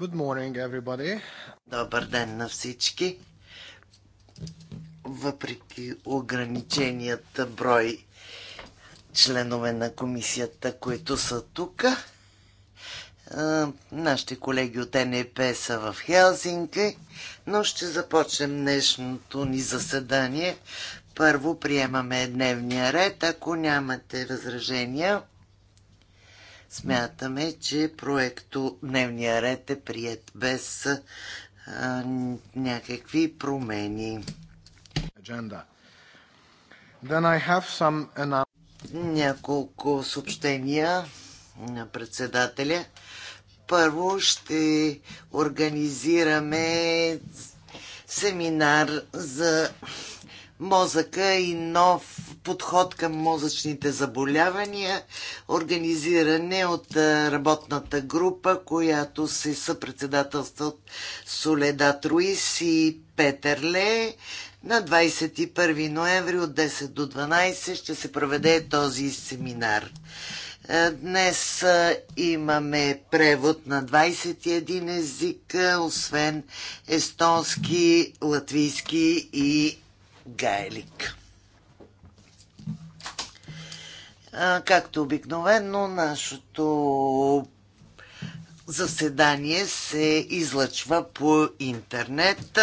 Good morning, everybody. Добър ден на всички. Въпреки ограниченията брой членове на комисията, които са тук, нашите колеги от НЕП са в Хелзинки, но ще започнем днешното ни заседание. Първо приемаме дневния ред. Ако нямате възражения, Смятаме, че проекто дневния ред е прият без а, някакви промени. Agenda. Then I have some... Няколко съобщения на председателя. Първо ще организираме семинар за мозъка и нов подход към мозъчните заболявания, организиране от работната група, която се съпредседателства от Соледа Труис и Петър Ле. На 21 ноември от 10 до 12 ще се проведе този семинар. Днес имаме превод на 21 език, освен естонски, латвийски и Гайлик. Както обикновено, нашето заседание се излъчва по интернет.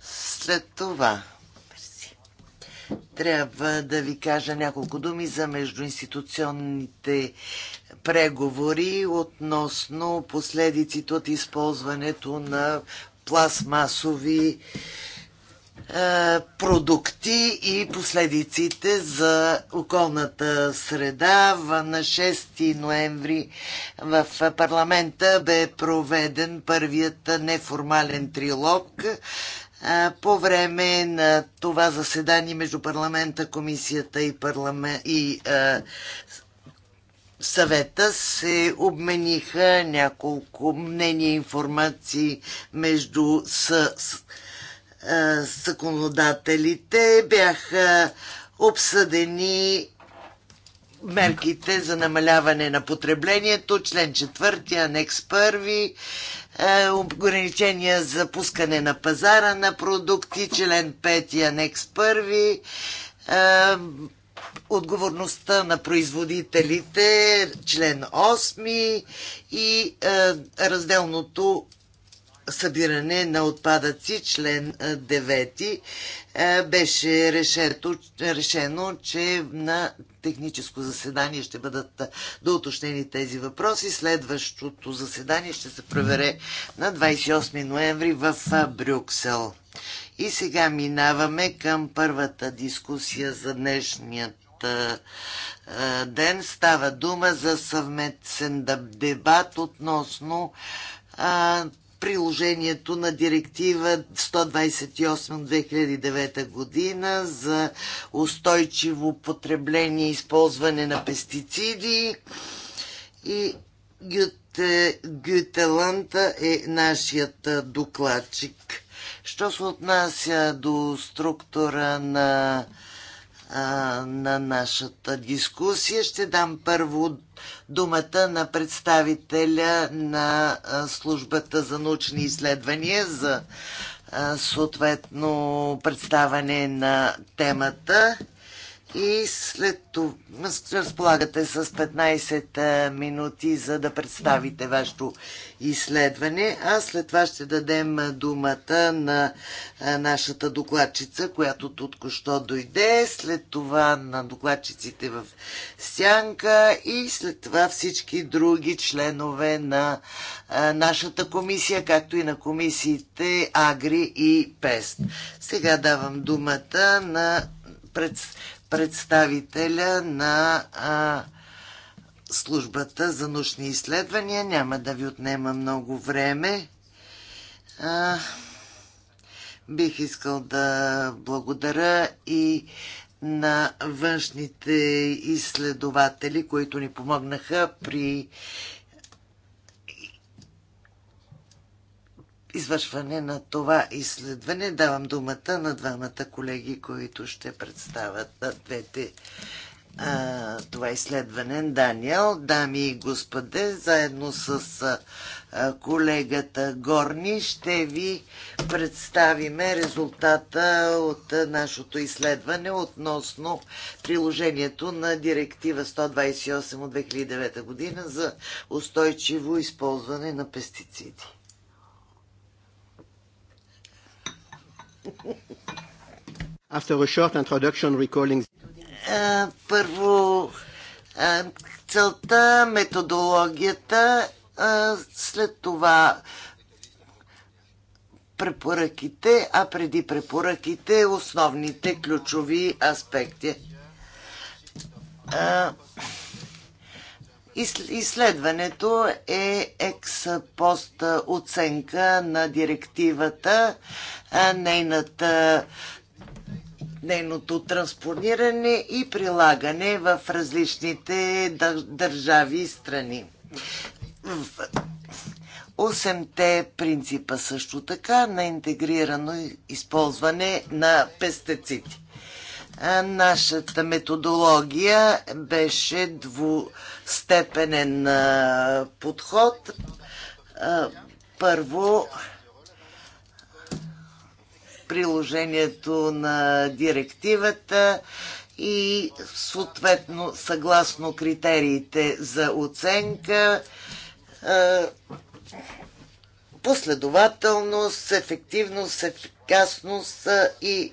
След това трябва да ви кажа няколко думи за междуинституционните преговори относно последиците от използването на пластмасови е, продукти и последиците за околната среда. На 6 ноември в парламента бе проведен първият неформален трилог. Е, по време на това заседание между парламента, комисията и, парламент, и е, съвета се обмениха няколко мнения и информации между с, с, а, законодателите. Бяха обсъдени мерките за намаляване на потреблението, член 4, анекс 1, е, ограничения за пускане на пазара на продукти, член 5, анекс 1, отговорността на производителите, член 8 и е, разделното събиране на отпадъци, член 9, е, е, беше решето, решено, че на техническо заседание ще бъдат е, доуточнени тези въпроси. Следващото заседание ще се провере на 28 ноември в е, Брюксел. И сега минаваме към първата дискусия за днешният е, ден. Става дума за съвместен дебат относно е, приложението на директива 128-2009 година за устойчиво потребление и използване на пестициди и Гютеланта е нашият е, докладчик. Що се отнася до структура на на нашата дискусия. Ще дам първо думата на представителя на службата за научни изследвания за съответно представане на темата и след това разполагате с 15 минути, за да представите вашето изследване, а след това ще дадем думата на нашата докладчица, която тук що дойде, след това на докладчиците в Сянка и след това всички други членове на нашата комисия, както и на комисиите Агри и Пест. Сега давам думата на пред представителя на а, службата за научни изследвания. Няма да ви отнема много време. А, бих искал да благодаря и на външните изследователи, които ни помогнаха при извършване на това изследване. Давам думата на двамата колеги, които ще представят двете а, това изследване. Даниел, дами и господе, заедно с а, колегата Горни ще ви представиме резултата от а, нашето изследване относно приложението на директива 128 от 2009 година за устойчиво използване на пестициди. After a short introduction recalling... Uh, първо, uh, целта, методологията, uh, след това препоръките, а преди препоръките основните ключови аспекти. Uh, Изследването е пост оценка на директивата, нейната нейното транспониране и прилагане в различните държави и страни. Осемте принципа също така на интегрирано използване на пестициди. Нашата методология беше двустепенен подход. Първо, приложението на директивата и съответно съгласно критериите за оценка последователност, ефективност, ефикасност и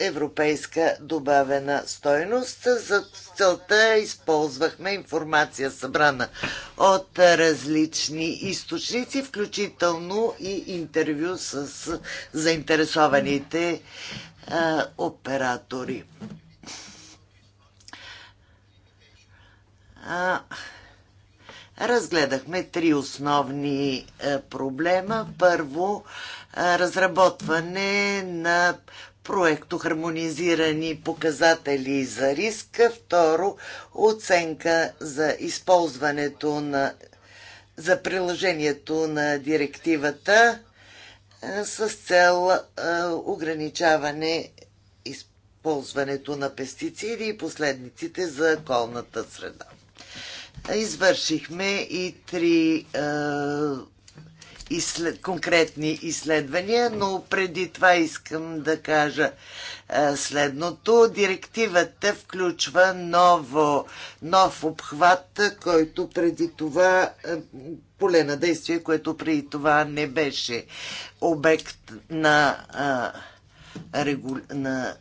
европейска добавена стойност. За целта използвахме информация събрана от различни източници, включително и интервю с заинтересованите а, оператори. А, разгледахме три основни а, е, проблема. Първо, разработване на проекто хармонизирани показатели за риска, второ оценка за използването на за приложението на директивата е, с цел е, ограничаване използването на пестициди и последниците за околната среда. Извършихме и три е, изслед, конкретни изследвания, но преди това искам да кажа е, следното. Директивата включва ново, нов обхват, който преди това е, поле на действие, което преди това не беше обект на, е, регу, на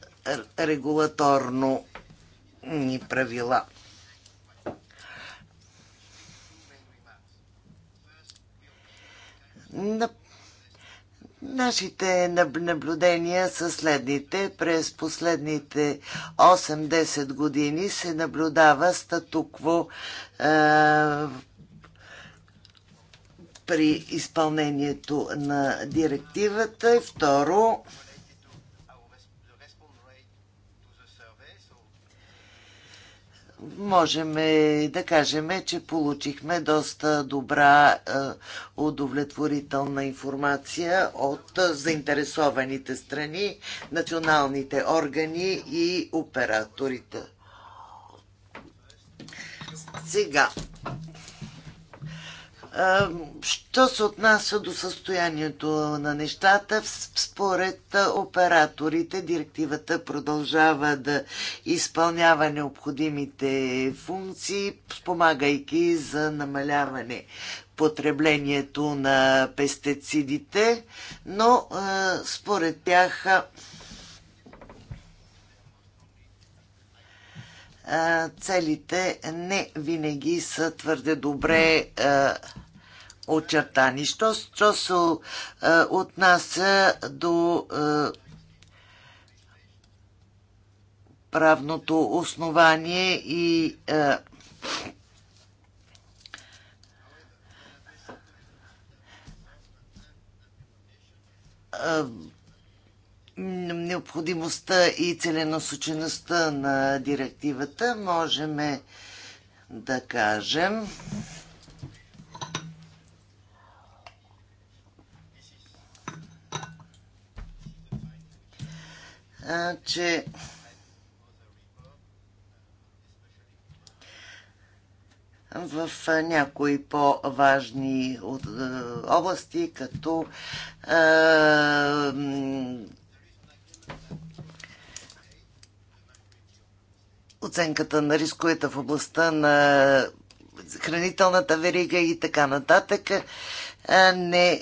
регулаторно правила. На... Нашите наблюдения са следните. През последните 8-10 години се наблюдава статукво е, при изпълнението на директивата. второ, можем да кажем, че получихме доста добра е, удовлетворителна информация от е, заинтересованите страни, националните органи и операторите. Сега, Що се отнася до състоянието на нещата, според операторите директивата продължава да изпълнява необходимите функции, спомагайки за намаляване потреблението на пестицидите, но според тях целите не винаги са твърде добре очертани. Що, що се е, отнася до е, правното основание и е, необходимостта и целенасочеността на директивата, можем да кажем, че в някои по-важни области, като оценката на рисковете в областта на хранителната верига и така нататък, не,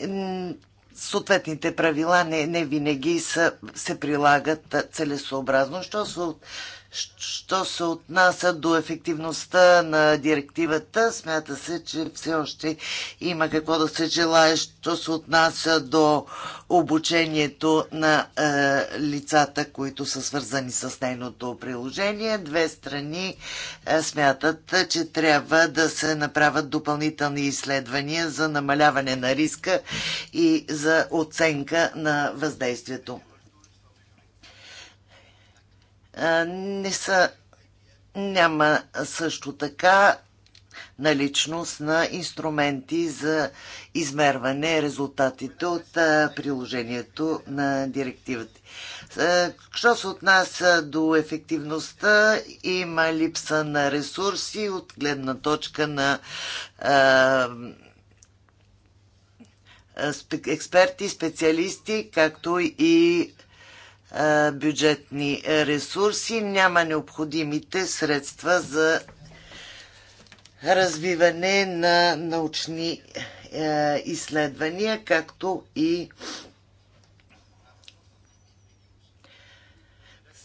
съответните правила не, не винаги са, се прилагат целесообразно. Що се Що се отнася до ефективността на директивата, смята се, че все още има какво да се желае, що се отнася до обучението на е, лицата, които са свързани с нейното приложение. Две страни е, смятат, че трябва да се направят допълнителни изследвания за намаляване на риска и за оценка на въздействието не са, няма също така наличност на инструменти за измерване резултатите от приложението на директивата. Що се отнася до ефективността, има липса на ресурси от гледна точка на експерти, специалисти, както и бюджетни ресурси, няма необходимите средства за развиване на научни изследвания, както и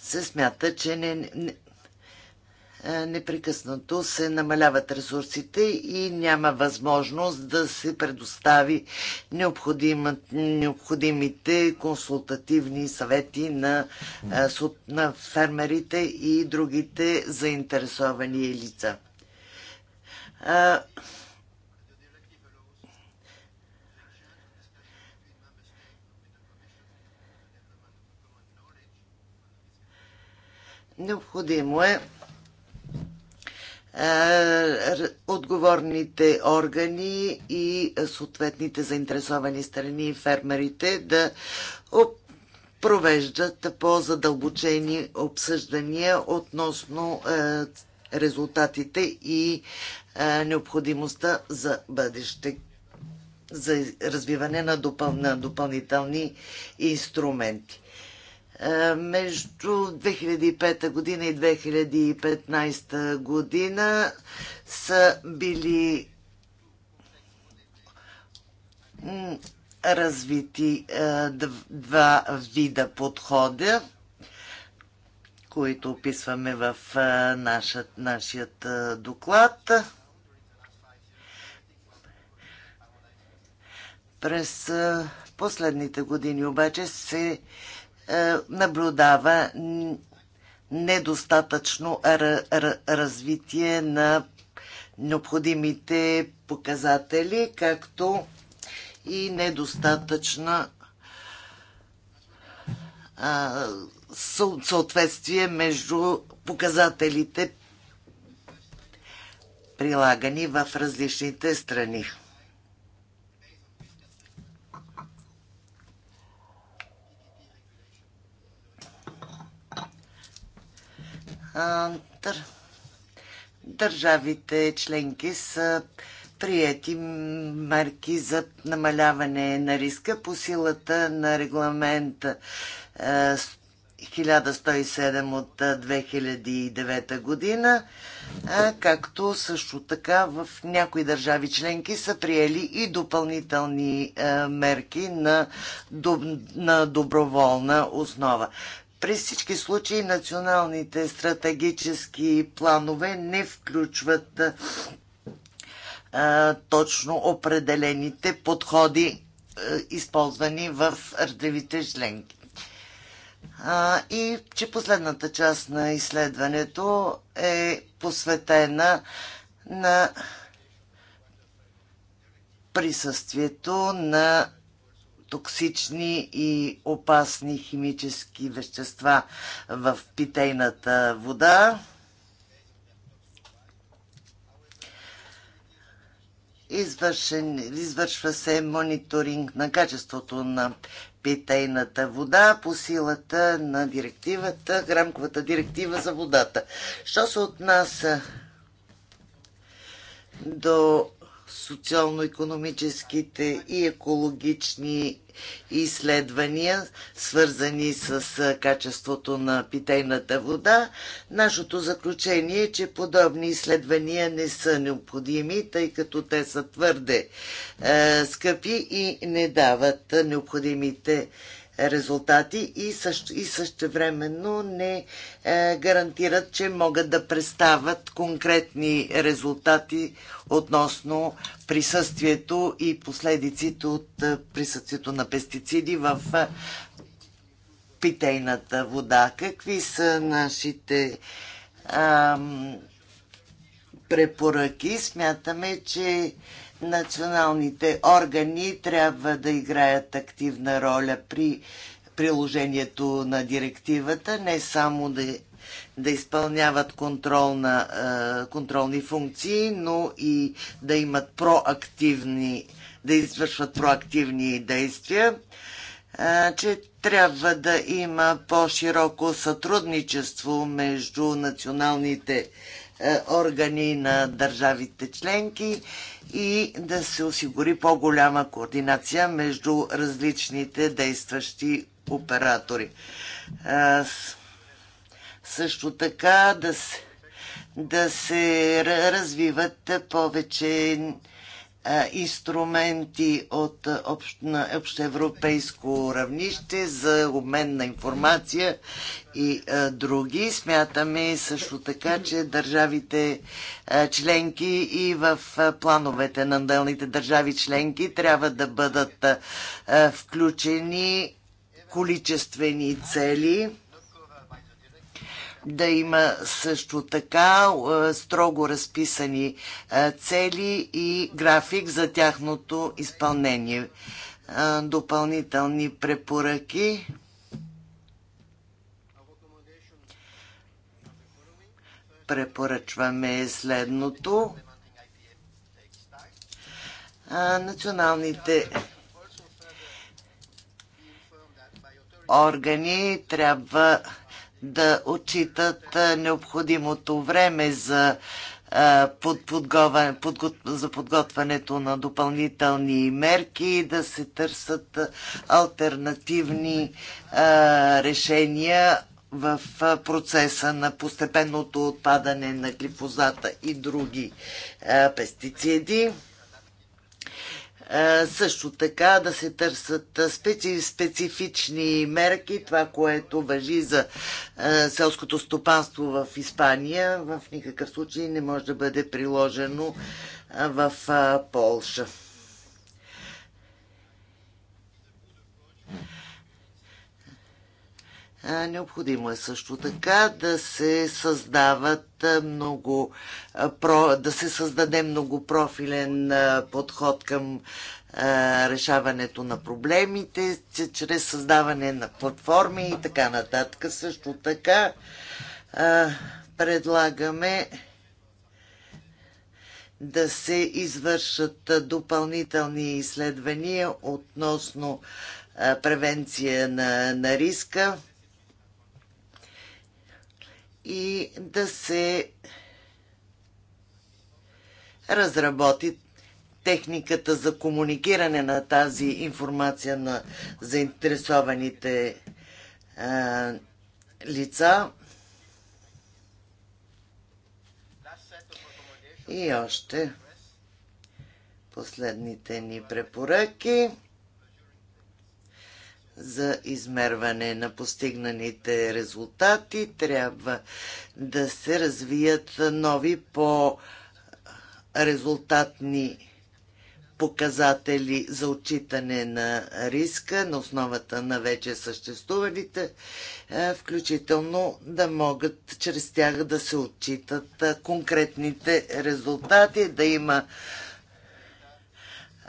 се смята, че не, не, е, непрекъснато се намаляват ресурсите и няма възможност да се предостави необходимите консултативни съвети на, е, на фермерите и другите заинтересовани лица. Е, необходимо е е, отговорните органи и съответните заинтересовани страни и фермерите да провеждат по-задълбочени обсъждания относно е, резултатите и е, необходимостта за бъдеще за развиване на, на допълнителни инструменти. Е, между 2005 година и 2015 година са били развити е, два вида подхода, които описваме в е, нашият, нашият доклад. През последните години обаче се е, наблюдава недостатъчно развитие на необходимите показатели, както и недостатъчна съответствие между показателите, прилагани в различните страни. дър... държавите членки са прияти мерки за намаляване на риска по силата на регламент 1107 от 2009 година, както също така в някои държави членки са приели и допълнителни мерки на, на доброволна основа при всички случаи националните стратегически планове не включват а, точно определените подходи, а, използвани в ръдевите членки. А, и че последната част на изследването е посветена на присъствието на токсични и опасни химически вещества в питейната вода. Извършен, извършва се мониторинг на качеството на питейната вода по силата на директивата, грамковата директива за водата. Що се отнася до социално-економическите и екологични изследвания, свързани с качеството на питейната вода. Нашето заключение е, че подобни изследвания не са необходими, тъй като те са твърде е, скъпи и не дават необходимите резултати и, също, и времено не е, гарантират, че могат да представят конкретни резултати относно присъствието и последиците от е, присъствието на пестициди в е, питейната вода. Какви са нашите е, препоръки? Смятаме, че националните органи трябва да играят активна роля при приложението на директивата, не само да, да изпълняват контролна, контролни функции, но и да имат проактивни, да извършват проактивни действия, че трябва да има по-широко сътрудничество между националните органи на държавите членки и да се осигури по-голяма координация между различните действащи оператори. също така да се, да се развиват повече инструменти от общоевропейско равнище за обмен на информация и други. Смятаме също така, че държавите членки и в плановете на отделните държави членки трябва да бъдат включени количествени цели да има също така е, строго разписани е, цели и график за тяхното изпълнение. Е, допълнителни препоръки. Препоръчваме следното. Националните органи трябва да отчитат необходимото време за, за подготвянето на допълнителни мерки, да се търсят альтернативни решения в процеса на постепенното отпадане на глифозата и други пестициди също така да се търсят специ, специфични мерки, това, което въжи за селското стопанство в Испания, в никакъв случай не може да бъде приложено в Полша. Необходимо е също така да се създават много, да се създаде многопрофилен подход към решаването на проблемите, чрез създаване на платформи и така нататък. Също така предлагаме да се извършат допълнителни изследвания относно превенция на, на риска и да се разработи техниката за комуникиране на тази информация на заинтересованите а, лица. И още последните ни препоръки за измерване на постигнаните резултати. Трябва да се развият нови по-резултатни показатели за отчитане на риска на основата на вече съществувалите, е, включително да могат чрез тях да се отчитат е, конкретните резултати, да има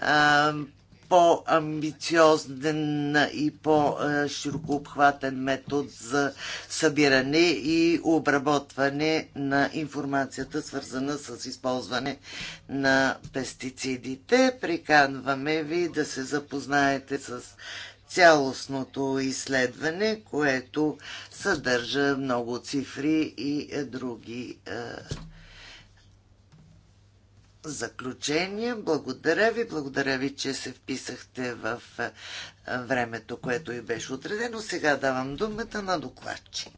е, по-амбициозен и по-широко обхватен метод за събиране и обработване на информацията, свързана с използване на пестицидите. Приканваме ви да се запознаете с цялостното изследване, което съдържа много цифри и други е, заключение. Благодаря ви, благодаря ви, че се вписахте в времето, което и беше отредено. Сега давам думата на докладчи.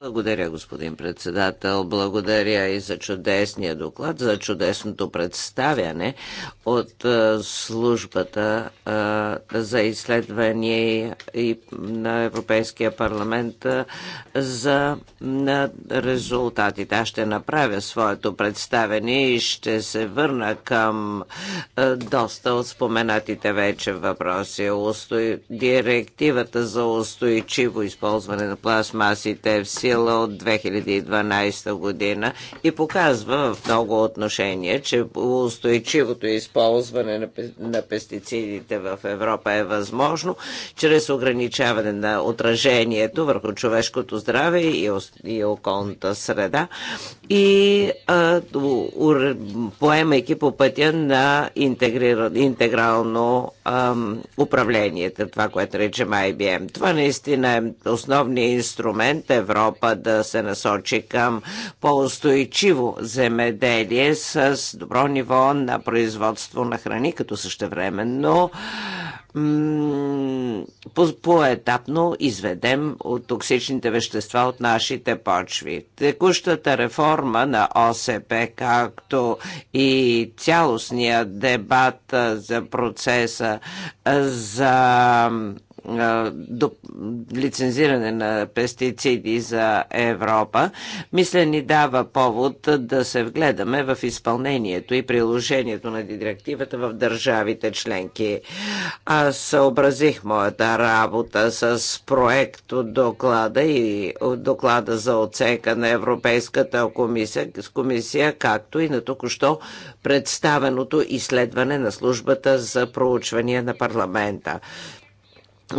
Благодаря, господин председател. Благодаря и за чудесния доклад, за чудесното представяне от е, службата е, за изследвания и на Европейския парламент е, за резултатите. Аз ще направя своето представяне и ще се върна към доста от споменатите вече въпроси. Устои директивата за устойчиво използване на пластмасите е в сила от 2012 година и показва в много отношения, че устойчивото използване на пестицидите в Европа е възможно чрез ограничаване на отражението върху човешкото здраве и околната среда и поемайки по пътя на интегрално управление институцията, това, което речем IBM. Това наистина е основният инструмент Европа да се насочи към по-устойчиво земеделие с добро ниво на производство на храни, като същевременно поетапно изведем от токсичните вещества от нашите почви. Текущата реформа на ОСП, както и цялостния дебат за процеса за до лицензиране на пестициди за Европа, мисля ни дава повод да се вгледаме в изпълнението и приложението на директивата в държавите членки. Аз съобразих моята работа с от доклада и доклада за оценка на Европейската комисия, комисия както и на току-що представеното изследване на службата за проучвания на парламента.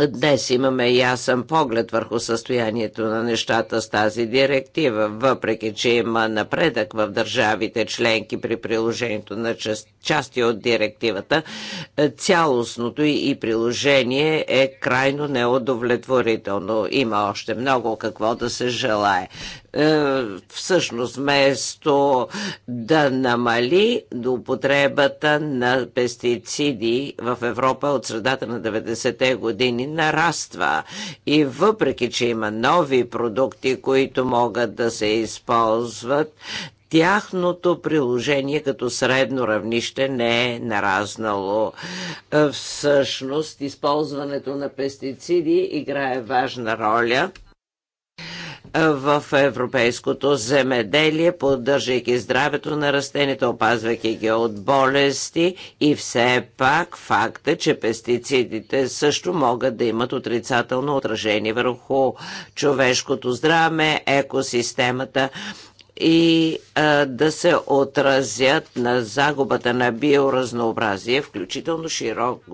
Днес имаме ясен поглед върху състоянието на нещата с тази директива, въпреки че има напредък в държавите членки при приложението на части от директивата, е, цялостното и приложение е крайно неудовлетворително. Има още много какво да се желае. Е, всъщност вместо да намали употребата на пестициди в Европа от средата на 90-те години нараства. И въпреки, че има нови продукти, които могат да се използват, тяхното приложение като средно равнище не е наразнало. Е, всъщност, използването на пестициди играе важна роля в европейското земеделие, поддържайки здравето на растенията, опазвайки ги от болести и все пак факта, че пестицидите също могат да имат отрицателно отражение върху човешкото здраве, екосистемата и а, да се отразят на загубата на биоразнообразие, включително широк,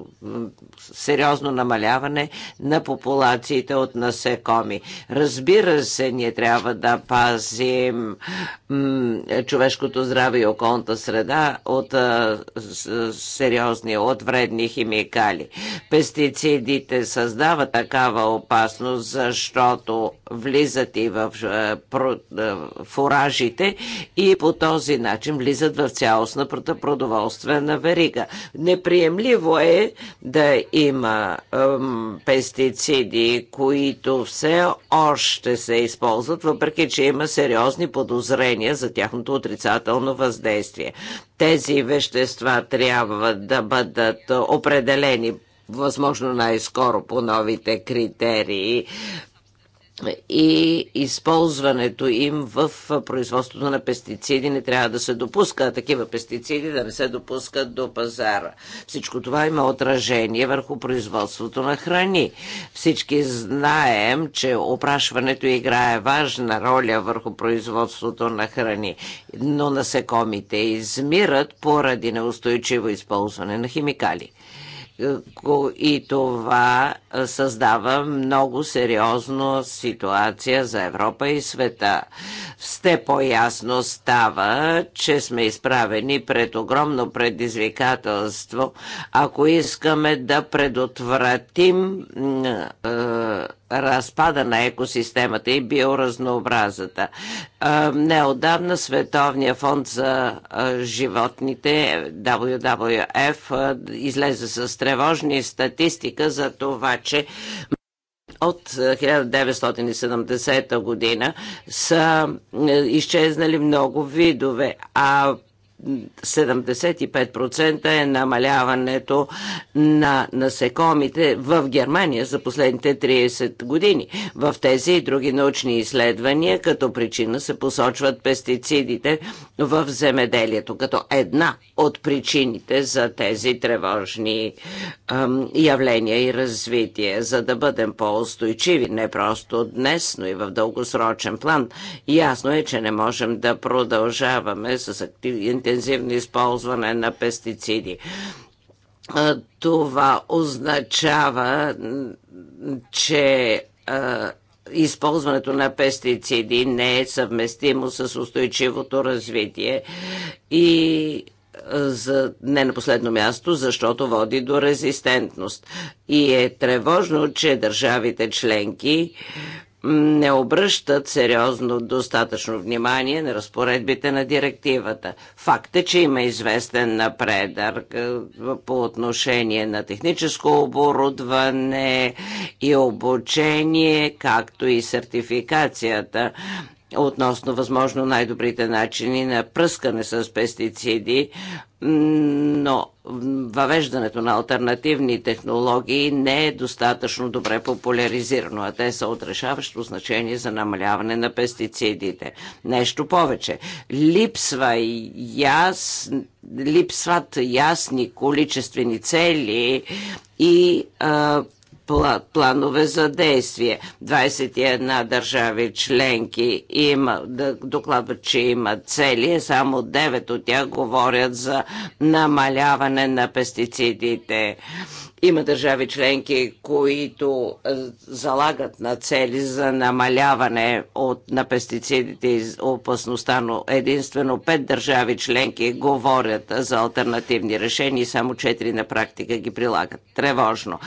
сериозно намаляване на популациите от насекоми. Разбира се, ние трябва да пазим човешкото здраве и околната среда от а, с, сериозни, от вредни химикали. Пестицидите създават такава опасност, защото влизат и в а, фураж фуражите и по този начин влизат в цялостната продоволствена верига. Неприемливо е да има ем, пестициди, които все още се използват, въпреки че има сериозни подозрения за тяхното отрицателно въздействие. Тези вещества трябва да бъдат определени възможно най-скоро по новите критерии и използването им в производството на пестициди не трябва да се допуска, а такива пестициди да не се допускат до пазара. Всичко това има отражение върху производството на храни. Всички знаем, че опрашването играе важна роля върху производството на храни, но насекомите измират поради неустойчиво използване на химикали и това създава много сериозна ситуация за Европа и света. все по-ясно става, че сме изправени пред огромно предизвикателство, ако искаме да предотвратим разпада на екосистемата и биоразнообразата. Неодавна Световния фонд за животните WWF излезе с тревожни статистика за това, че от 1970 година са е, изчезнали много видове, а 75% е намаляването на насекомите в Германия за последните 30 години. В тези и други научни изследвания като причина се посочват пестицидите в земеделието, като една от причините за тези тревожни ем, явления и развитие. За да бъдем по-устойчиви, не просто днес, но и в дългосрочен план, ясно е, че не можем да продължаваме с активните интензивно използване на пестициди. Това означава, че използването на пестициди не е съвместимо с устойчивото развитие и за, не на последно място, защото води до резистентност. И е тревожно, че държавите членки не обръщат сериозно достатъчно внимание на разпоредбите на директивата. Факт е, че има известен напредък е, по отношение на техническо оборудване и обучение, както и сертификацията относно възможно най-добрите начини на пръскане с пестициди, но въвеждането на альтернативни технологии не е достатъчно добре популяризирано, а те са отрешаващо значение за намаляване на пестицидите. Нещо повече. Липсва яс... Липсват ясни количествени цели и а, планове за действие. 21 държави членки има, докладват, че имат цели, само 9 от тях говорят за намаляване на пестицидите. Има държави членки, които е, залагат на цели за намаляване от, на пестицидите и опасността, но единствено пет държави членки говорят за альтернативни решения и само четири на практика ги прилагат. Тревожно.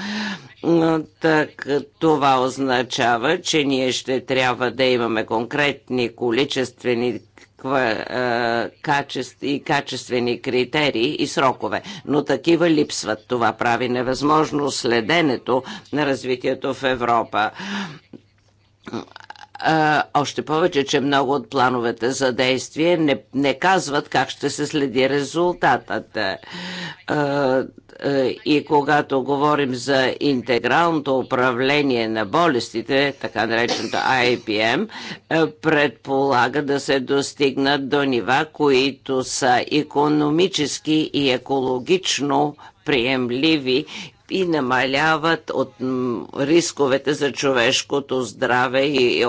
Так, това означава, че ние ще трябва да имаме конкретни количествени е, качеств, и качествени критерии и срокове, но такива липсват. Това прави невъзможно следенето на развитието в Европа е, още повече, че много от плановете за действие не, не казват как ще се следи резултатът. Е, е, и когато говорим за интегралното управление на болестите, така нареченото IPM, е, предполага да се достигнат до нива, които са економически и екологично приемливи и намаляват от рисковете за човешкото здраве и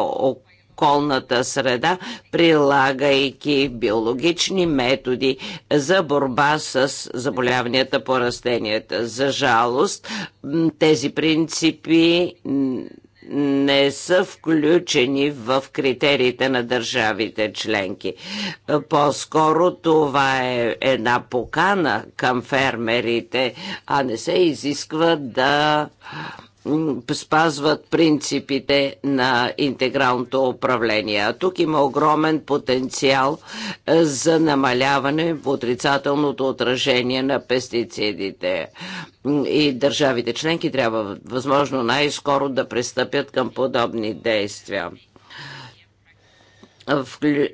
околната среда, прилагайки биологични методи за борба с заболяванията по растенията. За жалост, тези принципи не са включени в критериите на държавите членки. По-скоро това е една покана към фермерите, а не се изисква да спазват принципите на интегралното управление. А тук има огромен потенциал е, за намаляване в отрицателното отражение на пестицидите. И държавите членки трябва възможно най-скоро да пристъпят към подобни действия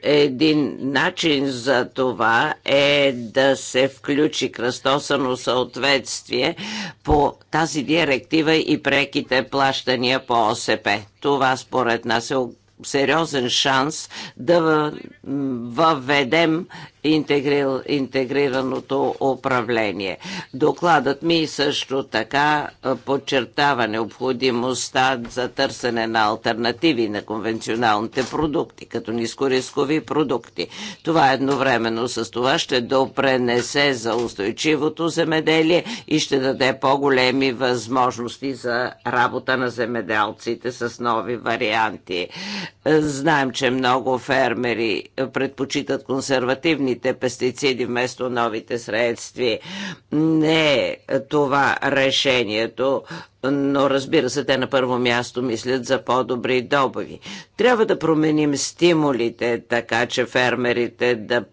един начин за това е да се включи кръстосано съответствие по тази директива и преките плащания по ОСП. Това според нас е сериозен шанс да въведем интегрил, интегрираното управление. Докладът ми също така подчертава необходимостта за търсене на альтернативи на конвенционалните продукти, като нискорискови продукти. Това едновременно с това ще допренесе за устойчивото земеделие и ще даде по-големи възможности за работа на земеделците с нови варианти. Знаем, че много фермери предпочитат консервативни ефективните пестициди вместо новите средства. Не е това решението, но разбира се, те на първо място мислят за по-добри добави. Трябва да променим стимулите, така че фермерите да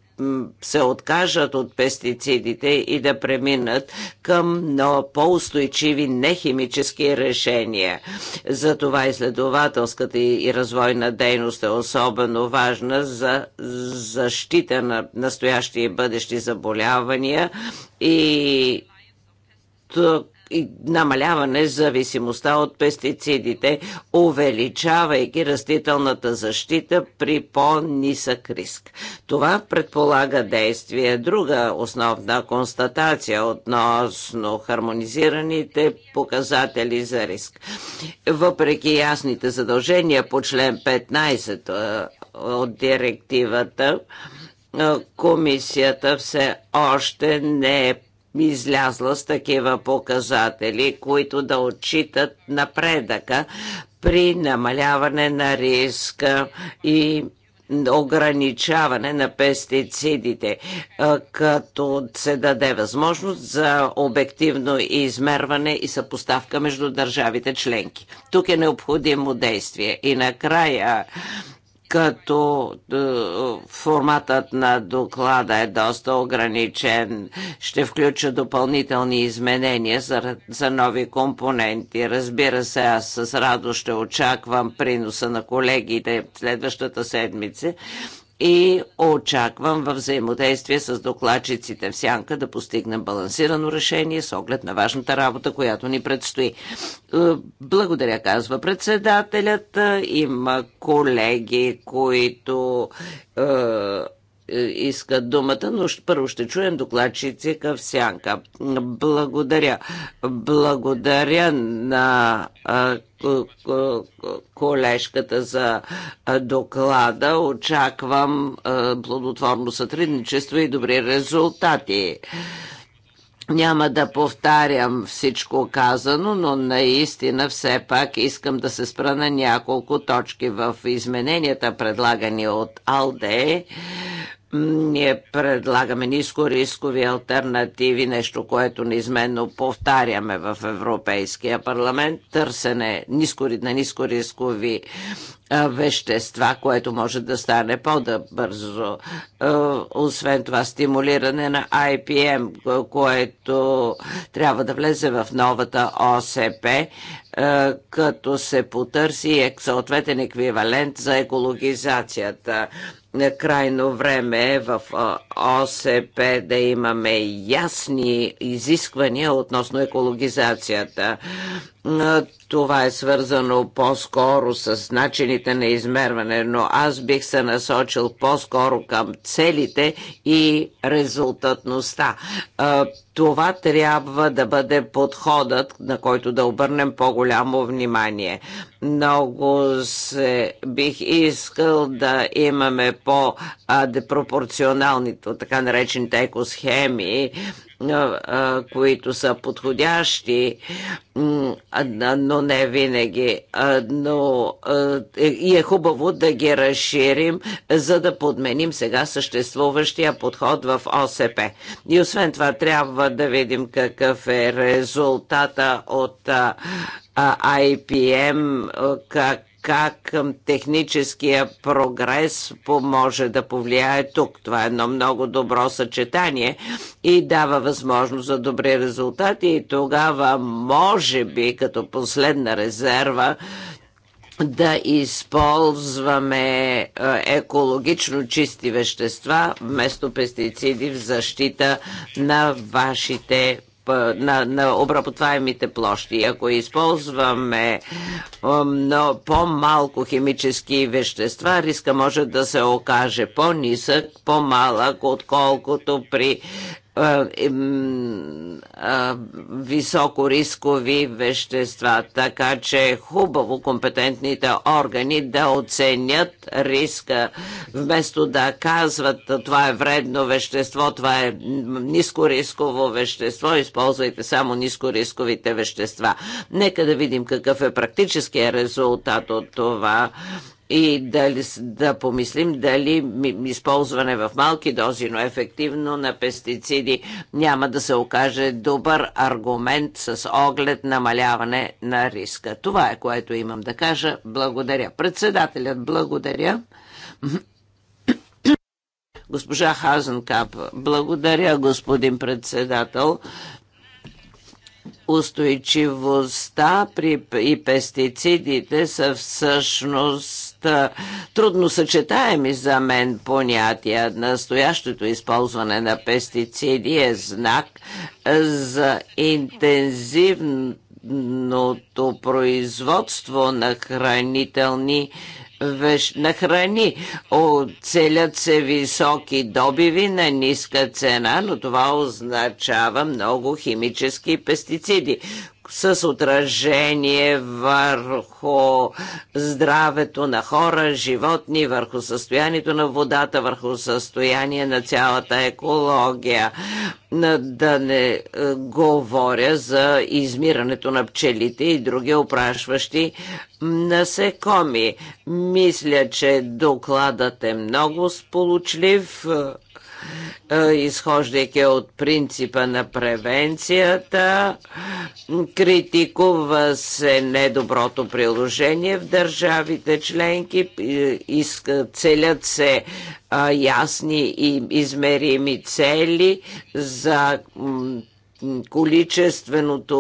се откажат от пестицидите и да преминат към по-устойчиви нехимически решения. Затова изследователската и развойна дейност е особено важна за защита на настоящи и бъдещи заболявания и тук намаляване зависимостта от пестицидите, увеличавайки растителната защита при по-нисък риск. Това предполага действие. Друга основна констатация относно хармонизираните показатели за риск. Въпреки ясните задължения по член 15 от директивата, комисията все още не е излязла с такива показатели, които да отчитат напредъка при намаляване на риска и ограничаване на пестицидите, като се даде възможност за обективно измерване и съпоставка между държавите членки. Тук е необходимо действие. И накрая като е, форматът на доклада е доста ограничен. Ще включа допълнителни изменения за, за нови компоненти. Разбира се, аз с радост ще очаквам приноса на колегите следващата седмица и очаквам във взаимодействие с докладчиците в Сянка да постигнем балансирано решение с оглед на важната работа, която ни предстои. Е, благодаря, казва председателят. Има колеги, които е, е, искат думата, но първо ще чуем докладчици в сянка. Благодаря. Благодаря на колежката за доклада. Очаквам плодотворно сътрудничество и добри резултати. Няма да повтарям всичко казано, но наистина все пак искам да се спра на няколко точки в измененията, предлагани от Алде ние предлагаме ниско рискови альтернативи, нещо, което неизменно повтаряме в Европейския парламент. Търсене ниско, на нискорискови вещества, което може да стане по-бързо. Освен това, стимулиране на IPM, което трябва да влезе в новата ОСП, като се потърси съответен еквивалент за екологизацията. Е крайно време е в ОСП да имаме ясни изисквания относно екологизацията. Това е свързано по-скоро с начините на измерване, но аз бих се насочил по-скоро към целите и резултатността. Това трябва да бъде подходът, на който да обърнем по-голямо внимание. Много се бих искал да имаме по-пропорционалните, така наречените екосхеми, които са подходящи, но не винаги. Но е, и е хубаво да ги разширим, за да подменим сега съществуващия подход в ОСП. И освен това трябва да видим какъв е резултата от IPM, как как техническия прогрес може да повлияе тук. Това е едно много добро съчетание и дава възможност за добри резултати и тогава може би като последна резерва да използваме екологично чисти вещества вместо пестициди в защита на вашите на, на обработваемите площи. Ако използваме по-малко химически вещества, риска може да се окаже по-нисък, по-малък, отколкото при е, е, високо рискови вещества. Така че е хубаво компетентните органи да оценят риска, вместо да казват това е вредно вещество, това е ниско рисково вещество, използвайте само ниско рисковите вещества. Нека да видим какъв е практическия резултат от това и дали, да помислим дали използване в малки дози, но ефективно на пестициди няма да се окаже добър аргумент с оглед намаляване на риска. Това е което имам да кажа. Благодаря. Председателят, благодаря. Госпожа Хазенкап, благодаря, господин председател устойчивостта при, и пестицидите са всъщност трудно съчетаеми за мен понятия. Настоящото използване на пестициди е знак за интензивното производство на хранителни на храни. Оцелят се високи добиви на ниска цена, но това означава много химически пестициди, с отражение върху здравето на хора, животни, върху състоянието на водата, върху състояние на цялата екология. Да не е, говоря за измирането на пчелите и други опрашващи насекоми. Мисля, че докладът е много сполучлив е, е, изхождайки от принципа на превенцията. Критикува се недоброто приложение в държавите членки, целят се ясни и измерими цели за количественото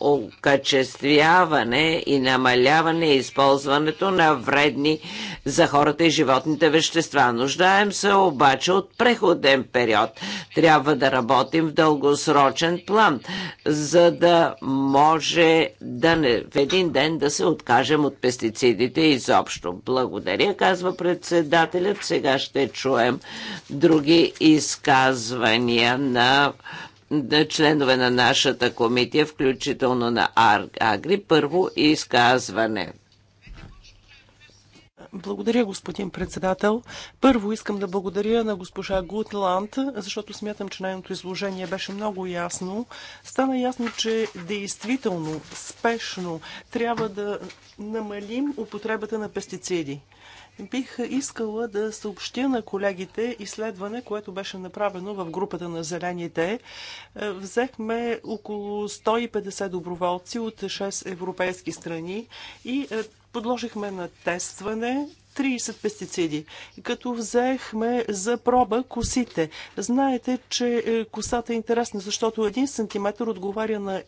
окачествяване и намаляване използването на вредни за хората и животните вещества. Нуждаем се обаче от преходен период. Трябва да работим в дългосрочен план, за да може да не, в един ден да се откажем от пестицидите изобщо. Благодаря, казва председателят. Сега ще чуем други изказвания на на членове на нашата комития, включително на Агри, първо изказване. Благодаря, господин председател. Първо искам да благодаря на госпожа Гутланд, защото смятам, че нейното изложение беше много ясно. Стана ясно, че действително, спешно трябва да намалим употребата на пестициди. Бих искала да съобщя на колегите изследване, което беше направено в групата на зелените. Взехме около 150 доброволци от 6 европейски страни и е, подложихме на тестване 30 пестициди, като взехме за проба косите. Знаете, че е, косата е интересна, защото 1 см отговаря на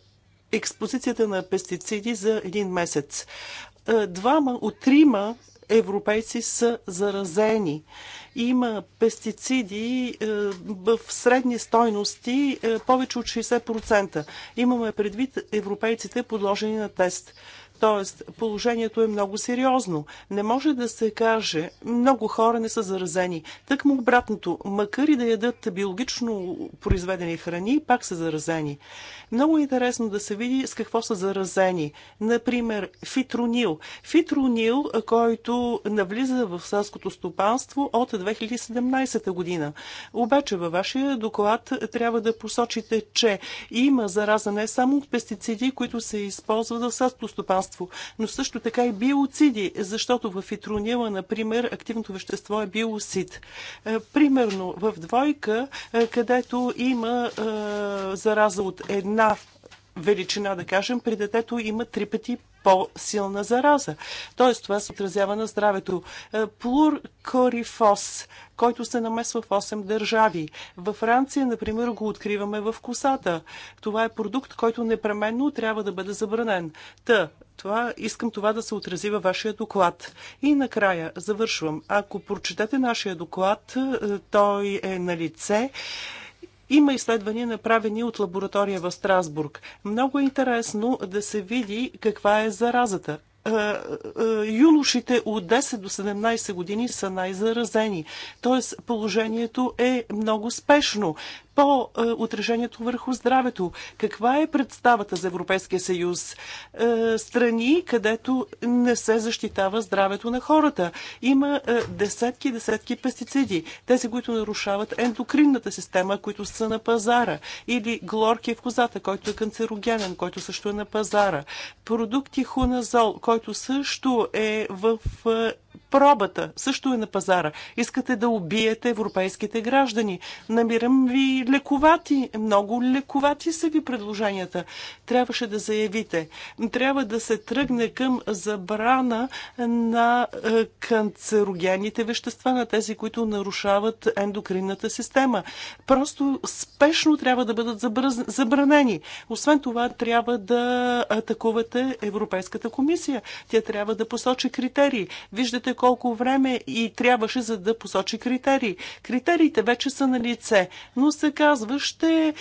експозицията на пестициди за един месец. Е, двама от трима европейци са заразени. Има пестициди е, в средни стойности повече от 60%. Имаме предвид европейците подложени на тест. Тоест, положението е много сериозно. Не може да се каже, много хора не са заразени. Тък му обратното, макар и да ядат биологично произведени храни, пак са заразени. Много е интересно да се види с какво са заразени. Например, фитронил. Фитронил, който навлиза в селското стопанство от 2017 година. Обаче във вашия доклад трябва да посочите, че има зараза не само от пестициди, които се използват в селското стопанство, лекарство, но също така и биоциди, защото в фитронила, например, активното вещество е биоцид. Е, примерно в двойка, е, където има е, зараза от една величина, да кажем, при детето има три пъти по-силна зараза. Тоест, това се отразява на здравето. Е, Плуркорифос, който се намесва в 8 държави. Във Франция, например, го откриваме в косата. Това е продукт, който непременно трябва да бъде забранен. Та, това, искам това да се отрази във вашия доклад. И накрая, завършвам. Ако прочетете нашия доклад, е, той е на лице. Има изследвания направени от лаборатория в Страсбург. Много е интересно да се види каква е заразата е, е, юношите от 10 до 17 години са най-заразени. Тоест положението е много спешно по отражението върху здравето. Каква е представата за Европейския съюз? Е, страни, където не се защитава здравето на хората. Има е, десетки, десетки пестициди. Тези, които нарушават ендокринната система, които са на пазара. Или глорки в козата, който е канцерогенен, който също е на пазара. Продукти хуназол, който също е в е, Пробата също е на пазара. Искате да убиете европейските граждани. Намирам ви лековати. Много лековати са ви предложенията. Трябваше да заявите. Трябва да се тръгне към забрана на е, канцерогенните вещества, на тези, които нарушават ендокринната система. Просто спешно трябва да бъдат забранени. Освен това, трябва да атакувате Европейската комисия. Тя трябва да посочи критерии. Виждате колко време и трябваше за да посочи критерии. Критериите вече са на лице, но се казва, ще е,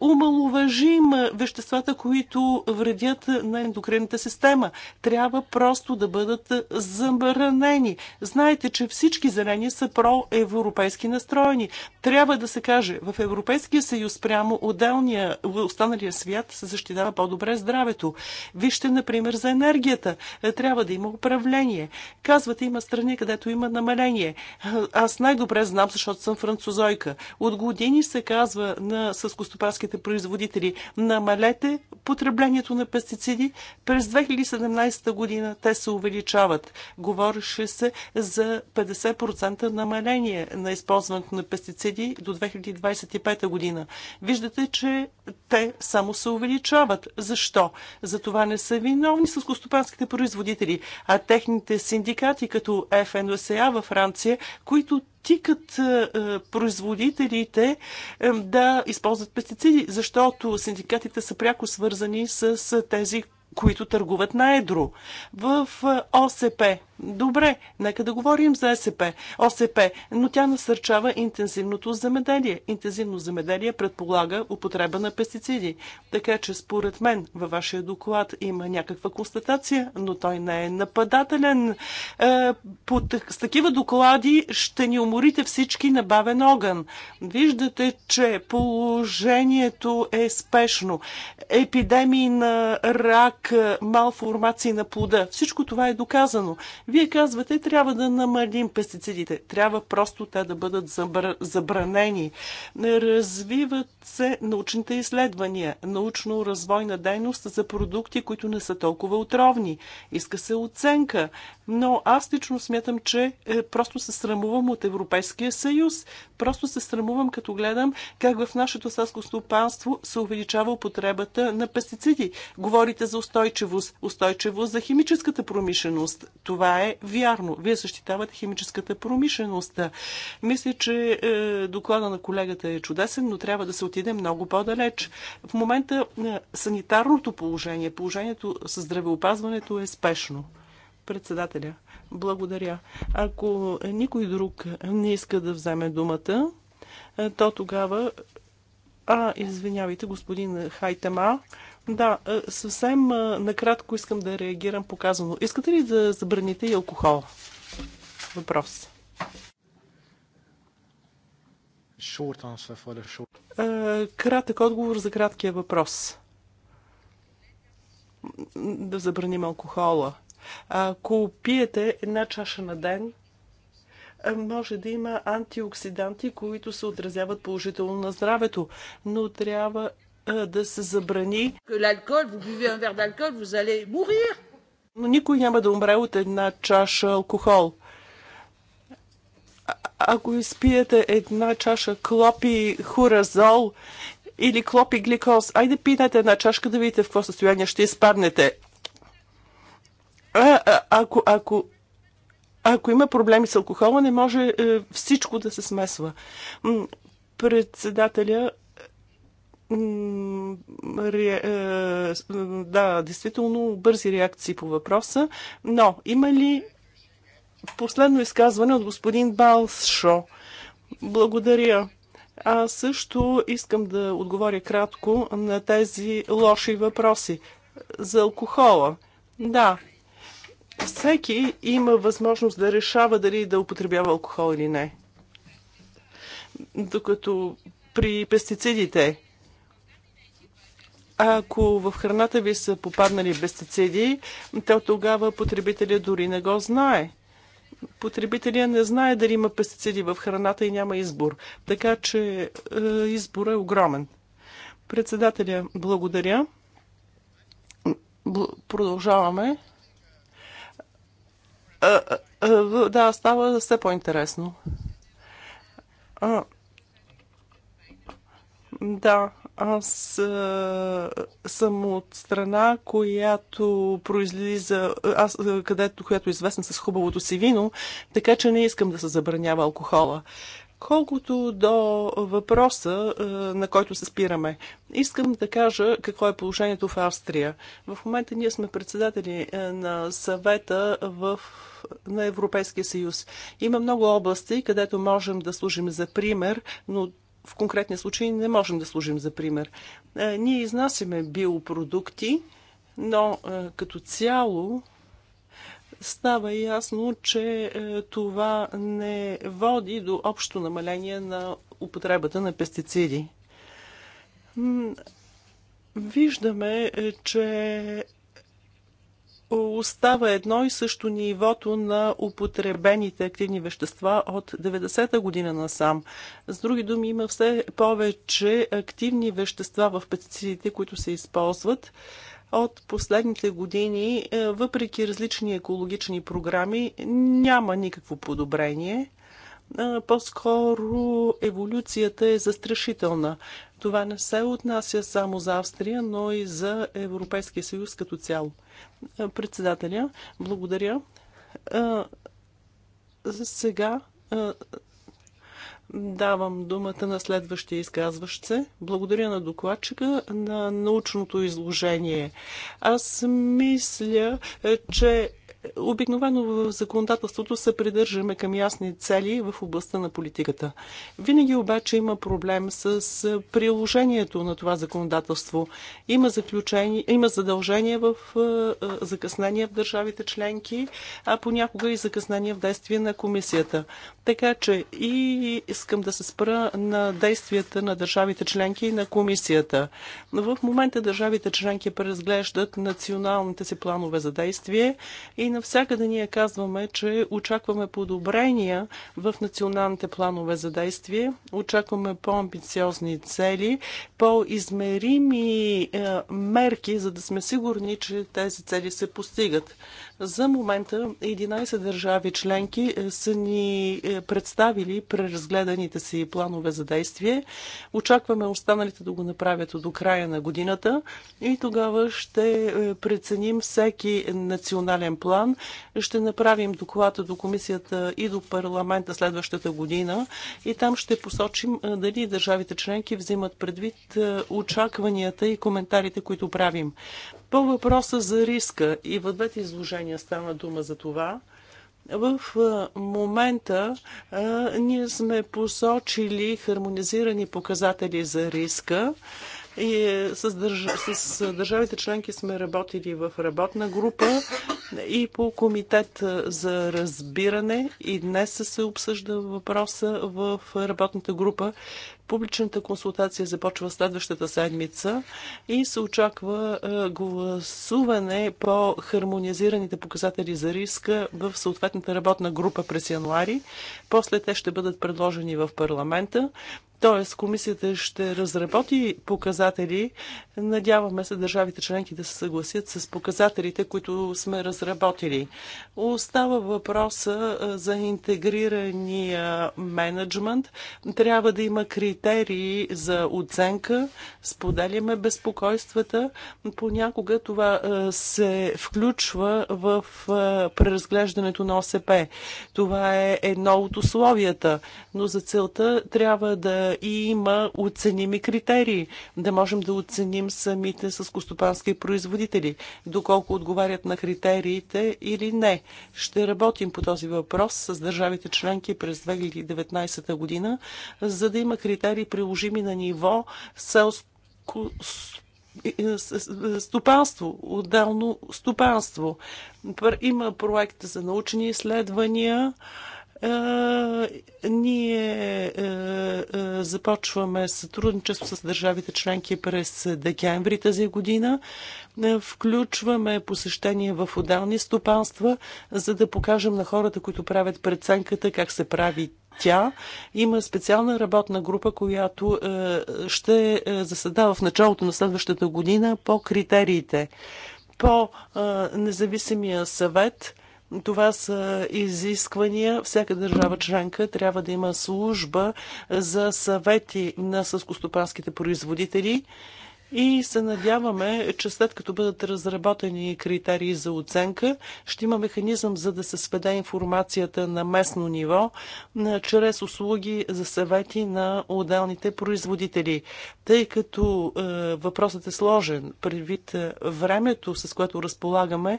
умалуважим веществата, които вредят на ендокринната система. Трябва просто да бъдат забранени. Знаете, че всички зелени са проевропейски настроени. Трябва да се каже, в Европейския съюз прямо отделния, останалия свят се защитава по-добре здравето. Вижте, например, за енергията. Трябва да има управление. Казвате, има страни, където има намаление. Аз най-добре знам, защото съм французойка. От години се казва на съскостопарските производители, намалете потреблението на пестициди. През 2017 година те се увеличават. Говореше се за 50% намаление на използването на пестициди до 2025 година. Виждате, че те само се увеличават. Защо? За това не са виновни съскостопарските производители, а техните синдикати, като ФНСА във Франция, които тикат е, е, производителите е, да използват пестициди, защото синдикатите са пряко свързани с тези, които търгуват на едро. В ОСП Добре, нека да говорим за СП, ОСП, но тя насърчава интензивното замеделие. Интензивно замеделие предполага употреба на пестициди. Така че според мен във вашия доклад има някаква констатация, но той не е нападателен. Е, под, с такива доклади ще ни уморите всички на бавен огън. Виждате, че положението е спешно. Епидемии на рак, малформации на плода. Всичко това е доказано. Вие казвате, трябва да намалим пестицидите. Трябва просто те да бъдат забр... забранени. Развиват се научните изследвания, научно-развойна дейност за продукти, които не са толкова отровни. Иска се оценка. Но аз лично смятам, че е, просто се срамувам от Европейския съюз. Просто се срамувам, като гледам как в нашето селско стопанство се увеличава употребата на пестициди. Говорите за устойчивост. Устойчивост за химическата промишленост. Това е вярно. Вие защитавате химическата промишленост. Мисля, че е, доклада на колегата е чудесен, но трябва да се отиде много по-далеч. В момента е, санитарното положение, положението с здравеопазването е спешно. Председателя, благодаря. Ако никой друг не иска да вземе думата, е, то тогава. А, извинявайте, господин Хайтема, да, е, съвсем е, накратко искам да реагирам показано. Искате ли да забраните и алкохол? Въпрос. Е, кратък отговор за краткия въпрос. Да забраним алкохола. Ако пиете една чаша на ден, може да има антиоксиданти, които се отразяват положително на здравето, но трябва е, да се забрани. Но никой няма да умре от една чаша алкохол. ако изпиете една чаша клопи хуразол или клопи гликоз, айде пинете една чашка да видите в какво състояние ще изпаднете. А, а, ако, ако, ако има проблеми с алкохола, не може е, всичко да се смесва. Председателя е, да, действително бързи реакции по въпроса, но има ли последно изказване от господин Балшо? Благодаря. Аз също искам да отговоря кратко на тези лоши въпроси. За алкохола. Да, всеки има възможност да решава дали да употребява алкохол или не. Докато при пестицидите ако в храната ви са попаднали пестициди, то тогава потребителя дори не го знае. Потребителя не знае дали има пестициди в храната и няма избор. Така че е, избор е огромен. Председателя, благодаря. Бл продължаваме. А, е, а, е, е, да, става все по-интересно. да. Аз а, съм от страна, която произлиза, аз, където, която е известна с хубавото си вино, така че не искам да се забранява алкохола. Колкото до въпроса, на който се спираме, искам да кажа какво е положението в Австрия. В момента ние сме председатели на съвета в на Европейския съюз. Има много области, където можем да служим за пример, но в конкретния случай не можем да служим за пример. Е, ние изнасяме биопродукти, но е, като цяло става ясно, че е, това не води до общо намаление на употребата на пестициди. Виждаме, че остава едно и също нивото на употребените активни вещества от 90-та година насам. С други думи, има все повече активни вещества в пестицидите, които се използват. От последните години, е, въпреки различни екологични програми, няма никакво подобрение – по-скоро еволюцията е застрашителна. Това не се отнася само за Австрия, но и за Европейския съюз като цяло. Председателя, благодаря. За сега Давам думата на следващия изказващ се. Благодаря на докладчика на научното изложение. Аз мисля, че Обикновено в законодателството се придържаме към ясни цели в областта на политиката. Винаги обаче има проблем с приложението на това законодателство. Има, има задължения в е, е, закъснения в държавите членки, а понякога и закъснения в действие на комисията. Така че и искам да се спра на действията на държавите членки и на комисията. В момента държавите членки преразглеждат националните си планове за действие и навсякъде ние казваме, че очакваме подобрения в националните планове за действие, очакваме по-амбициозни цели, по-измерими е, мерки, за да сме сигурни, че тези цели се постигат. За момента 11 държави членки е, са ни е, представили преразгледаните си планове за действие. Очакваме останалите да го направят до края на годината и тогава ще е, преценим всеки национален план. Ще направим доклада до комисията и до парламента следващата година и там ще посочим дали държавите членки взимат предвид очакванията и коментарите, които правим. По въпроса за риска и в двете изложения стана дума за това, в момента а, ние сме посочили хармонизирани показатели за риска. И с, държ... с държавите членки сме работили в работна група и по комитет за разбиране. И днес се обсъжда въпроса в работната група. Публичната консултация започва следващата седмица и се очаква гласуване по хармонизираните показатели за риска в съответната работна група през януари. После те ще бъдат предложени в парламента. Т.е. комисията ще разработи показатели. Надяваме се държавите членки да се съгласят с показателите, които сме разработили разработили. Остава въпроса за интегрирания менеджмент. Трябва да има критерии за оценка. Споделяме безпокойствата. Понякога това се включва в преразглеждането на ОСП. Това е едно от условията, но за целта трябва да има оценими критерии, да можем да оценим самите с костопански производители, доколко отговарят на критерии критериите или не. Ще работим по този въпрос с държавите членки през 2019 година, за да има критерии приложими на ниво селско стопанство, отделно стопанство. Има проект за научни изследвания. Е, ние е, е, започваме сътрудничество с държавите членки през декември тази година. Е, включваме посещения в отделни стопанства, за да покажем на хората, които правят преценката, как се прави тя. Има специална работна група, която е, ще е, заседава в началото на следващата година по критериите. По независимия съвет. Това са изисквания. Всяка държава членка трябва да има служба за съвети на съскостопанските производители и се надяваме, че след като бъдат разработени критерии за оценка, ще има механизъм за да се сведе информацията на местно ниво, чрез услуги за съвети на отделните производители. Тъй като е, въпросът е сложен, предвид е, времето, с което разполагаме,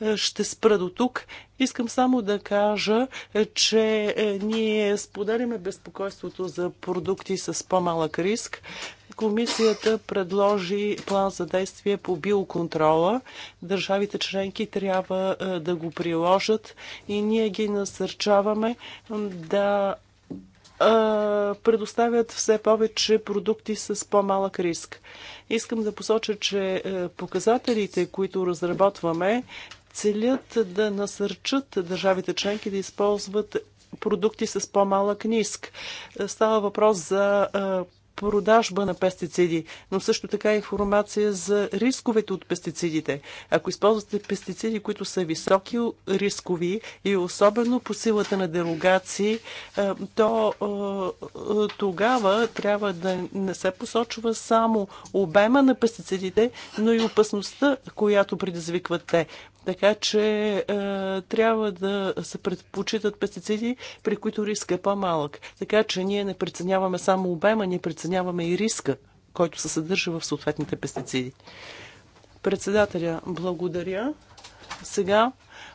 е, ще спра до тук. Искам само да кажа, е, че е, ние споделяме безпокойството за продукти с по-малък риск. Комисията предложи план за действие по биоконтрола. Държавите членки трябва да го приложат и ние ги насърчаваме да предоставят все повече продукти с по-малък риск. Искам да посоча, че показателите, които разработваме, целят да насърчат държавите членки да използват продукти с по-малък ниск. Става въпрос за продажба на пестициди, но също така информация за рисковете от пестицидите. Ако използвате пестициди, които са високи рискови и особено по силата на дерогации, то тогава трябва да не се посочва само обема на пестицидите, но и опасността, която предизвикват те. Така че е, трябва да се предпочитат пестициди, при които риска е по-малък. Така че ние не преценяваме само обема, ние преценяваме и риска, който се съдържа в съответните пестициди. Председателя, благодаря. Сега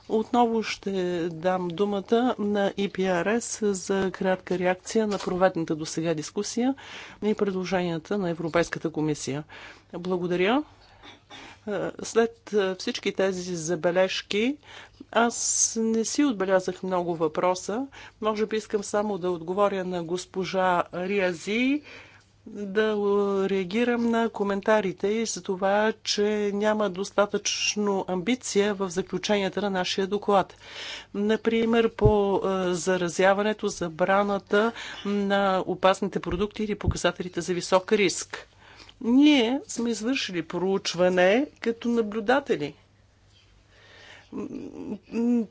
отново ще дам думата на ИПРС за кратка реакция на проведната до сега дискусия и предложенията на Европейската комисия. Благодаря. Е, след е, всички тези забележки, аз не си отбелязах много въпроса. Може би искам само да отговоря на госпожа Риази да реагирам на коментарите и за това, че няма достатъчно амбиция в заключенията на нашия доклад. Например, по е, заразяването, забраната на опасните продукти или показателите за висок риск. Ние сме извършили проучване като наблюдатели.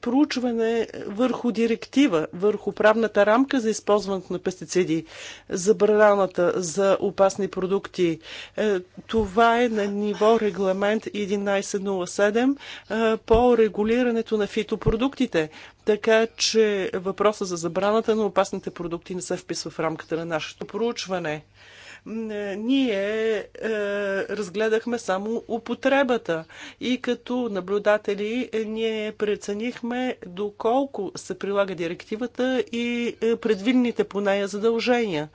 Проучване върху директива, върху правната рамка за използването на пестициди, забраната за опасни продукти. Е, това е на ниво регламент 1107 е, по регулирането на фитопродуктите. Така че въпроса за забраната на опасните продукти не се вписва в рамката на нашето проучване. Е, ние е, разгледахме само употребата и като наблюдатели е, ние преценихме доколко се прилага директивата и предвидните по нея задължения.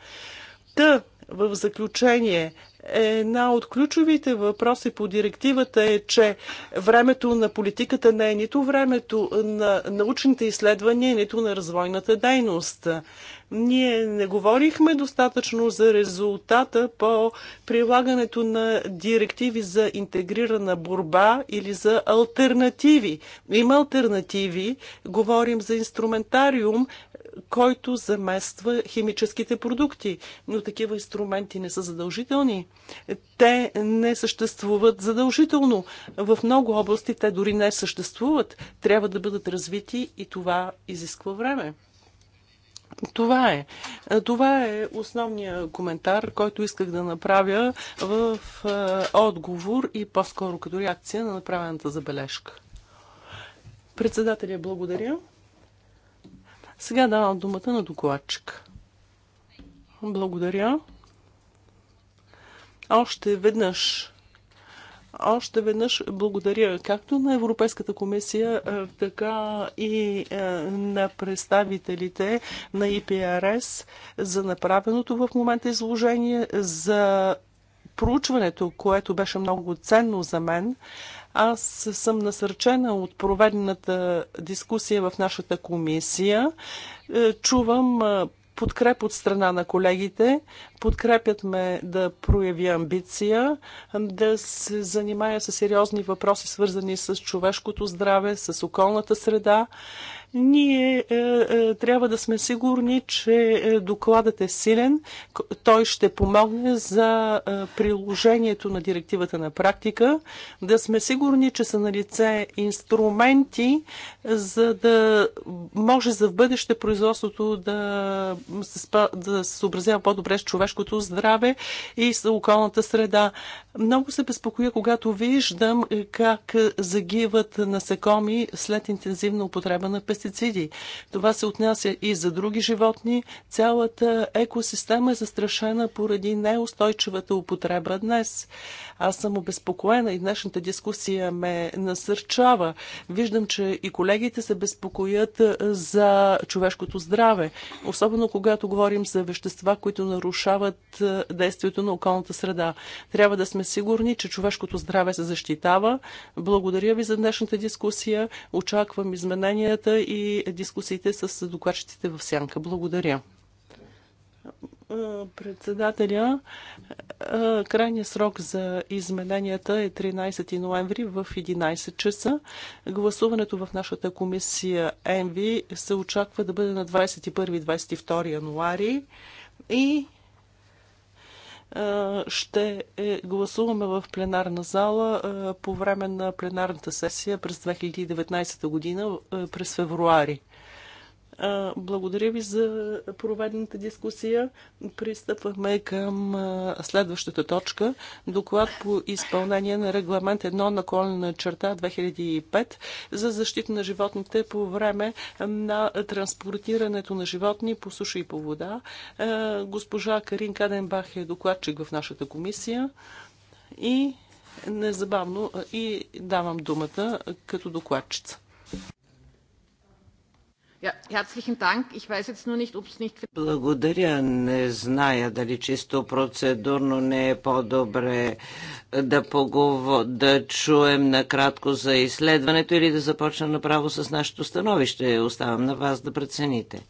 Та, в заключение, една от ключовите въпроси по директивата е, че времето на политиката не е нито времето на научните изследвания, нито на развойната дейност. Ние не говорихме достатъчно за резултата по прилагането на директиви за интегрирана борба или за альтернативи. Има альтернативи. Говорим за инструментариум, който замества химическите продукти. Но такива инструменти не са задължителни. Те не съществуват задължително. В много области те дори не съществуват. Трябва да бъдат развити и това изисква време. Това е. Това е основният коментар, който исках да направя в отговор и по-скоро като реакция на направената забележка. Председателя, благодаря. Сега давам думата на докладчик. Благодаря. Още веднъж още веднъж благодаря както на Европейската комисия, така и на представителите на ИПРС за направеното в момента изложение, за проучването, което беше много ценно за мен. Аз съм насърчена от проведената дискусия в нашата комисия. Е, чувам е, подкреп от страна на колегите. Подкрепят ме да проявя амбиция, да се занимая с сериозни въпроси, свързани с човешкото здраве, с околната среда ние е, е, трябва да сме сигурни, че е, докладът е силен. Той ще помогне за е, приложението на директивата на практика. Да сме сигурни, че са на лице инструменти, за да може за в бъдеще производството да се, спа, да се съобразява по-добре с човешкото здраве и с околната среда. Много се безпокоя, когато виждам е, как е, загиват насекоми след интензивна употреба на пестициди пестициди. Това се отнася и за други животни. Цялата екосистема е застрашена поради неустойчивата употреба днес. Аз съм обезпокоена и днешната дискусия ме насърчава. Виждам, че и колегите се безпокоят за човешкото здраве, особено когато говорим за вещества, които нарушават действието на околната среда. Трябва да сме сигурни, че човешкото здраве се защитава. Благодаря ви за днешната дискусия. Очаквам измененията и дискусиите с докладчиците в сянка. Благодаря председателя. Крайният срок за измененията е 13 ноември в 11 часа. Гласуването в нашата комисия ЕНВИ се очаква да бъде на 21-22 януари и ще е, гласуваме в пленарна зала по време на пленарната сесия през 2019 година през февруари. Благодаря ви за проведената дискусия. Пристъпваме към следващата точка. Доклад по изпълнение на регламент 1 на колена черта 2005 за защита на животните по време на транспортирането на животни по суша и по вода. Госпожа Карин Каденбах е докладчик в нашата комисия и незабавно и давам думата като докладчица. Благодаря. Не зная дали чисто процедурно не е по-добре е, да, погово... да чуем накратко за изследването или да започна направо с нашето становище. Оставам на вас да прецените.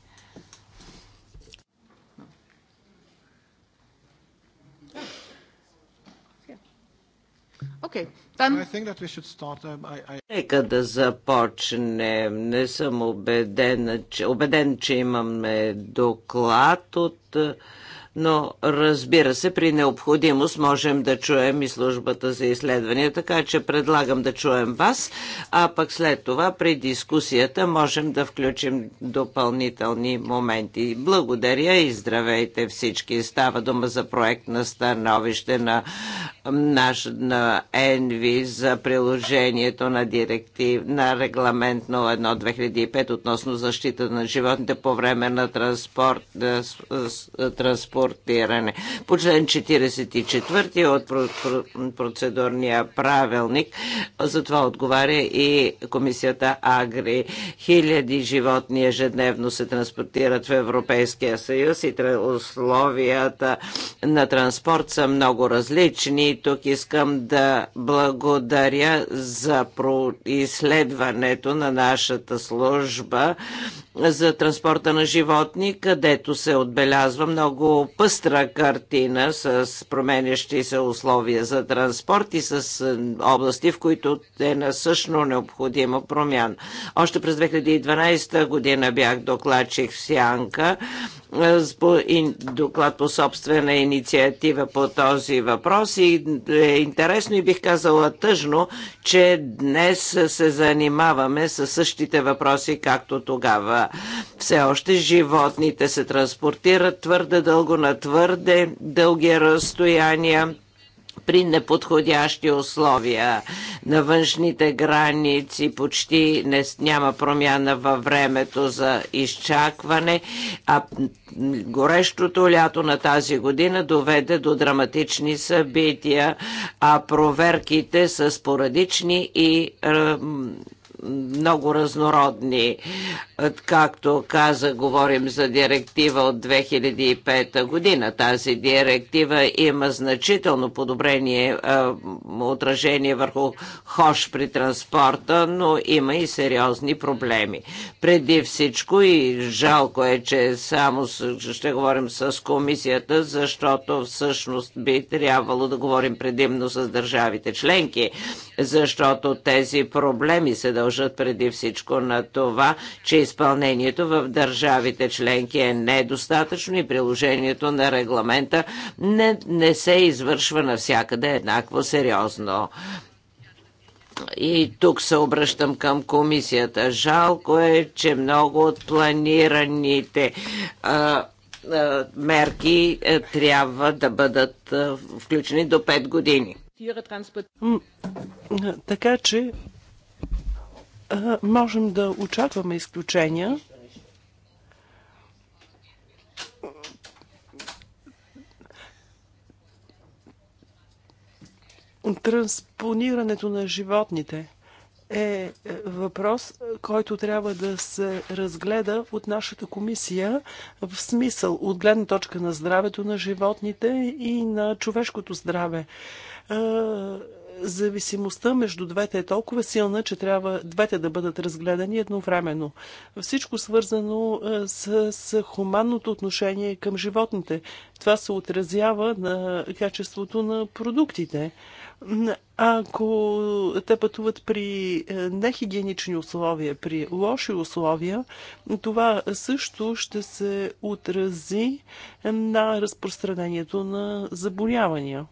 Okay. Um, Нека да започнем. Не съм убеден, че, убеден, че имаме доклад от но разбира се, при необходимост можем да чуем и службата за изследвания, така че предлагам да чуем вас, а пък след това при дискусията можем да включим допълнителни моменти. Благодаря и здравейте всички. Става дума за проект на становище на наш на ЕНВИ за приложението на директив на регламент 01-2005 относно защита на животните по време на транспорт, транспорт депортиране. По член 44 от процедурния правилник, за това отговаря и комисията Агри. Хиляди животни ежедневно се транспортират в Европейския съюз и условията на транспорт са много различни. Тук искам да благодаря за изследването на нашата служба за транспорта на животни, където се отбелязва много пъстра картина с променящи се условия за транспорт и с е, области, в които е насъщно необходима промяна. Още през 2012 година бях докладчик в Сянка доклад по собствена инициатива по този въпрос и е интересно и бих казала тъжно, че днес се занимаваме с същите въпроси, както тогава. Все още животните се транспортират твърде дълго на твърде дълги разстояния при неподходящи условия. На външните граници почти не, няма промяна във времето за изчакване, а горещото лято на тази година доведе до драматични събития, а проверките са спорадични и е, много разнородни. Както каза, говорим за директива от 2005 година. Тази директива има значително подобрение, е, отражение върху хош при транспорта, но има и сериозни проблеми. Преди всичко и жалко е, че само ще говорим с комисията, защото всъщност би трябвало да говорим предимно с държавите членки, защото тези проблеми се да дължат преди всичко на това, че изпълнението в държавите членки е недостатъчно и приложението на регламента не, не се извършва навсякъде еднакво сериозно. И тук се обръщам към комисията. Жалко е, че много от планираните а, а, мерки а, е, трябва да бъдат а, включени до 5 години. Така че можем да очакваме изключения. Транспонирането на животните е, е въпрос, който трябва да се разгледа от нашата комисия в смисъл от гледна точка на здравето на животните и на човешкото здраве зависимостта между двете е толкова силна, че трябва двете да бъдат разгледани едновременно. Всичко свързано е, с, с хуманното отношение към животните. Това се отразява на качеството на продуктите. Ако те пътуват при е, нехигиенични условия, при лоши условия, това също ще се отрази на разпространението на заболявания.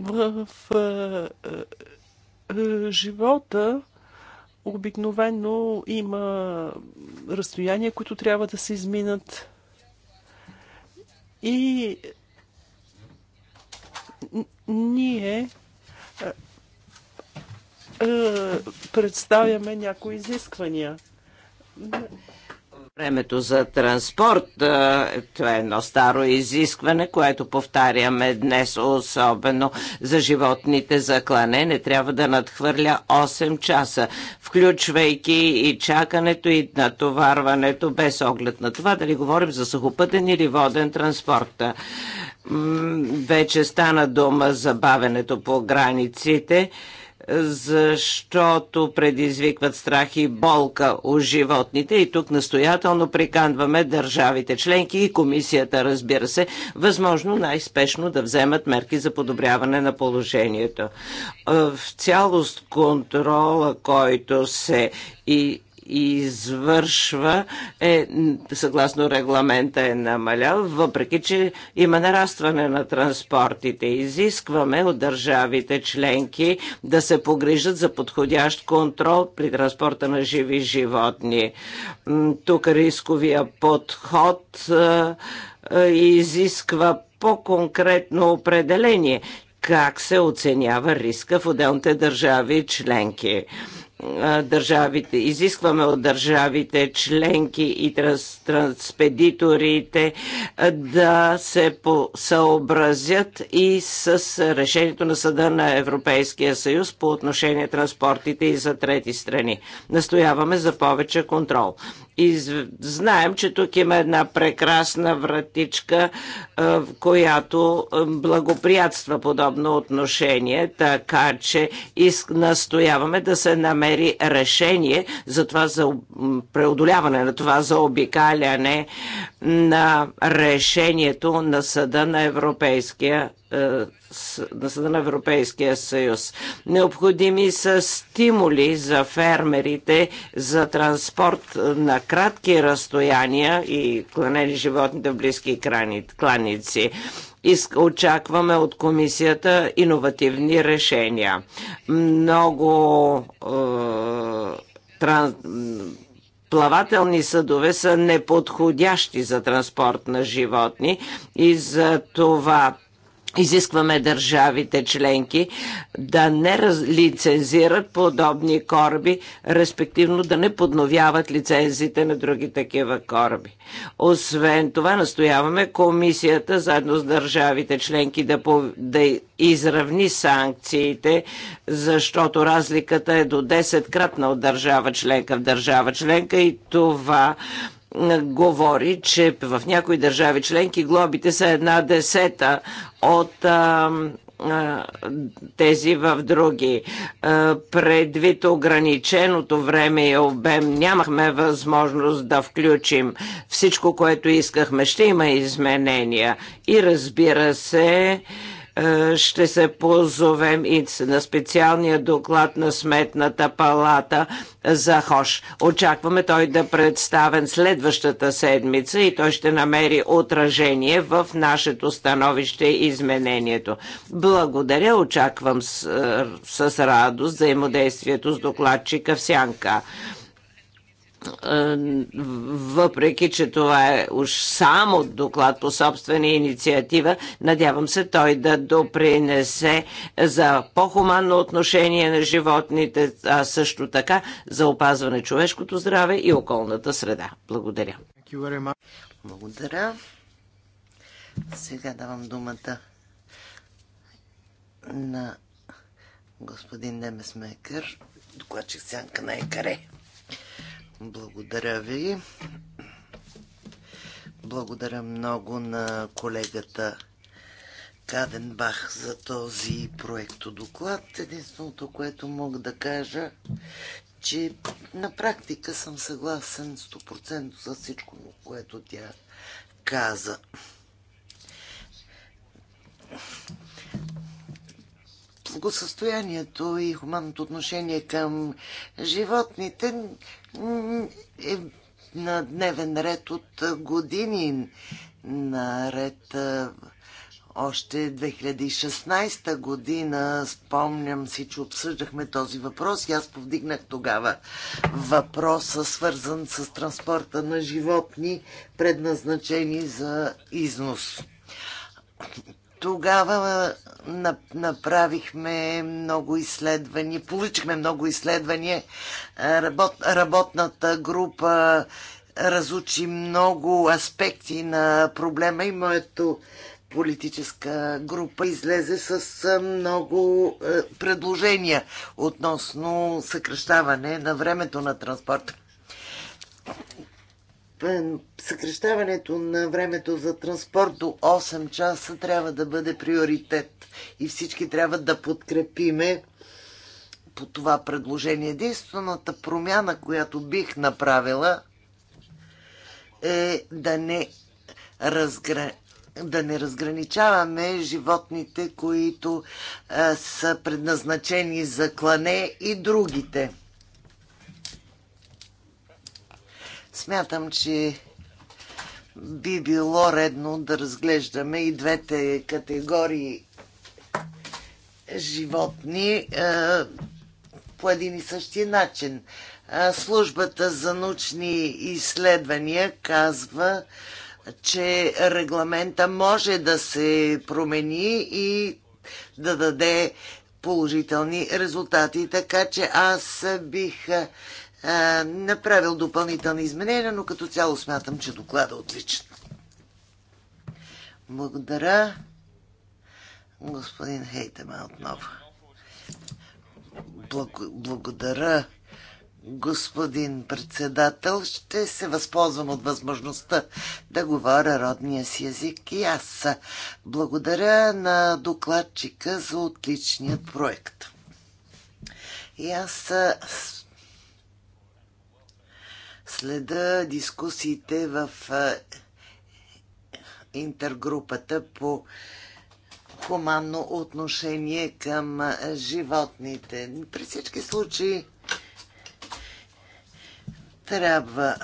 В е, е, живота обикновено има разстояния, които трябва да се изминат. И ние е, представяме някои изисквания. Времето за транспорт, това е едно старо изискване, което повтаряме днес, особено за животните за клане, не трябва да надхвърля 8 часа, включвайки и чакането и натоварването, без оглед на това дали говорим за сухопътен или воден транспорт. Вече стана дума за бавенето по границите защото предизвикват страх и болка у животните. И тук настоятелно приканваме държавите членки и комисията, разбира се, възможно най-спешно да вземат мерки за подобряване на положението. Е, в цялост контрола, който се и извършва е, съгласно регламента е намалял, въпреки че има нарастване на транспортите. Изискваме от държавите членки да се погрижат за подходящ контрол при транспорта на живи животни. Тук рисковия подход е, е, изисква по-конкретно определение, как се оценява риска в отделните държави членки държавите, изискваме от държавите, членки и транспедиторите да се съобразят и с решението на Съда на Европейския съюз по отношение транспортите и за трети страни. Настояваме за повече контрол. И знаем, че тук има една прекрасна вратичка, е, която е, благоприятства подобно отношение, така че настояваме да се намери решение за това за преодоляване на това за обикаляне на решението на Съда на Европейския на е, Съда на Европейския съюз. Необходими са стимули за фермерите за транспорт на кратки разстояния и кланени животните в близки кланици. Очакваме от комисията иновативни решения. Много е, плавателни съдове са неподходящи за транспорт на животни и за това Изискваме държавите членки да не раз... лицензират подобни кораби, респективно да не подновяват лицензите на други такива кораби. Освен това, настояваме комисията заедно с държавите членки да, по... да изравни санкциите, защото разликата е до 10 кратна от държава членка в държава членка и това говори, че в някои държави членки глобите са една десета от а, а, тези в други. А, предвид ограниченото време и обем нямахме възможност да включим всичко, което искахме. Ще има изменения. И разбира се, а, е, ще се позовем и на специалния доклад на Сметната палата за ХОШ. Очакваме той да представен следващата седмица и той ще намери отражение в нашето становище и изменението. Благодаря, очаквам с, е, с радост взаимодействието с докладчика в Сянка. Е, въпреки че това е уж само доклад по собствена инициатива, надявам се той да допринесе за по-хуманно отношение на животните, а също така за опазване човешкото здраве и околната среда. Благодаря. Благодаря. Сега давам думата на господин Мекър, докладчик Сянка на Екаре. Благодаря ви. Благодаря много на колегата Каденбах за този проектодоклад. Единственото, което мога да кажа, че на практика съм съгласен 100% за всичко, което тя каза. благосъстоянието и хуманното отношение към животните е на дневен ред от години наред. Още 2016 година, спомням си, че обсъждахме този въпрос и аз повдигнах тогава въпроса, свързан с транспорта на животни, предназначени за износ. Тогава направихме много изследвания, получихме много изследвания. Работ, работната група разучи много аспекти на проблема и моето политическа група излезе с много предложения относно съкръщаване на времето на транспорта съкрещаването на времето за транспорт до 8 часа трябва да бъде приоритет и всички трябва да подкрепиме по това предложение. Единствената промяна, която бих направила е да не, разгра... да не разграничаваме животните, които а, са предназначени за клане и другите. Смятам, че би било редно да разглеждаме и двете категории животни е, по един и същи начин. Е, службата за научни изследвания казва, че регламента може да се промени и да даде положителни резултати. Така че аз бих е, а, направил допълнителни изменения, но като цяло смятам, че доклада е отличен. Благодаря. Господин Хейтема отново. Благодаря, господин председател. Ще се възползвам от възможността да говоря родния си език и аз. Благодаря на докладчика за отличният проект. И аз следа дискусиите в интергрупата по хуманно отношение към животните. При всички случаи трябва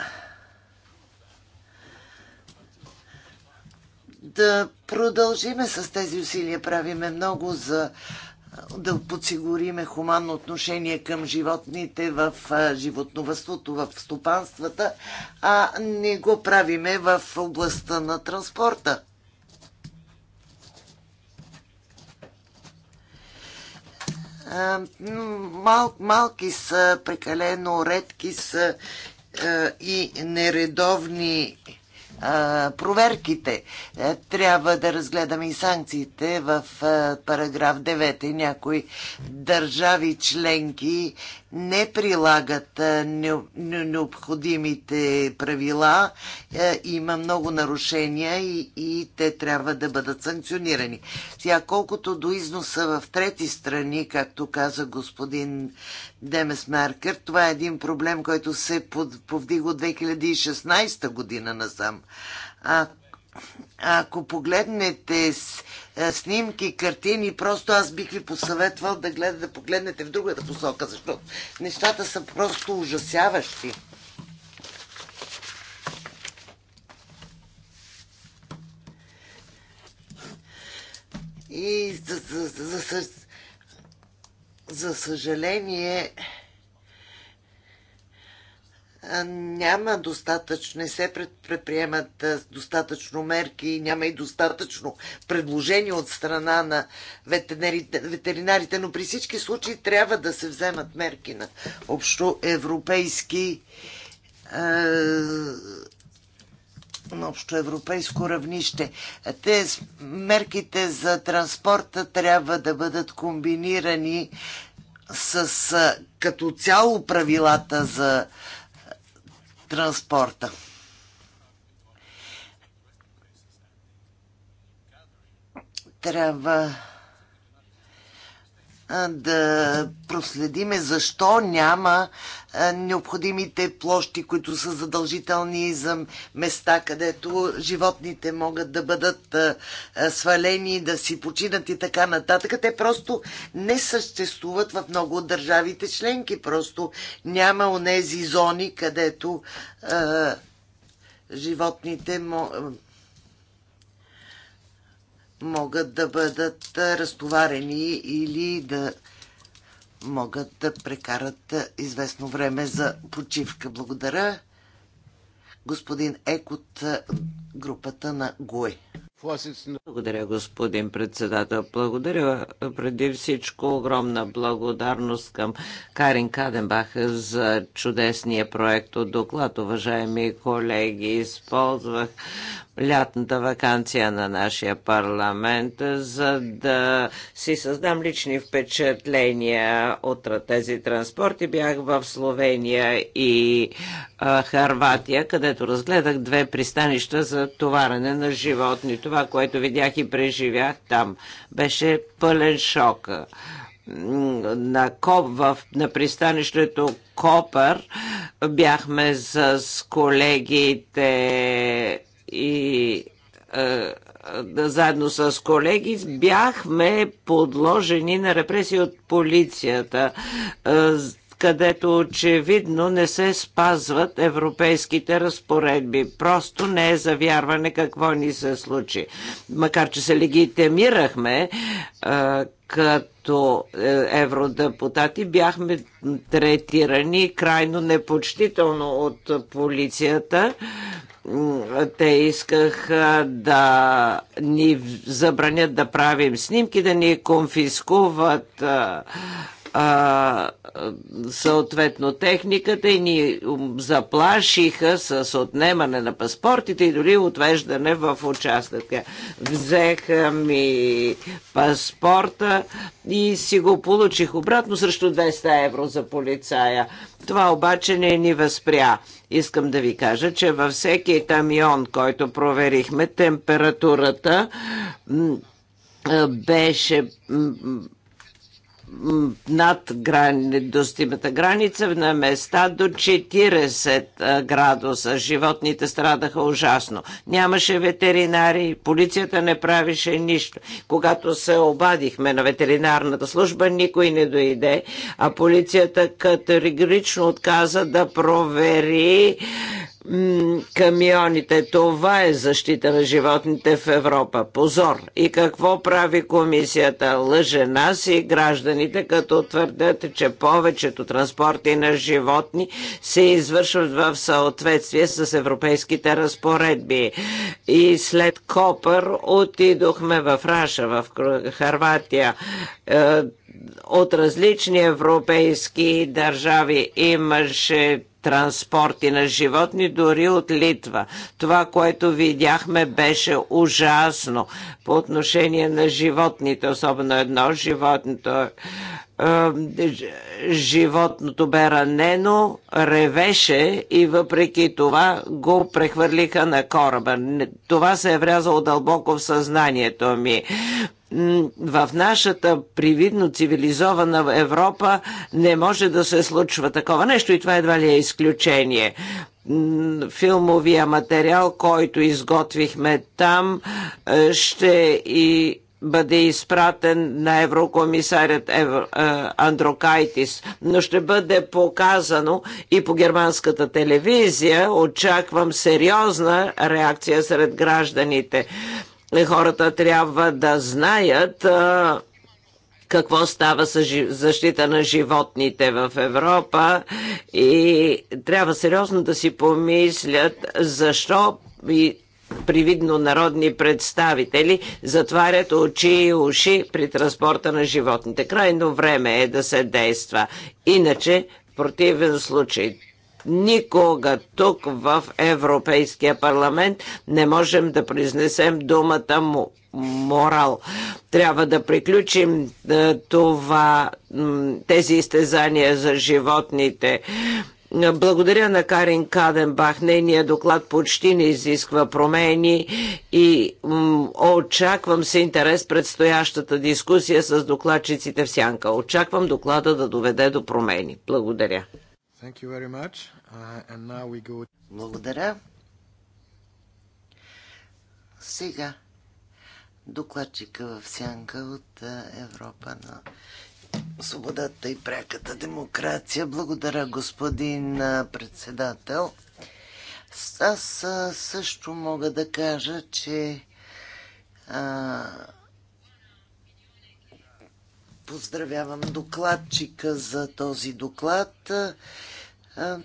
да продължиме с тези усилия. Правиме много за да подсигуриме хуманно отношение към животните в животновътството, в стопанствата, а не го правиме в областта на транспорта. Мал, малки са, прекалено редки са и нередовни проверките. Е, трябва да разгледаме и санкциите в е, параграф 9. Някои държави членки не прилагат е, необходимите правила. Има много нарушения и, те трябва да бъдат санкционирани. Сега, колкото до износа в трети страни, както каза господин Демес Меркер. Това е един проблем, който се повдига от 2016 година насам. А, ако погледнете снимки, картини, просто аз бих ви посъветвал да, глед, да погледнете в другата посока, защото нещата са просто ужасяващи. И за, за, за, за, за съжаление, няма достатъчно, не се предприемат достатъчно мерки, няма и достатъчно предложения от страна на ветеринарите, но при всички случаи трябва да се вземат мерки на общоевропейски европейски на общоевропейско равнище. Те мерките за транспорта трябва да бъдат комбинирани с като цяло правилата за транспорта. Трябва да проследиме защо няма необходимите площи, които са задължителни за места, където животните могат да бъдат свалени, да си починат и така нататък. Те просто не съществуват в много от държавите членки. Просто няма онези зони, където животните могат да бъдат разтоварени или да могат да прекарат известно време за почивка. Благодаря господин Ек от групата на ГУЕ. Благодаря, господин председател. Благодаря преди всичко огромна благодарност към Карин Каденбах за чудесния проект от доклад. Уважаеми колеги, използвах лятната вакансия на нашия парламент, за да си създам лични впечатления от тези транспорти. Бях в Словения и Харватия, където разгледах две пристанища за товарене на животните това, което видях и преживях там, беше пълен шок на Коп, в, на пристанището Копър бяхме с колегите и е, е заедно с колеги бяхме подложени на репресии от полицията. Е, където очевидно не се спазват европейските разпоредби. Просто не е за вярване какво ни се случи. Макар, че се легитимирахме като е, евродепутати, бяхме третирани крайно непочтително от полицията те искаха да ни забранят да правим снимки, да ни конфискуват а, а, съответно техниката и ни заплашиха с отнемане на паспортите и дори отвеждане в участъка. Взеха ми паспорта и си го получих обратно срещу 200 евро за полицая. Това обаче не ни възпря. Искам да ви кажа, че във всеки камион, който проверихме, температурата беше над грани, достимата граница, на места до 40 градуса. Животните страдаха ужасно. Нямаше ветеринари, полицията не правише нищо. Когато се обадихме на ветеринарната служба, никой не дойде, а полицията категорично отказа да провери камионите. Това е защита на животните в Европа. Позор! И какво прави комисията? Лъже нас и гражданите, като твърдят, че повечето транспорти на животни се извършват в съответствие с европейските разпоредби. И след Копър отидохме в Раша, в Харватия е, от различни европейски държави имаше транспорти на животни, дори от Литва. Това, което видяхме, беше ужасно по отношение на животните, особено едно животното. Е, животното бе ранено, ревеше и въпреки това го прехвърлиха на кораба. Това се е врязало дълбоко в съзнанието ми в нашата привидно цивилизована Европа не може да се случва такова нещо и това едва ли е изключение. Филмовия материал, който изготвихме там, е, ще и бъде изпратен на еврокомисарят е, Андрокайтис, но ще бъде показано и по германската телевизия. Очаквам сериозна реакция сред гражданите. Хората трябва да знаят а, какво става с защита на животните в Европа и трябва сериозно да си помислят защо и привидно народни представители затварят очи и уши при транспорта на животните. Крайно време е да се действа. Иначе, в противен случай, Никога тук в Европейския парламент не можем да произнесем думата му морал. Трябва да приключим е, това, тези изтезания за животните. Е, благодаря на Карин Каденбах. Нейният доклад почти не изисква промени и очаквам с интерес предстоящата дискусия с докладчиците в Сянка. Очаквам доклада да доведе до промени. Благодаря. Thank you very much. Uh, Благодаря. Сега докладчика в сянка от е, Европа на свободата и пряката демокрация. Благодаря, господин е, председател. Аз е, също мога да кажа, че а, поздравявам докладчика за този доклад.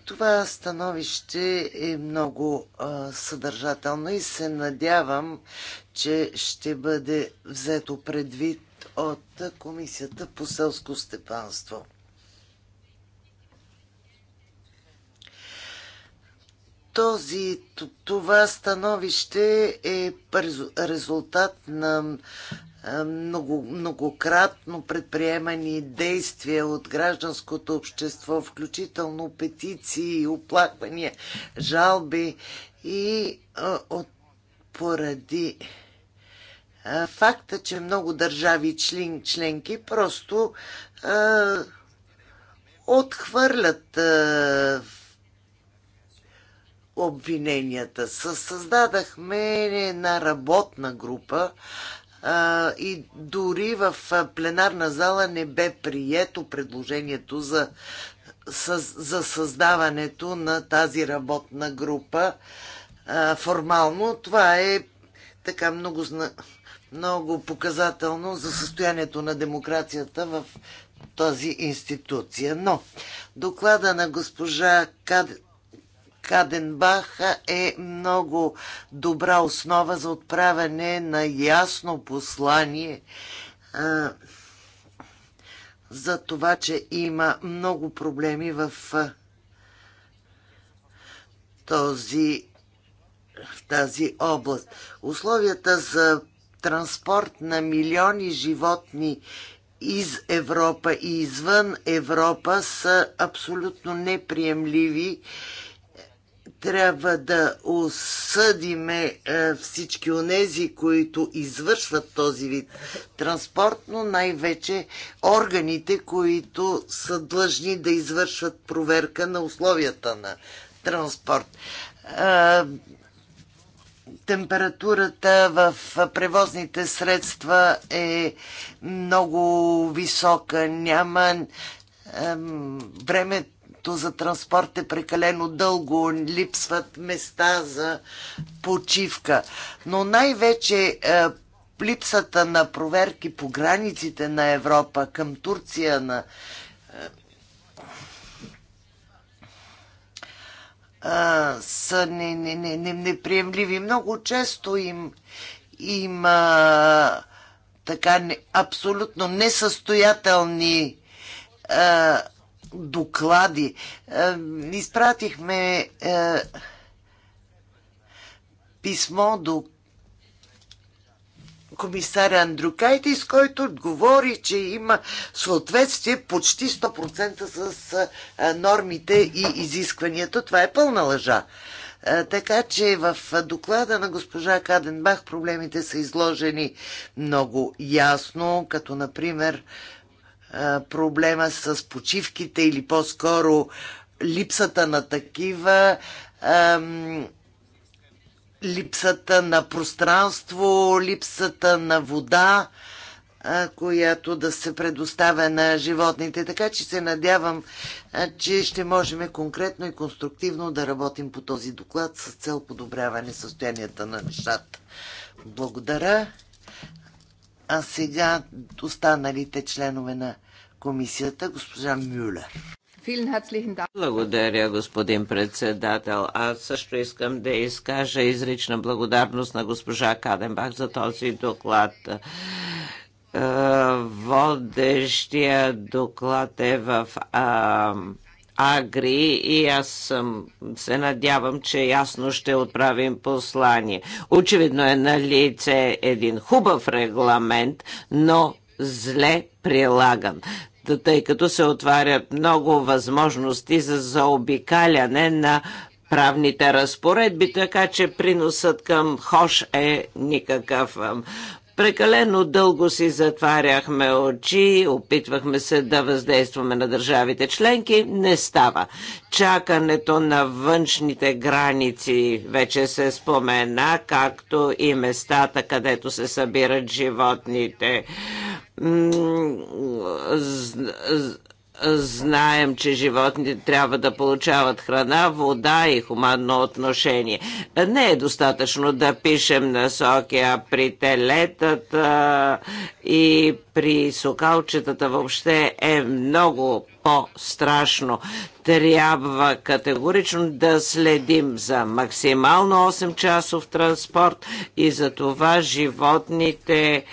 Това становище е много съдържателно и се надявам, че ще бъде взето предвид от Комисията по селско степанство. Този, това становище е резултат на е, много, многократно предприемани действия от гражданското общество, включително петиции, оплаквания, жалби и е, от, поради е, факта, че много държави член, членки просто а, отхвърлят а, обвиненията. Създадахме една работна група, и дори в пленарна зала не бе прието предложението за, за създаването на тази работна група. Формално това е така много, много показателно за състоянието на демокрацията в тази институция. Но доклада на госпожа Кад... Каденбах е много добра основа за отправяне на ясно послание а, за това, че има много проблеми в а, този, в тази област. Условията за транспорт на милиони животни из Европа и извън Европа са абсолютно неприемливи трябва да осъдиме е, всички онези, които извършват този вид транспорт, но най-вече органите, които са длъжни да извършват проверка на условията на транспорт. Е, температурата в превозните средства е много висока. Няма времето времето за транспорт е прекалено дълго, липсват места за почивка. Но най-вече е, липсата на проверки по границите на Европа към Турция на е, е, са неприемливи. Много често им има така абсолютно несъстоятелни а, доклади. Е, изпратихме е, писмо до комисаря Андрюкайтис, който отговори, че има съответствие почти 100% с е, нормите и изискванията. Това е пълна лъжа. Така че в доклада на госпожа Каденбах проблемите са изложени много ясно, като например проблема с почивките или по-скоро липсата на такива, липсата на пространство, липсата на вода, която да се предоставя на животните. Така че се надявам, че ще можем конкретно и конструктивно да работим по този доклад с цел подобряване състоянията на нещата. Благодаря. А сега останалите членове на комисията, госпожа Мюлер. Благодаря, господин председател. Аз също искам да изкажа изрична благодарност на госпожа Каденбах за този доклад. Е, водещия доклад е в а, Агри и аз съм, се надявам, че ясно ще отправим послание. Очевидно е на лице един хубав регламент, но зле прилаган тъй като се отварят много възможности за заобикаляне на правните разпоредби, така че приносът към ХОШ е никакъв. Прекалено дълго си затваряхме очи, опитвахме се да въздействаме на държавите членки. Не става. Чакането на външните граници вече се спомена, както и местата, където се събират животните знаем, че животните трябва да получават храна, вода и хуманно отношение. Не е достатъчно да пишем насоки, а при телетата и при сокалчетата въобще е много по-страшно. Трябва категорично да следим за максимално 8-часов транспорт и за това животните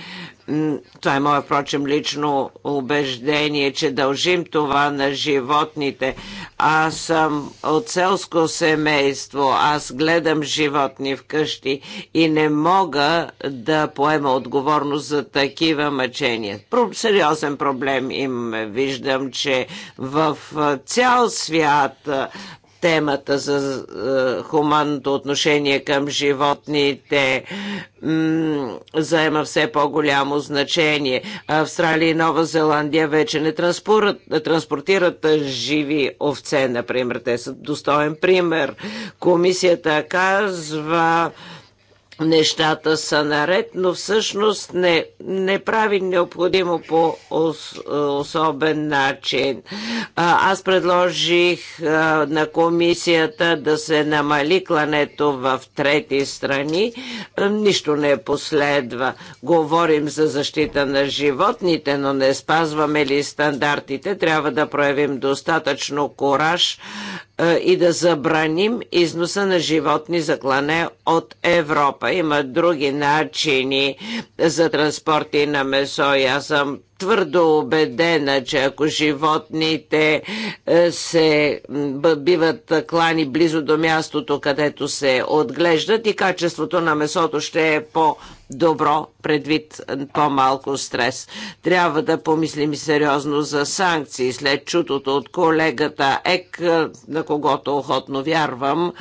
това е мое, впрочем, лично убеждение, че дължим това на животните. Аз съм от селско семейство, аз гледам животни вкъщи и не мога да поема отговорност за такива мъчения. Про сериозен проблем им виждам, че в цял свят темата за е, хуманното отношение към животните заема все по-голямо значение. Австралия и Нова Зеландия вече не транспортират живи овце, например. Те са достоен пример. Комисията казва, нещата са наред, но всъщност не, не прави необходимо по ос, особен начин. А, аз предложих а, на комисията да се намали клането в трети страни. А, нищо не последва. Говорим за защита на животните, но не спазваме ли стандартите. Трябва да проявим достатъчно кораж е, и да забраним износа на животни заклане от Европа. Има други начини за транспорти на месо и аз съм твърдо убедена, че ако животните е, се биват клани близо до мястото, където се отглеждат и качеството на месото ще е по добро, предвид е, по-малко стрес. Трябва да помислим сериозно за санкции. След чутото от колегата ЕК, е, на когото охотно вярвам,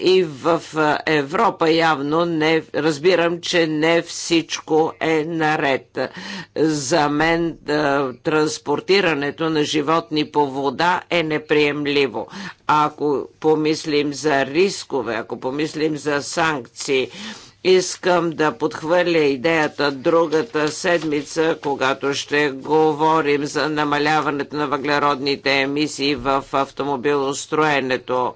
и в Европа явно не разбирам, че не всичко е наред. За мен транспортирането на животни по вода е неприемливо. Ако помислим за рискове, ако помислим за санкции, Искам да подхвърля идеята другата седмица, когато ще говорим за намаляването на въглеродните емисии в автомобилостроенето.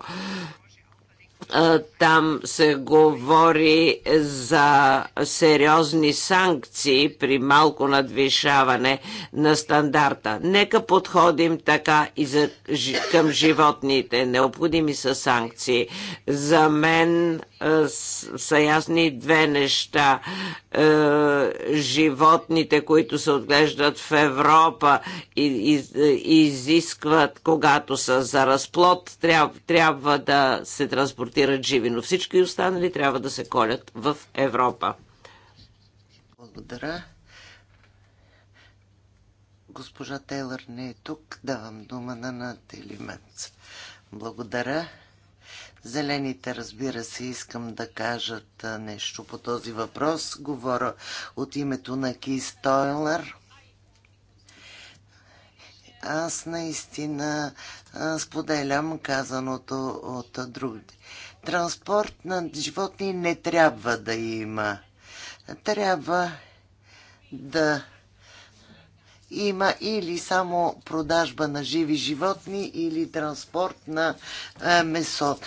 Там се говори за сериозни санкции при малко надвишаване на стандарта. Нека подходим така и за, към животните. Необходими са санкции. За мен са ясни две неща. Е, животните, които се отглеждат в Европа и, и, е, изискват, когато са за разплод, тряб, трябва да се транспортират живи, но всички останали трябва да се колят в Европа. Благодаря. Госпожа Тейлър не е тук. Давам дума на Натали Благодаря. Зелените, разбира се, искам да кажат нещо по този въпрос. Говоря от името на Ки Стойлър. Аз наистина споделям казаното от другите. Транспорт на животни не трябва да има. Трябва да има или само продажба на живи животни или транспорт на е, месо.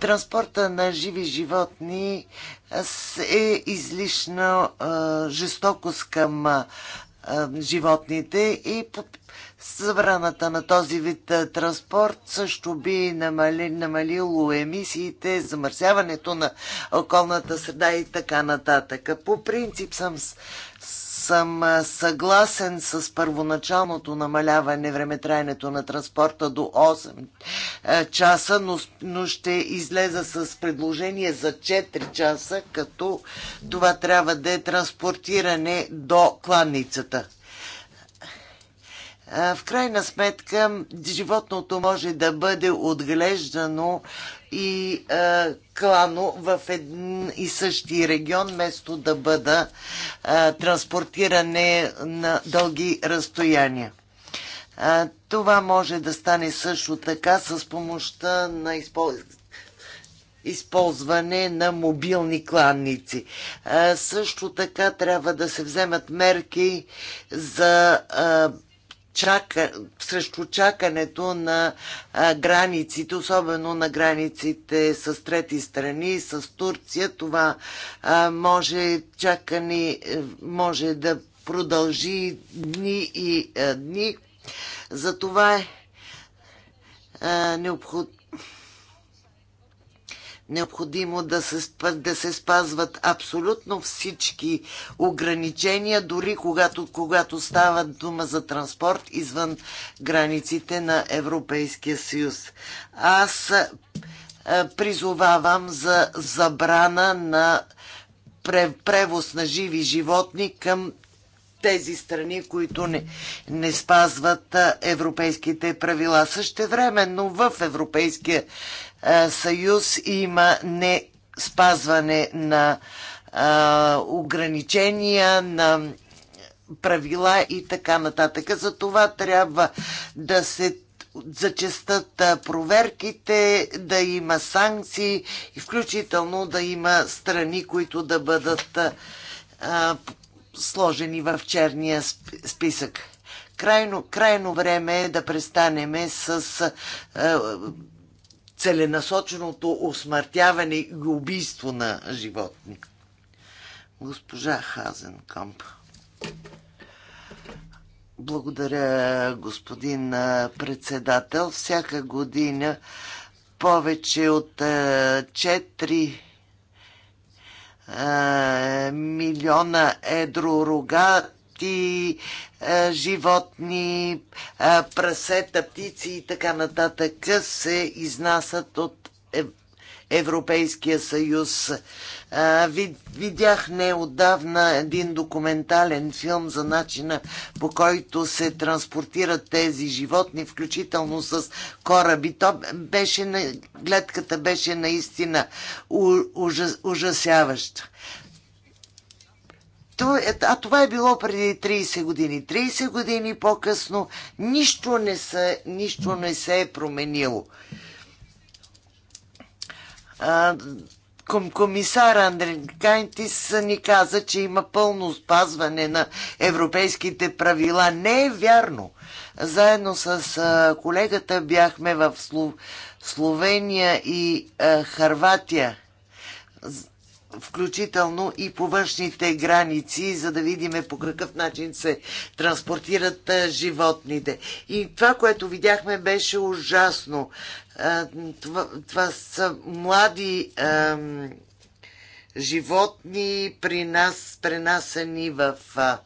Транспорта на живи животни е, е излишно е, жестокост към животните и забраната на този вид транспорт също би намали, намалило емисиите, замърсяването на околната среда и така нататък. По принцип съм съм съгласен с първоначалното намаляване времетрайнето на транспорта до 8 часа, но, но ще излеза с предложение за 4 часа, като това трябва да е транспортиране до кланницата. В крайна сметка, животното може да бъде отглеждано и а, е, клано в един и същи регион, вместо да бъда а, е, транспортиране на дълги разстояния. А, е, това може да стане също така с помощта на използване на мобилни кланници. А, също така трябва да се вземат мерки за а, чака, срещу чакането на а, границите, особено на границите с трети страни, с Турция. Това а, може чакани, е, може да продължи дни и а, дни. Затова е необходимо необходимо да се, да се спазват абсолютно всички ограничения, дори когато, когато става дума за транспорт извън границите на Европейския съюз. Аз призовавам за забрана на превоз на живи животни към тези страни, които не, не спазват европейските правила. Същевременно в Европейския съюз има не спазване на а, ограничения, на правила и така нататък. За това трябва да се зачестат проверките, да има санкции и включително да има страни, които да бъдат а, сложени в черния списък. Крайно, крайно време е да престанеме с а, целенасоченото осмъртяване и убийство на животни. Госпожа Хазенкамп. Благодаря, господин председател. Всяка година повече от 4 милиона едро рога продукти, животни, прасета, птици и така нататък се изнасят от Европейския съюз. Видях неодавна един документален филм за начина по който се транспортират тези животни, включително с кораби. То беше, гледката беше наистина ужасяваща. Е, а това е било преди 30 години. 30 години по-късно нищо не се, нищо не се е променило. комисар Андре Кайнтис ни каза, че има пълно спазване на европейските правила. Не е вярно. Заедно с колегата бяхме в Словения и Харватия включително и по външните граници, за да видим по какъв начин се транспортират животните. И това, което видяхме, беше ужасно. Това, това са млади ам, животни при нас, пренасени в а,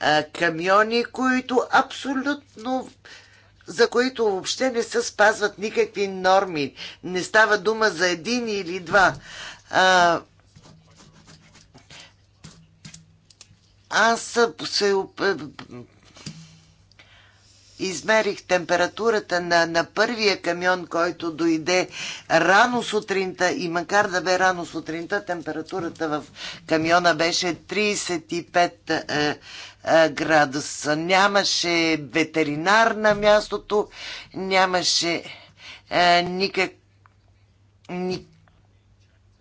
а, камиони, които абсолютно за които въобще не се спазват никакви норми. Не става дума за един или два. А, Аз се е, измерих температурата на, на първия камион, който дойде рано сутринта и макар да бе рано сутринта, температурата в камиона беше 35 е, е, градуса. Нямаше ветеринар на мястото, нямаше е, никак,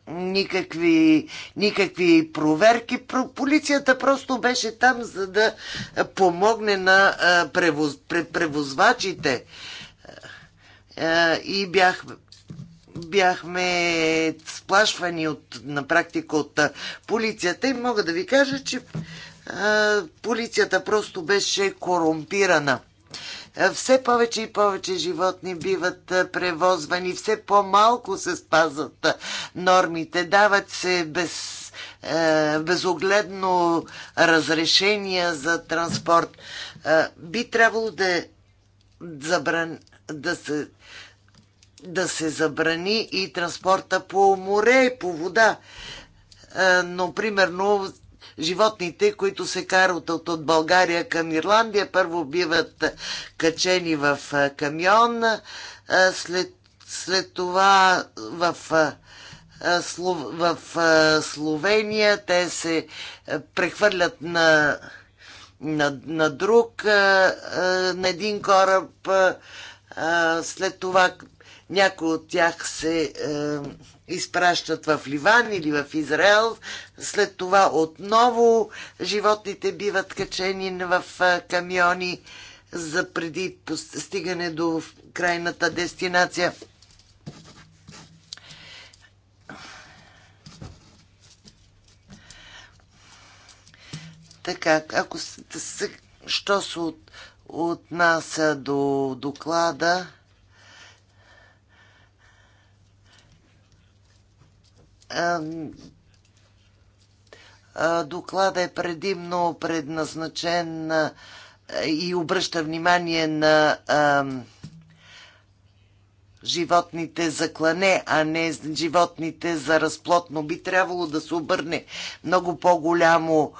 никакви, никакви проверки. Полицията просто беше там, за да помогне на превоз, превозвачите. И бях, бяхме сплашвани от, на практика от полицията и мога да ви кажа, че полицията просто беше корумпирана. Е, все повече и повече животни биват е, превозвани, все по-малко се спазват е, нормите, дават се без безогледно разрешения за транспорт. Би трябвало да, забран... да, се... да се забрани и транспорта по море и по вода. Но, примерно, животните, които се карат от, от България към Ирландия, първо биват качени в камион, след, след това в в Словения, те се прехвърлят на, на, на друг, на един кораб, след това някои от тях се е, изпращат в Ливан или в Израел. След това отново животните биват качени в е, камиони за преди стигане до крайната дестинация. Така, ако се, що се от, отнася до доклада, Докладът е предимно предназначен и обръща внимание на животните за клане, а не животните за разплотно. Би трябвало да се обърне много по-голямо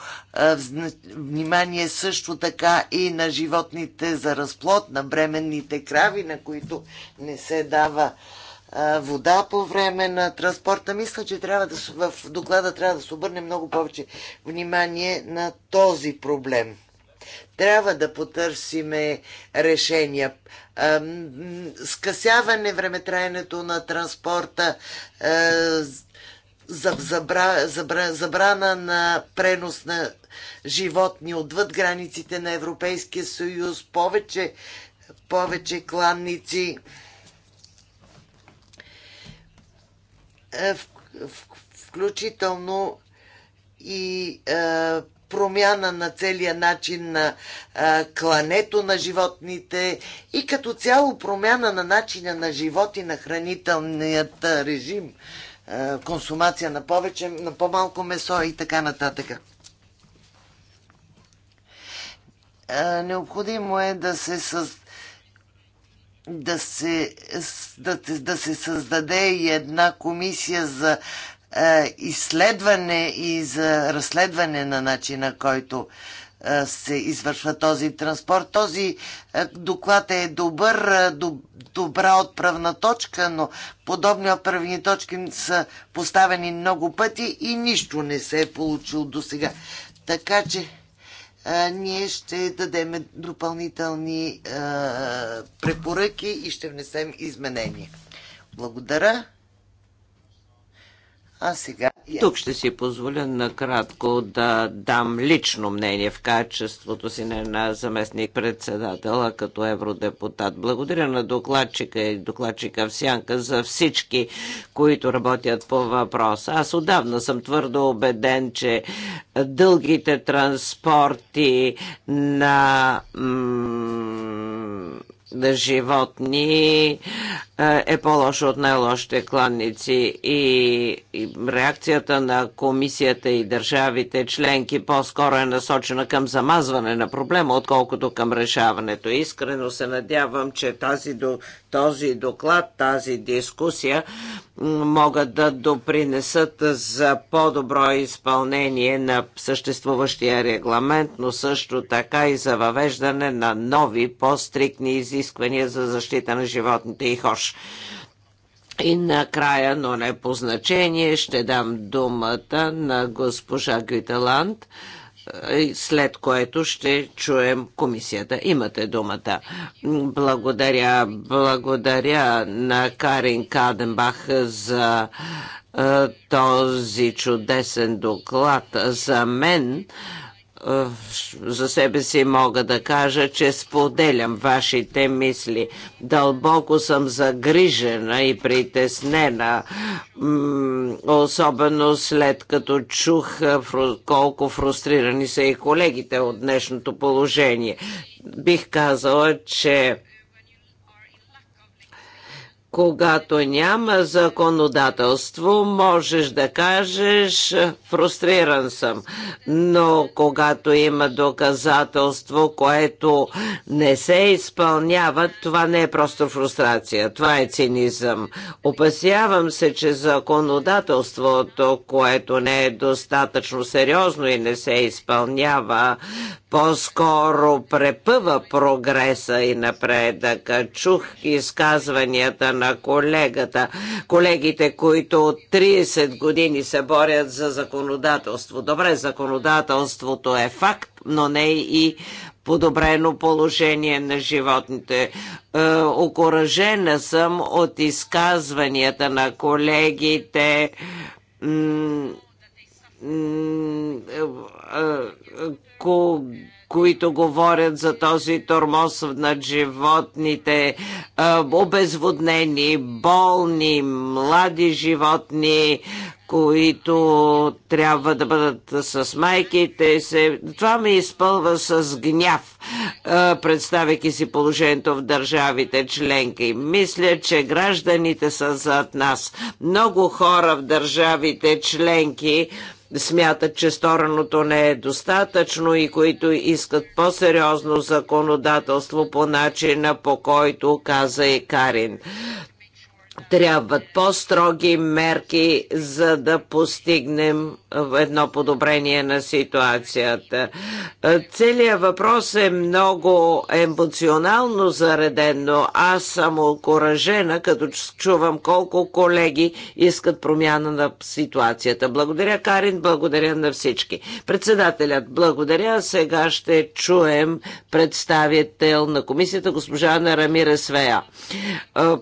внимание също така и на животните за разплод, на бременните крави, на които не се дава вода по време на транспорта. Мисля, че трябва да, в доклада трябва да се обърне много повече внимание на този проблем. Трябва да потърсиме решения. Скъсяване времетраенето на транспорта, забра, забра, забрана на пренос на животни отвъд границите на Европейския съюз, повече, повече кланници. Е, включително и е, промяна на целия начин на е, клането на животните и като цяло промяна на начина на живот и на хранителният режим, консумация на повече, на по-малко месо и така нататък. необходимо е да се създаде да се, да, да се създаде и една комисия за е, изследване и за разследване на начина, който е, се извършва този транспорт. Този е, доклад е добър, е, доб, добра отправна точка, но подобни отправни точки са поставени много пъти и нищо не се е получило до сега. Така че ние ще дадем допълнителни препоръки и ще внесем изменения. Благодаря. А сега... Тук ще си позволя накратко да дам лично мнение в качеството си на заместник председател, като евродепутат. Благодаря на докладчика и докладчика в Сянка за всички, които работят по въпроса. Аз отдавна съм твърдо убеден, че дългите транспорти на животни е, е по-лошо от най-лошите кланници и, и реакцията на комисията и държавите членки по-скоро е насочена към замазване на проблема, отколкото към решаването. Искрено се надявам, че тази, този доклад, тази дискусия могат да допринесат за по-добро изпълнение на съществуващия регламент, но също така и за въвеждане на нови, по-стрикни изисквания за защита на животните и хош. И накрая, но не по значение, ще дам думата на госпожа Гюйталанд, е, след което ще чуем комисията. Имате думата. Благодаря, благодаря на Карин Каденбах за е, този чудесен доклад. За мен за себе си мога да кажа, че споделям вашите мисли. Дълбоко съм загрижена и притеснена, особено след като чух колко фрустрирани са и колегите от днешното положение. Бих казала, че когато няма законодателство, можеш да кажеш фрустриран съм. Но когато има доказателство, което не се изпълнява, това не е просто фрустрация, това е цинизъм. Опасявам се, че законодателството, което не е достатъчно сериозно и не се изпълнява, по-скоро препъва прогреса и напредъка. Чух изказванията на колегата, колегите, които от 30 години се борят за законодателство. Добре, законодателството е факт, но не и подобрено положение на животните. Е, окоръжена съм от изказванията на колегите е, е, ко, които говорят за този тормоз над животните, обезводнени, болни, млади животни, които трябва да бъдат с майките. Се... Това ме изпълва с гняв, представяйки си положението в държавите членки. Мисля, че гражданите са зад нас. Много хора в държавите членки смятат, че стороното не е достатъчно и които искат по-сериозно законодателство по начина, по който каза и Карин трябват по-строги мерки, за да постигнем едно подобрение на ситуацията. Целият въпрос е много емоционално зареден, но аз съм окоръжена, като чувам колко колеги искат промяна на ситуацията. Благодаря, Карин, благодаря на всички. Председателят, благодаря. Сега ще чуем представител на комисията, госпожа Нарамира Свея.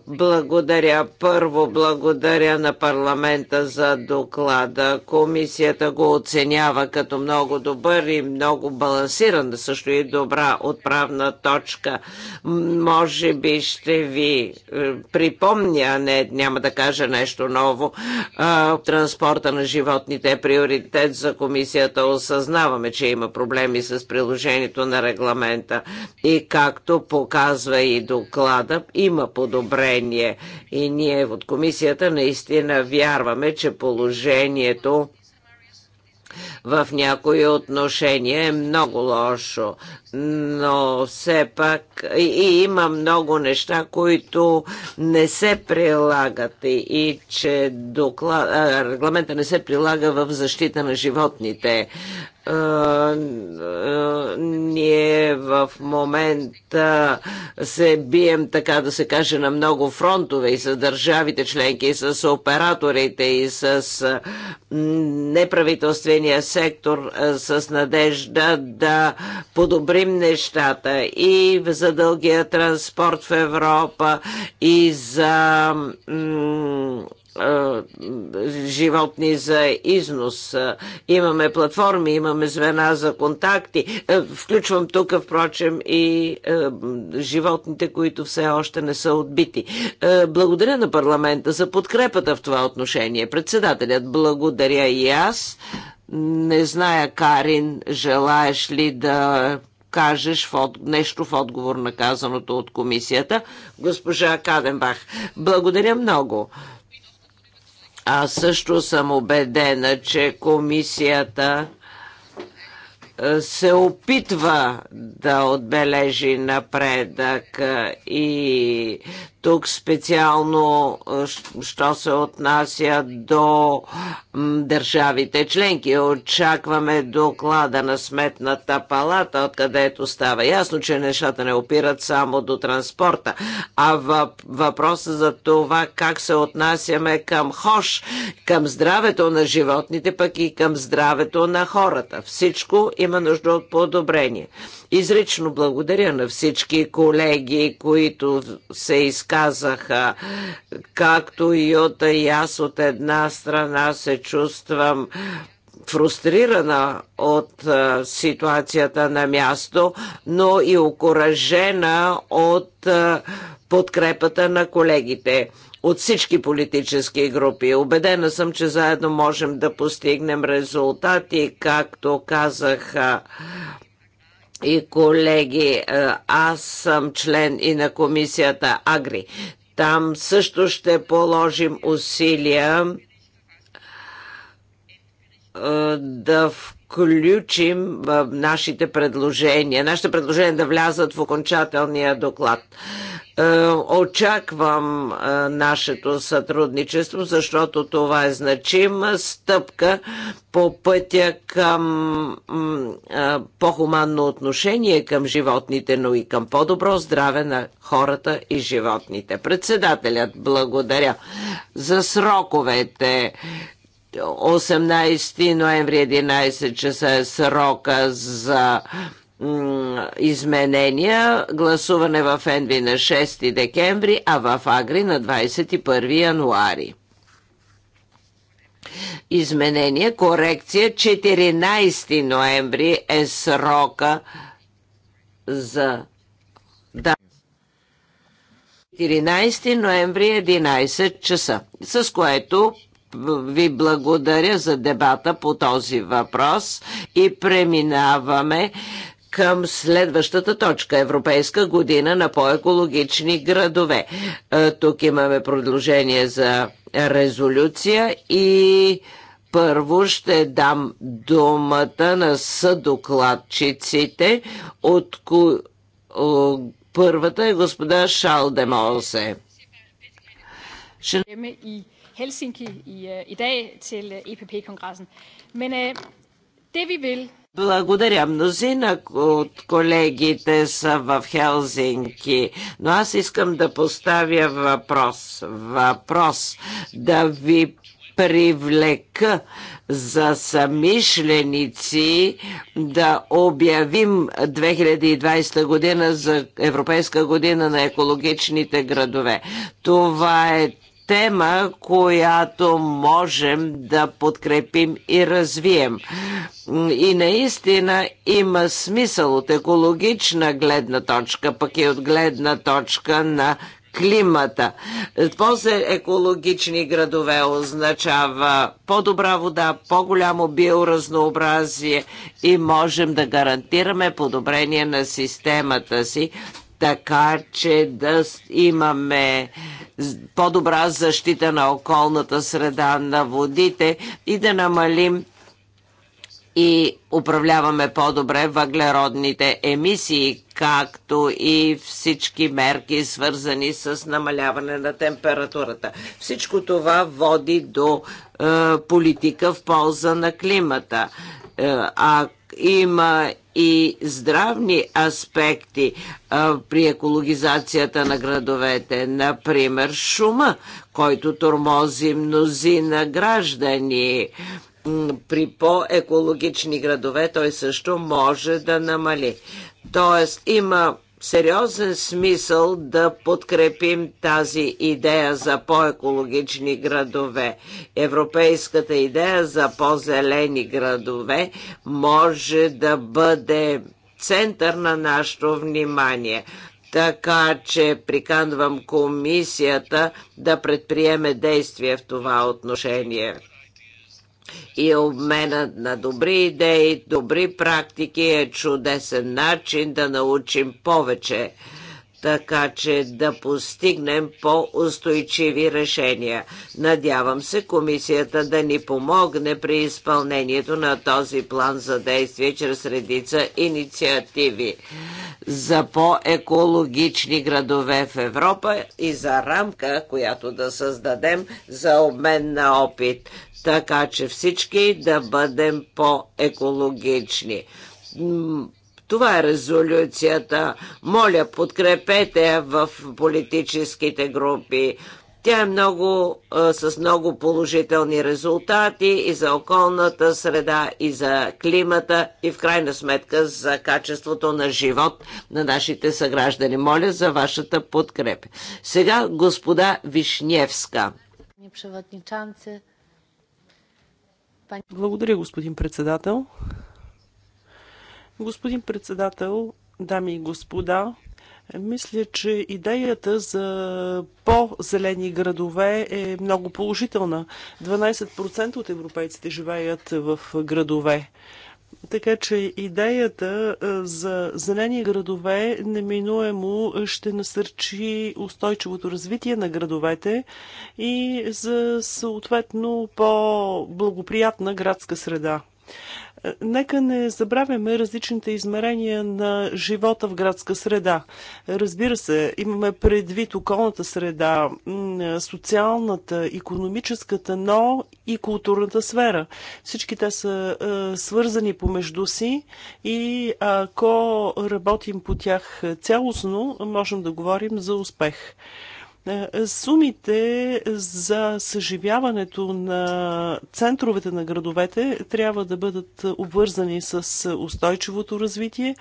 Благодаря първо благодаря на парламента за доклада. Комисията го оценява като много добър и много балансиран, също и добра отправна точка. Може би ще ви е, припомня, не, няма да кажа нещо ново, транспорта на животните е приоритет за комисията. Осъзнаваме, че има проблеми с приложението на регламента и както показва и доклада, има подобрение и ние от комисията наистина вярваме, че положението в някои отношения е много лошо но все пак и, и има много неща, които не се прилагат и, и че доклад, а, регламента не се прилага в защита на животните. ние в момента се бием, така да се каже, на много фронтове и с държавите членки, и с операторите, и с неправителствения сектор, с надежда да подобри подобрим нещата и за дългия транспорт в Европа, и за животни за износ. Имаме платформи, имаме звена за контакти. Е, включвам тук, впрочем, и е, животните, които все още не са отбити. Е, благодаря на парламента за подкрепата в това отношение. Председателят, благодаря и аз. Не зная, Карин, желаеш ли да кажеш в от... нещо в отговор на казаното от комисията. Госпожа Каденбах, благодаря много. Аз също съм убедена, че комисията е, се опитва да отбележи напредък е, и тук специално, що се отнася до държавите членки, очакваме доклада на Сметната палата, откъдето става ясно, че нещата не опират само до транспорта, а въпросът за това как се отнасяме към хош, към здравето на животните, пък и към здравето на хората. Всичко има нужда от подобрение. Изрично благодаря на всички колеги, които се изказват изказаха. Както от и аз от една страна се чувствам фрустрирана от ситуацията на място, но и окоръжена от подкрепата на колегите от всички политически групи. Обедена съм, че заедно можем да постигнем резултати, както казаха и колеги, е, аз съм член и на комисията Агри. Там също ще положим усилия е, да в включим нашите предложения, нашите предложения да влязат в окончателния доклад. Е, очаквам е, нашето сътрудничество, защото това е значима стъпка по пътя към е, по-хуманно отношение към животните, но и към по-добро здраве на хората и животните. Председателят, благодаря за сроковете. 18 ноември 11 часа е срока за изменения, гласуване в Енви на 6 декември, а в Агри на 21 януари. Изменение, корекция 14 ноември е срока за да. 14 ноември 11 часа, с което ви благодаря за дебата по този въпрос и преминаваме към следващата точка Европейска година на по-екологични градове. Е, тук имаме предложение за резолюция и първо ще дам думата на съдокладчиците, от ко... първата е господа Шалдемосе. Ще... Helsinki i, øh, i dag til øh, EPP-kongressen. Men øh, det vi vil благодаря. Мнозина от колегите са в Хелзинки, но аз искам да поставя въпрос. Въпрос да ви привлека за самишленици да обявим 2020 година за Европейска година на екологичните градове. Това е тема, която можем да подкрепим и развием. И наистина има смисъл от екологична гледна точка, пък и от гледна точка на климата. После екологични градове означава по-добра вода, по-голямо биоразнообразие и можем да гарантираме подобрение на системата си така че да имаме по-добра защита на околната среда, на водите и да намалим и управляваме по-добре въглеродните емисии, както и всички мерки, свързани с намаляване на температурата. Всичко това води до е, политика в полза на климата. Е, а има и здравни аспекти а, при екологизацията на градовете. Например, шума, който тормози мнозина граждани. При по-екологични градове той също може да намали. Тоест има сериозен смисъл да подкрепим тази идея за по-екологични градове. Европейската идея за по-зелени градове може да бъде център на нашето внимание. Така че приканвам комисията да предприеме действие в това отношение. И обменът на добри идеи, добри практики е чудесен начин да научим повече така че да постигнем по-устойчиви решения. Надявам се комисията да ни помогне при изпълнението на този план за действие чрез редица инициативи за по-екологични градове в Европа и за рамка, която да създадем за обмен на опит така че всички да бъдем по-екологични. Това е резолюцията. Моля, подкрепете я в политическите групи. Тя е много, с много положителни резултати и за околната среда, и за климата, и в крайна сметка за качеството на живот на нашите съграждани. Моля за вашата подкрепа. Сега господа Вишневска. Благодаря, господин председател. Господин председател, дами и господа, мисля, че идеята за по-зелени градове е много положителна. 12% от европейците живеят в градове. Така че идеята за зелени градове неминуемо ще насърчи устойчивото развитие на градовете и за съответно по-благоприятна градска среда. Нека не забравяме различните измерения на живота в градска среда. Разбира се, имаме предвид околната среда, социалната, економическата, но и културната сфера. Всички те са е, свързани помежду си и ако работим по тях е, цялостно, можем да говорим за успех. Е, сумите за съживяването на центровете на градовете трябва да бъдат обвързани с устойчивото развитие,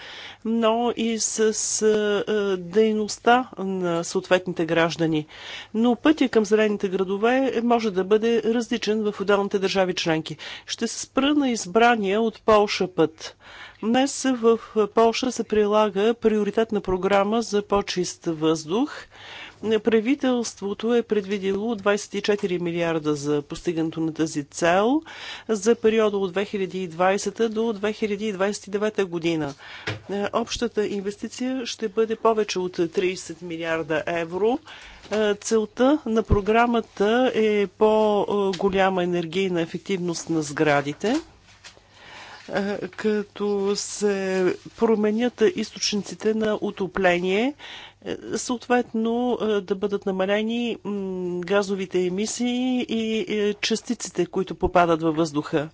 но и с е, дейността на съответните граждани. Но пътя към зелените градове може да бъде различен в отделните държави членки. Ще се спра на избрания от Полша път. Днес в Полша се прилага приоритетна програма за по-чист въздух – Правителството е предвидило 24 милиарда за постигането на тази цел за периода от 2020 до 2029 година. Е, общата инвестиция ще бъде повече от 30 милиарда евро. Е, целта на програмата е по-голяма енергийна ефективност на сградите е, като се променят източниците на отопление, съответно е, да бъдат намалени газовите емисии и е, частиците, които попадат във въздуха.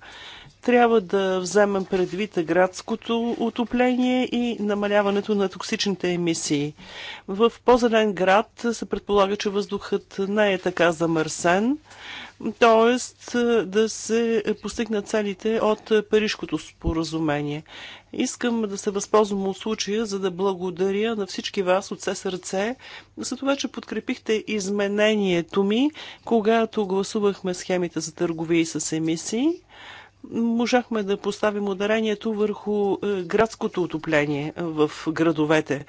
Трябва да вземем предвид градското отопление и намаляването на токсичните емисии. В по-зелен град се предполага, че въздухът не е така замърсен т.е. да се постигнат целите от Парижкото споразумение. Искам да се възползвам от случая, за да благодаря на всички вас от все сърце за това, че подкрепихте изменението ми, когато гласувахме схемите за търговии с емисии можахме да поставим ударението върху е, градското отопление е, в градовете.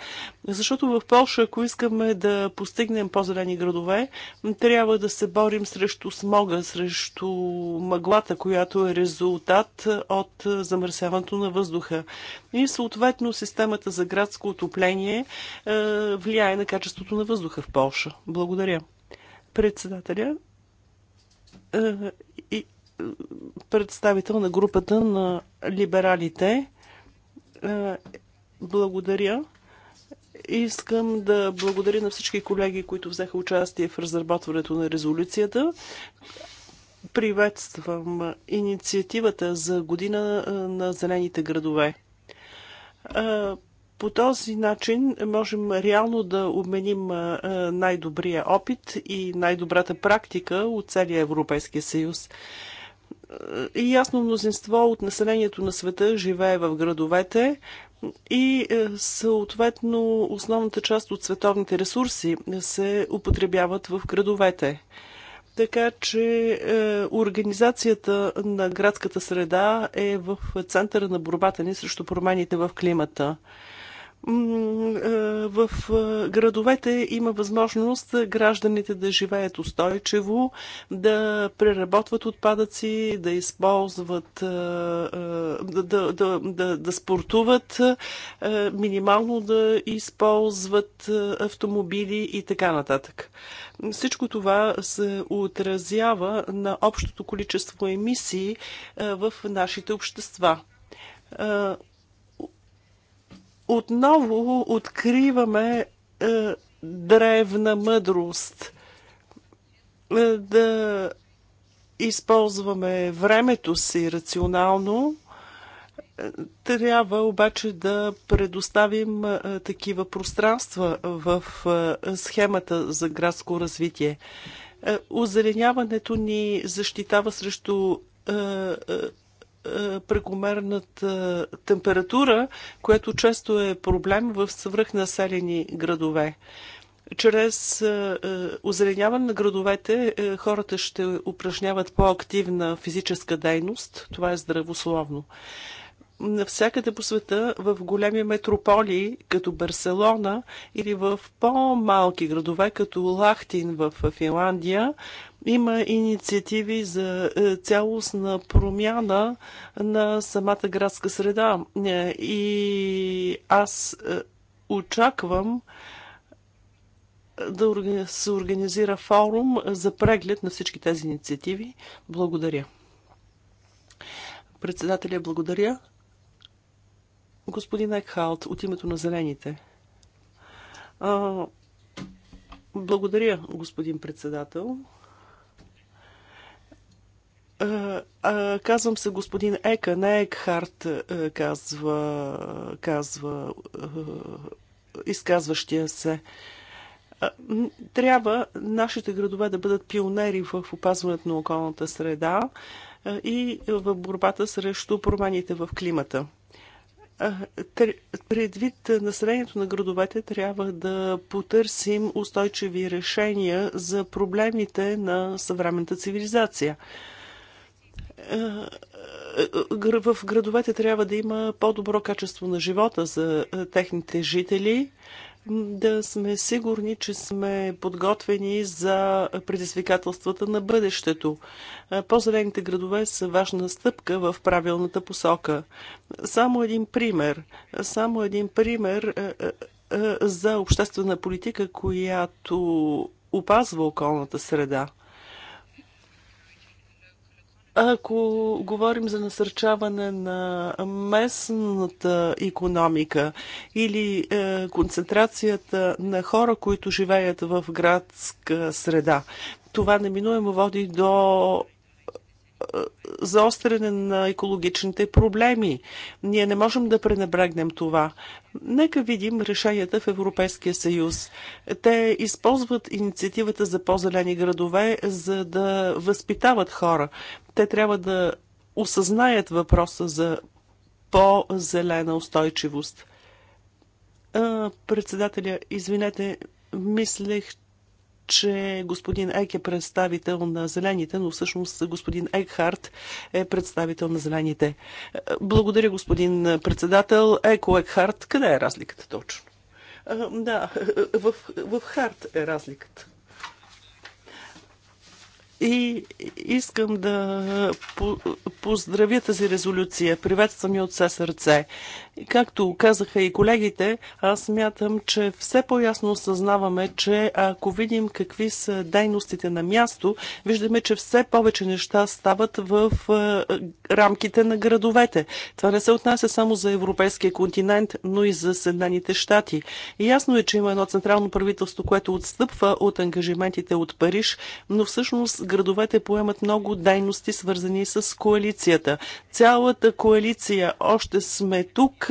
Защото в Польша, ако искаме да постигнем по-зелени градове, трябва да се борим срещу смога, срещу мъглата, която е резултат от е, замърсяването на въздуха. И съответно системата за градско отопление влияе на качеството на въздуха в Польша. Благодаря. Председателя представител на групата на либералите. Е, благодаря. Искам да благодаря на всички колеги, които взеха участие в разработването на резолюцията. Приветствам инициативата за година е, на зелените градове. Е, по този начин можем реално да обменим най-добрия опит и най-добрата практика от целия Европейския съюз. И ясно мнозинство от населението на света живее в градовете и е, съответно основната част от световните ресурси се употребяват в градовете. Така че е, организацията на градската среда е в центъра на борбата ни срещу промените в климата. Е, в е, градовете има възможност гражданите да живеят устойчиво, да преработват отпадъци, да използват, е, да, да, да, да, спортуват, минимално да използват автомобили и така нататък. Всичко това се отразява на общото количество емисии в нашите общества отново откриваме е, древна мъдрост. Е, да използваме времето си рационално, е, трябва обаче да предоставим е, такива пространства в е, схемата за градско развитие. Озеленяването ни защитава срещу е, прекомерната температура, което често е проблем в свръхнаселени градове. Чрез е, е, озеленяване на градовете хората ще упражняват по-активна физическа дейност. Това е здравословно навсякъде по света, в големи метрополии, като Барселона, или в по-малки градове, като Лахтин в Финландия, има инициативи за е, цялостна промяна на самата градска среда. Е, и аз е, очаквам да се организира форум за преглед на всички тези инициативи. Благодаря. Председателя, благодаря. Господин Екхалт, от името на Зелените. А, благодаря, господин председател. А, казвам се господин Ека, не Екхарт, казва, казва изказващия се. Трябва нашите градове да бъдат пионери в опазването на околната среда и в борбата срещу промените в климата. Предвид населението на градовете трябва да потърсим устойчиви решения за проблемите на съвременната цивилизация. В градовете трябва да има по-добро качество на живота за техните жители да сме сигурни, че сме подготвени за предизвикателствата на бъдещето. Е, по-зелените градове са важна стъпка в правилната посока. Само един пример. Само един пример е, е, за обществена политика, която опазва околната среда. Ако говорим за насърчаване на местната економика или е, концентрацията на хора, които живеят в градска среда, това неминуемо води до е, заостряне на екологичните проблеми. Ние не можем да пренебрегнем това. Нека видим решенията в Европейския съюз. Те използват инициативата за по-зелени градове, за да възпитават хора. Те трябва да осъзнаят въпроса за по-зелена устойчивост. Е, председателя, извинете, мислех, че господин Ек е представител на зелените, но всъщност господин Екхарт е представител на зелените. Благодаря, господин председател. Еко Екхарт, къде е разликата точно? Да, в, в Харт е разликата. И искам да поздравя тази резолюция. Приветствам я от все сърце. Както казаха и колегите, аз мятам, че все по-ясно осъзнаваме, че ако видим какви са дейностите на място, виждаме, че все повече неща стават в рамките на градовете. Това не се отнася само за европейския континент, но и за Съединените щати. И ясно е, че има едно централно правителство, което отстъпва от ангажиментите от Париж, но всъщност градовете поемат много дейности, свързани с коалицията. Цялата коалиция, още сме тук,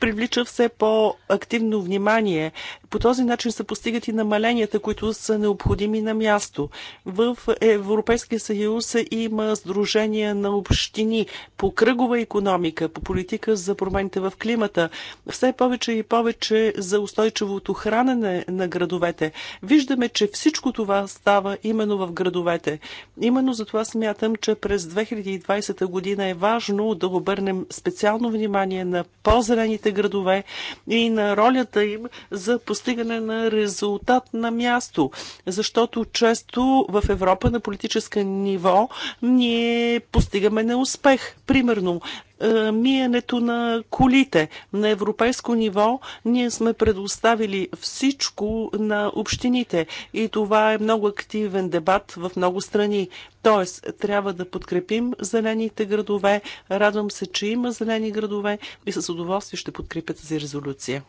привлича все по-активно внимание. По този начин се постигат и намаленията, които са необходими на място. В Европейския съюз има сдружения на общини по кръгова економика, по политика за промените в климата. Все повече и повече за устойчивото хранене на градовете. Виждаме, че всичко това става именно в градовете членовете. Именно за това смятам, че през 2020 година е важно да обърнем специално внимание на по-зелените градове и на ролята им за постигане на резултат на място. Защото често в Европа на политическа ниво ние постигаме неуспех. Примерно, е, миенето на колите. На европейско ниво ние сме предоставили всичко на общините и това е много активен дебат в много страни. Тоест, трябва да подкрепим зелените градове. Радвам се, че има зелени градове и с удоволствие ще подкрепя тази резолюция.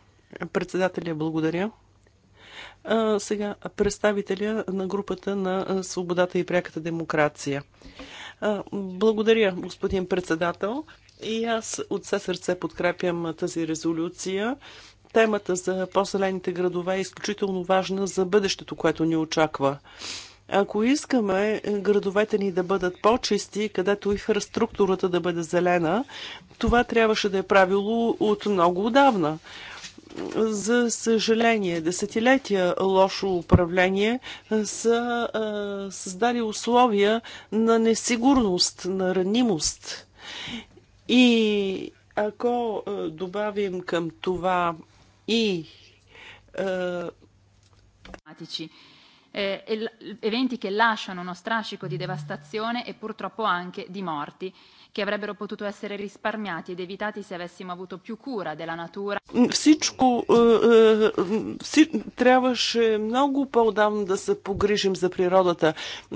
Председателя, благодаря. А, сега, представителя на групата на свободата и пряката демокрация. А, благодаря, господин председател. И аз от все сърце подкрепям тази резолюция. Темата за по-зелените градове е изключително важна за бъдещето, което ни очаква. Ако искаме градовете ни да бъдат по-чисти, където инфраструктурата да бъде зелена, това трябваше да е правило от много отдавна. За съжаление, десетилетия лошо управление са създали условия на несигурност, на ранимост. И ако добавим към това и eventi che lasciano uno strascico di devastazione e purtroppo anche di morti che avrebbero potuto essere risparmiati ed evitati se avessimo avuto più cura della natura. Всичко е, е, трябваше много по-давно да се погрижим за природата.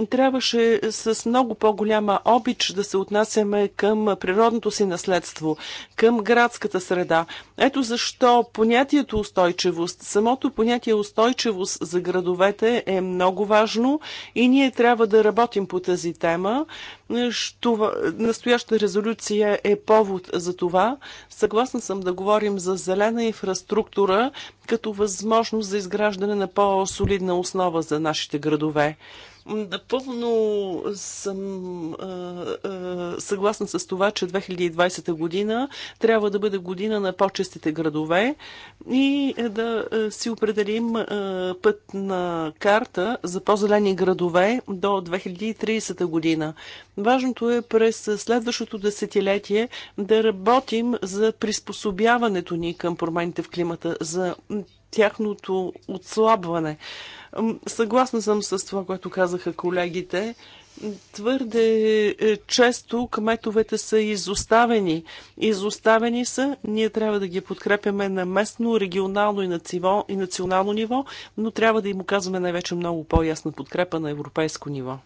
Трябваше с много по-голяма обич да се отнасяме към природното си наследство, към градската среда. Ето защо понятието устойчивост, самото понятие устойчивост за градовете е много важно и ние трябва да работим по тази тема. Настоящата настояща резолюция е повод за това. Съгласна съм да говорим за зелена инфраструктура като възможност за изграждане на по-солидна основа за нашите градове. Напълно съм а, а, съгласна с това, че 2020 година трябва да бъде година на по-честите градове и да си определим а, път на карта за по-зелени градове до 2030 година. Важното е през следващото десетилетие да работим за приспособяването ни към промените в климата, за тяхното отслабване. Съгласна съм с това, което казаха колегите. Твърде е, често кметовете са изоставени. Изоставени са, ние трябва да ги подкрепяме на местно, регионално и, нациво, и национално ниво, но трябва да им оказваме най-вече много по-ясна подкрепа на европейско ниво.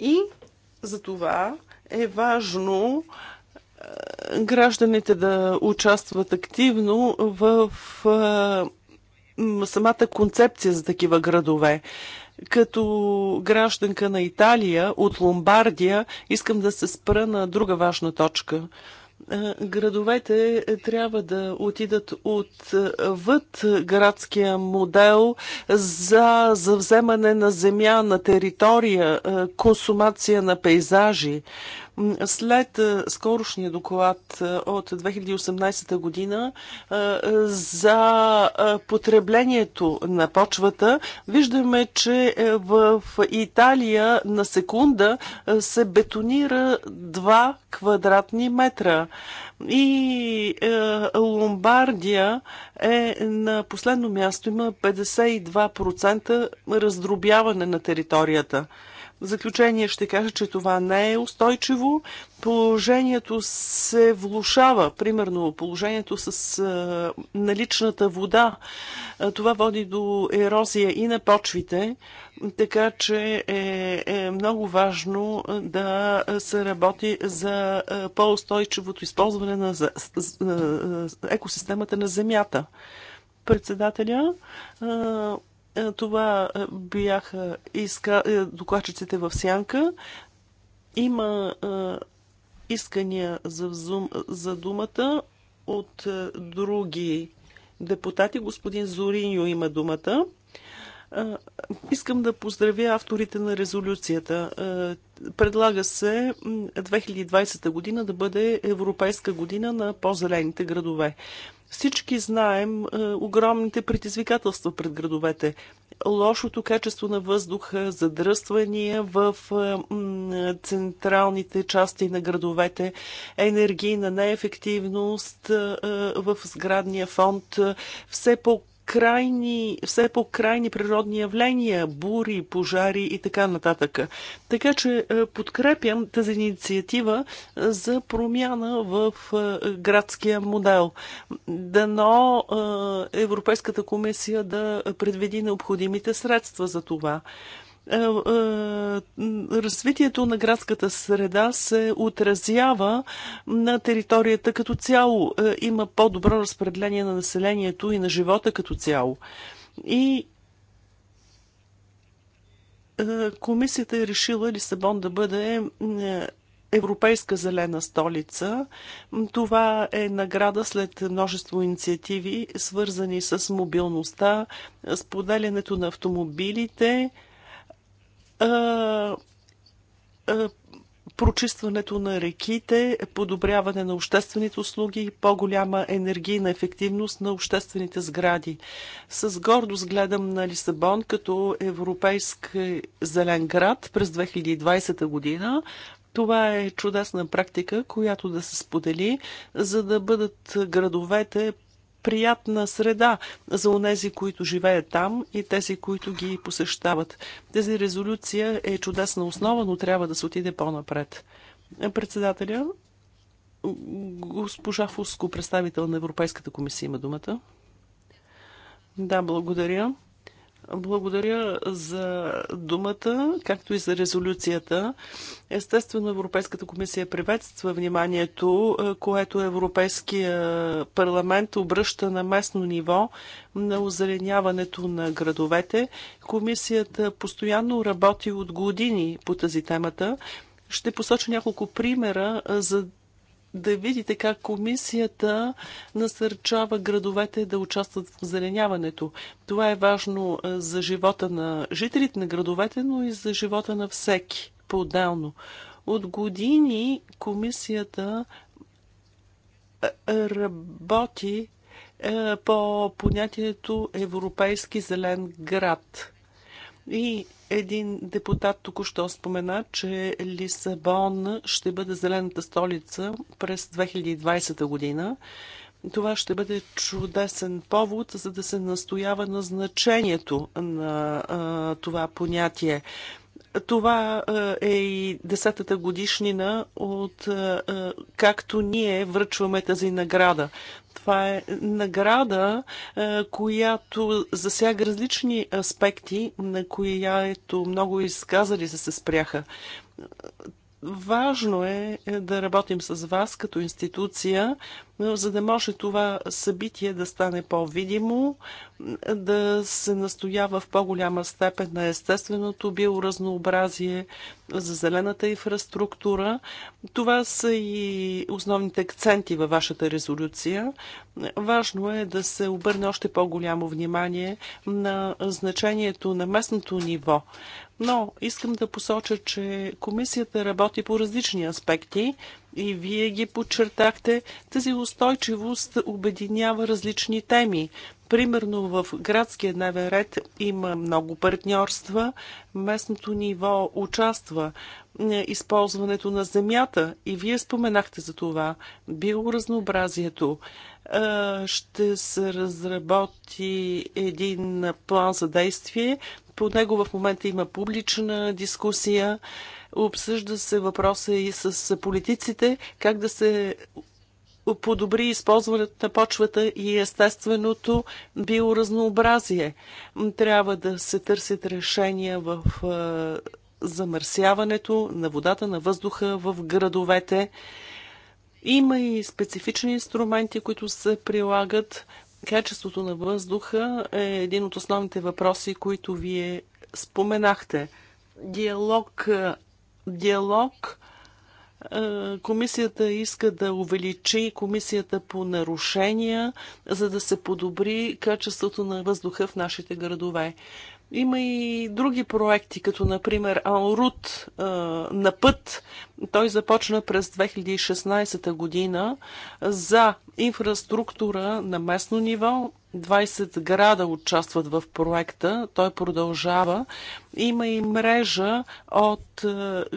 И за това е важно е, гражданите да участват активно в е, самата концепция за такива градове. Като гражданка на Италия от Ломбардия искам да се спра на друга важна точка е, градовете е, трябва да отидат отвъд градския модел за завземане на земя, на територия, е, консумация на пейзажи. След скорошния доклад от 2018 година за потреблението на почвата, виждаме, че е, в Италия на секунда се бетонира 2 квадратни метра. И е, Ломбардия е на последно място, има 52% раздробяване на територията. В заключение ще кажа, че това не е устойчиво. Положението се влушава, примерно положението с наличната вода. това води до ерозия и на почвите, така че е, е много важно да се работи за по-устойчивото използване на, екосистемата на Земята. Председателя е, това е, бяха иска... Е, докладчиците в сянка. Има искания за, взум... за думата от други депутати. Господин Зориньо има думата. Искам да поздравя авторите на резолюцията. Предлага се 2020 година да бъде Европейска година на по-зелените градове. Всички знаем е, огромните предизвикателства пред градовете. Лошото качество на въздуха, задръствания в е, централните части на градовете, енергийна неефективност е, в сградния фонд, все по крайни, все по-крайни природни явления, бури, пожари и така нататък. Така че е, подкрепям тази инициатива е, за промяна в е, градския модел. Дано Европейската комисия да предведи необходимите средства за това. Е, е, развитието на градската среда се отразява на територията като цяло. Е, има по-добро разпределение на населението и на живота като цяло. И комисията е решила Лисабон да бъде Европейска зелена столица. Това е награда след множество инициативи, свързани с мобилността, споделянето на автомобилите, прочистването на реките, подобряване на обществените услуги и по-голяма енергийна ефективност на обществените сгради. С гордост гледам на Лисабон като европейски зелен град през 2020 година. Това е чудесна практика, която да се сподели, за да бъдат градовете приятна среда за онези, които живеят там и тези, които ги посещават. Тази резолюция е чудесна основа, но трябва да се отиде по-напред. Председателя, госпожа Фуско, представител на Европейската комисия, има думата. Да, благодаря. Благодаря за думата, както и за резолюцията. Естествено, Европейската комисия приветства вниманието, е, което Европейския парламент обръща на местно ниво на озеленяването на градовете. Комисията постоянно работи от години по тази темата. Ще посоча няколко примера, за да видите как комисията насърчава градовете да участват в зеленяването. Това е важно е, за живота на жителите на градовете, но и за живота на всеки по-отделно. От години комисията е, е, работи по понятието Европейски зелен град. И един депутат току-що спомена, че Лисабон ще бъде зелената столица през 2020 година. Това ще бъде чудесен повод, за да се настоява на значението на а, това понятие. Това е, е и десетата годишнина от е, е, както ние връчваме тази награда. Това е награда, която засяга различни аспекти, на която много изказали се, се спряха. Важно е да работим с вас като институция, за да може това събитие да стане по-видимо, да се настоява в по-голяма степен на естественото биоразнообразие, за зелената инфраструктура. Това са и основните акценти във вашата резолюция. Важно е да се обърне още по-голямо внимание на значението на местното ниво. Но искам да посоча, че комисията работи по различни аспекти и вие ги подчертахте, тази устойчивост обединява различни теми. Примерно в градския дневен ред има много партньорства, местното ниво участва, е, използването на земята и вие споменахте за това, биоразнообразието. Е, ще се разработи един план за действие. По него в момента има публична дискусия. Обсъжда се въпроса и с политиците, как да се подобри използването на почвата и естественото биоразнообразие. Трябва да се търсят решения в замърсяването на водата, на въздуха в градовете. Има и специфични инструменти, които се прилагат. Качеството на въздуха е един от основните въпроси, които вие споменахте. Диалог диалог. Е, комисията иска да увеличи комисията по нарушения, за да се подобри качеството на въздуха в нашите градове. Има и други проекти, като например Алрут е, на път. Той започна през 2016 година за инфраструктура на местно ниво 20 града участват в проекта. Той продължава. Има и мрежа от е,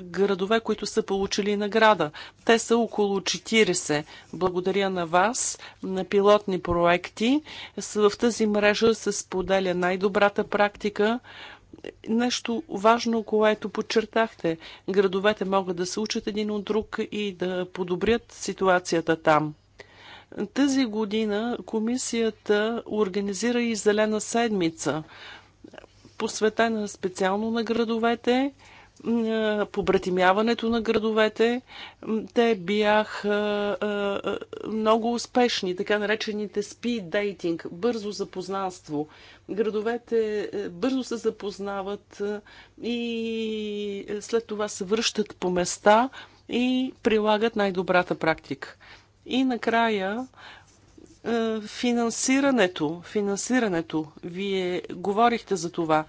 градове, които са получили награда. Те са около 40. Благодаря на вас, на пилотни проекти. В тази мрежа се споделя най-добрата практика нещо важно, което подчертахте. Градовете могат да се учат един от друг и да подобрят ситуацията там. Тази година комисията организира и Зелена седмица, посветена специално на градовете, побратимяването на градовете. Те бяха много успешни, така наречените speed dating, бързо запознанство. Градовете е, бързо се запознават е, и след това се връщат по места и прилагат най-добрата практика. И накрая е, финансирането. Финансирането. Вие говорихте за това.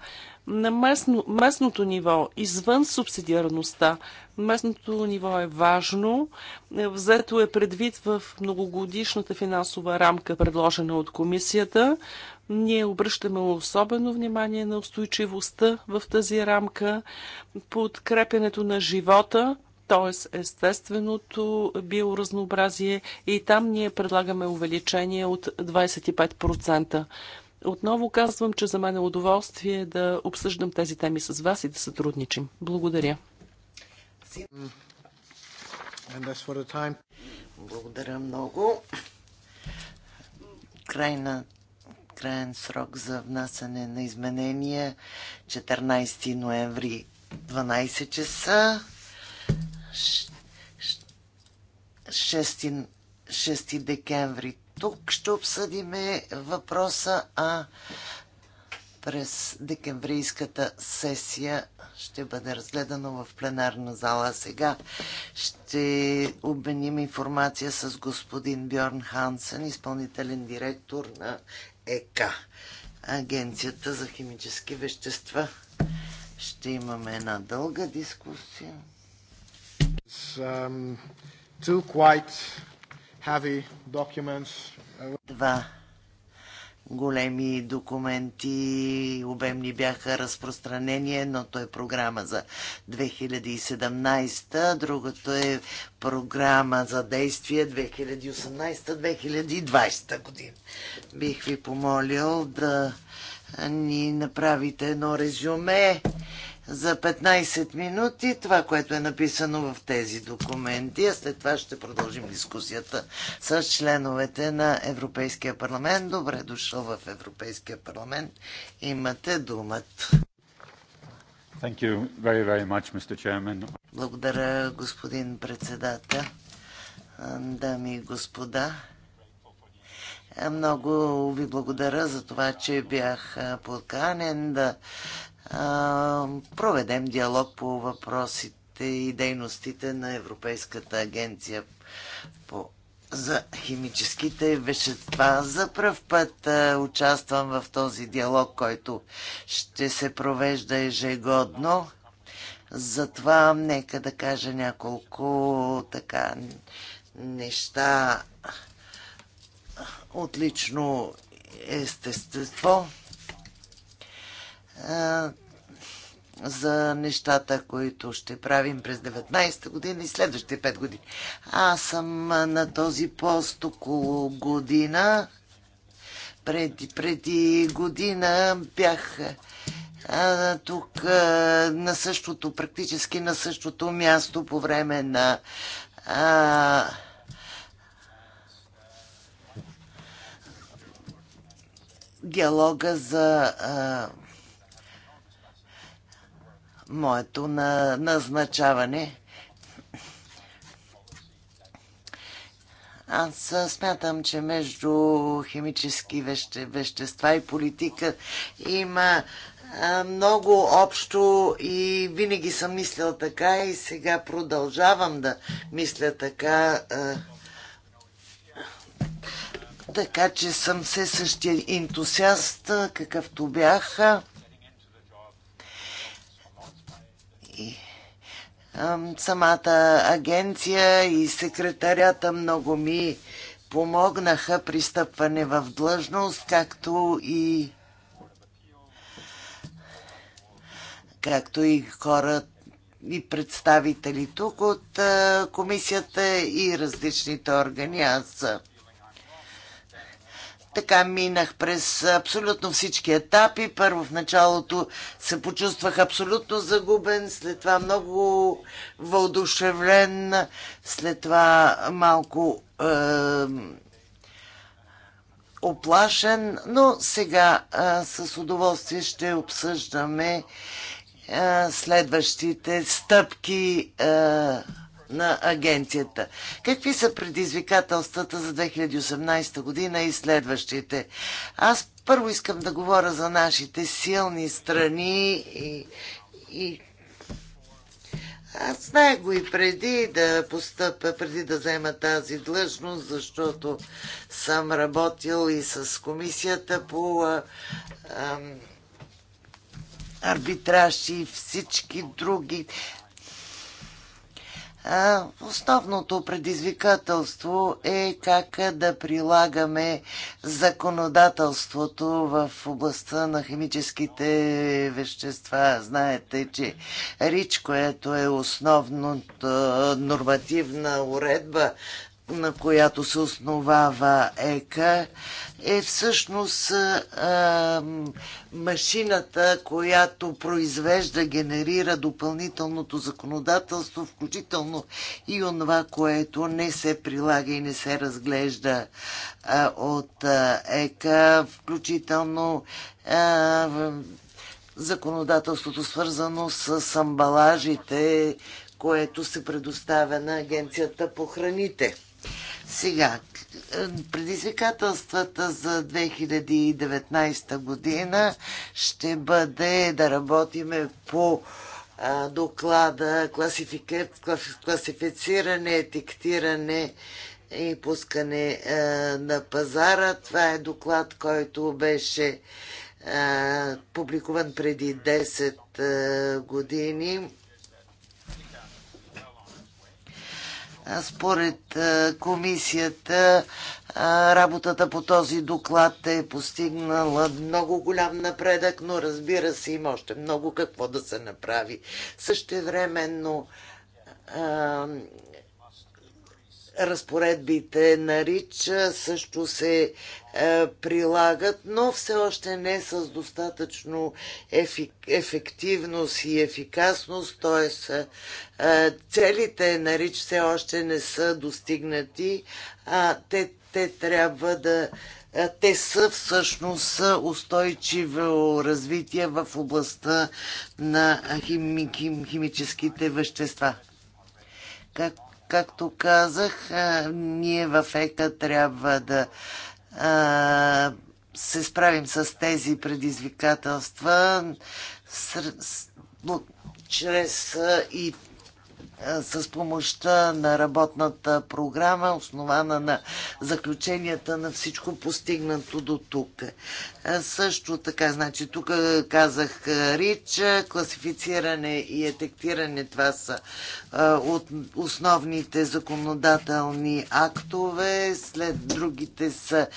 На местно, местното ниво, извън субсидиарността, местното ниво е важно. Е, взето е предвид в многогодишната финансова рамка, предложена от комисията. Ние обръщаме особено внимание на устойчивостта в тази рамка, подкрепянето на живота – т.е. естественото биоразнообразие и там ние предлагаме увеличение от 25%. Отново казвам, че за мен е удоволствие да обсъждам тези теми с вас и да сътрудничим. Благодаря. Благодаря много. Крайна, краен срок за внасяне на изменения 14 ноември 12 часа. 6, декември. Тук ще обсъдиме въпроса, а през декемврийската сесия ще бъде разгледано в пленарна зала. Сега ще обменим информация с господин Бьорн Хансен, изпълнителен директор на ЕК, Агенцията за химически вещества. Ще имаме една дълга дискусия. Um, Два големи документи, обемни бяха разпространени. Едното е програма за 2017, другото е програма за действие 2018-2020 година. Бих ви помолил да ни направите едно резюме за 15 минути това, което е написано в тези документи, а след това ще продължим дискусията с членовете на Европейския парламент. Добре дошъл в Европейския парламент. Имате думата. Thank you very, very much, Mr. Chairman. Благодаря, господин председател. Дами и господа, много ви благодаря за това, че бях поканен да проведем диалог по въпросите и дейностите на Европейската агенция по за химическите вещества. За пръв път а, участвам в този диалог, който ще се провежда ежегодно. Затова нека да кажа няколко така неща от лично естество за нещата, които ще правим през 19-та година и следващите 5 години. Аз съм на този пост около година. Преди, преди година бях а, тук а, на същото, практически на същото място по време на а, диалога за а, моето на, назначаване. Аз смятам, че между химически веще, вещества и политика има много общо и винаги съм мислял така и сега продължавам да мисля така. Така че съм се същия ентусиаст, какъвто бях. Самата агенция и секретарята много ми помогнаха при стъпване в длъжност, както и както и хора и представители тук от комисията и различните органи. Аз така минах през абсолютно всички етапи. Първо в началото се почувствах абсолютно загубен, след това много въодушевлен, след това малко е, оплашен, но сега е, с удоволствие ще обсъждаме е, следващите стъпки. Е, на агенцията. Какви са предизвикателствата за 2018 година и следващите? Аз първо искам да говоря за нашите силни страни и, и аз знае го и преди да постъпя, преди да взема тази длъжност, защото съм работил и с комисията по а, а, арбитраж и всички други Основното предизвикателство е как да прилагаме законодателството в областта на химическите вещества. Знаете, че РИЧ, което е основната нормативна уредба на която се основава ЕКА, е всъщност а, машината, която произвежда, генерира допълнителното законодателство, включително и онова, което не се прилага и не се разглежда а, от а, ЕКА, включително а, законодателството свързано с амбалажите, което се предоставя на Агенцията по храните. Сега, предизвикателствата за 2019 година ще бъде да работиме по доклада класифициране, етиктиране и пускане на пазара. Това е доклад, който беше публикуван преди 10 години Според комисията работата по този доклад е постигнала много голям напредък, но разбира се има още много какво да се направи. Същевременно разпоредбите на РИЧ също се е, прилагат, но все още не с достатъчно ефективност и ефикасност, т.е. Е, целите на РИЧ все още не са достигнати, а те, те трябва да. Е, те са всъщност устойчиво развитие в областта на хими, хим, химическите вещества. Как, както казах, ние в ЕКА трябва да се справим с тези предизвикателства чрез и е, с помощта на работната програма, основана на заключенията на всичко постигнато до тук. Е, също така, значи, тук казах е, РИЧ, класифициране и етектиране, това са от основните законодателни актове, след другите са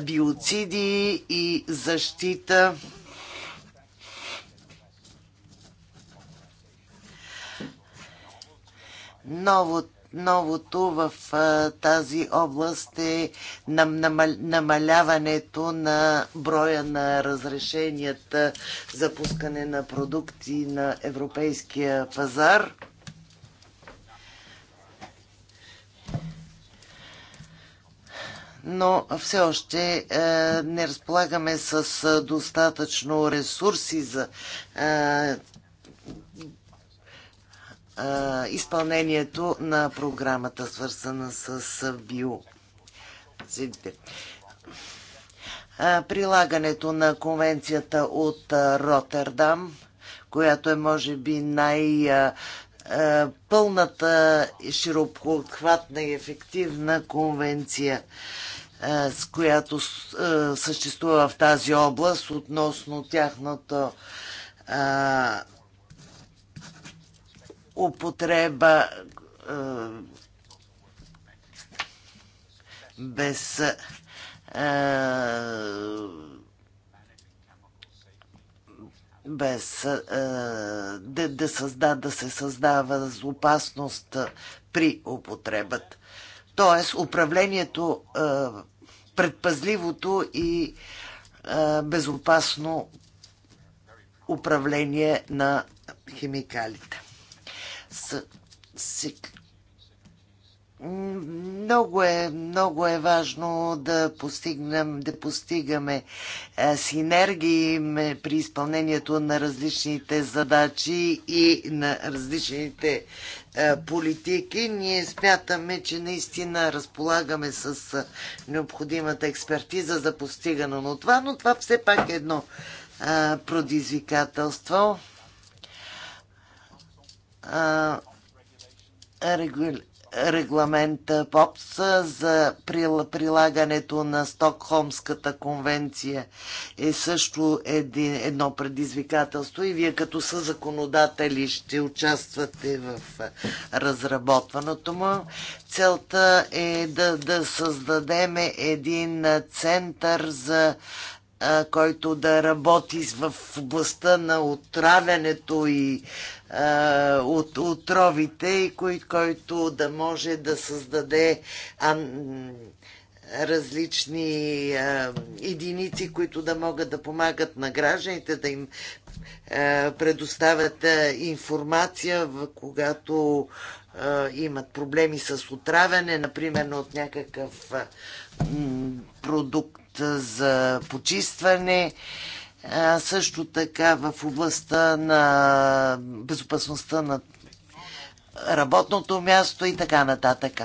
биоциди и защита Новото новото в а, тази област е нам, нам, намаляването на броя на разрешенията за пускане на продукти на европейския пазар. Но все още е, не разполагаме с достатъчно ресурси за е, а, изпълнението на програмата, свързана с био. Прилагането на конвенцията от Ротердам, която е може би най- пълната, широкохватна и ефективна конвенция, с която съществува в тази област относно тяхното употреба е, без е, без е, да, да, създа, да се създава опасност при употребата. Тоест, управлението, е, предпазливото и е, безопасно управление на химикалите. С, с, много е, много е важно да, постигнем, да постигаме е, синергии при изпълнението на различните задачи и на различните е, политики. Ние смятаме, че наистина разполагаме с е, необходимата експертиза за постигане на това, но това все пак е едно предизвикателство регламента ПОПС за прилагането на Стокхолмската конвенция е също един, едно предизвикателство и вие като са законодатели ще участвате в разработването му. Целта е да, да създадем един център за който да работи в областта на отравянето и а, от отровите, и кой, който да може да създаде а, различни а, единици, които да могат да помагат на гражданите, да им а, предоставят а, информация, в, когато а, имат проблеми с отравяне, например, от някакъв а, м, продукт за почистване, също така в областта на безопасността на работното място и така нататък.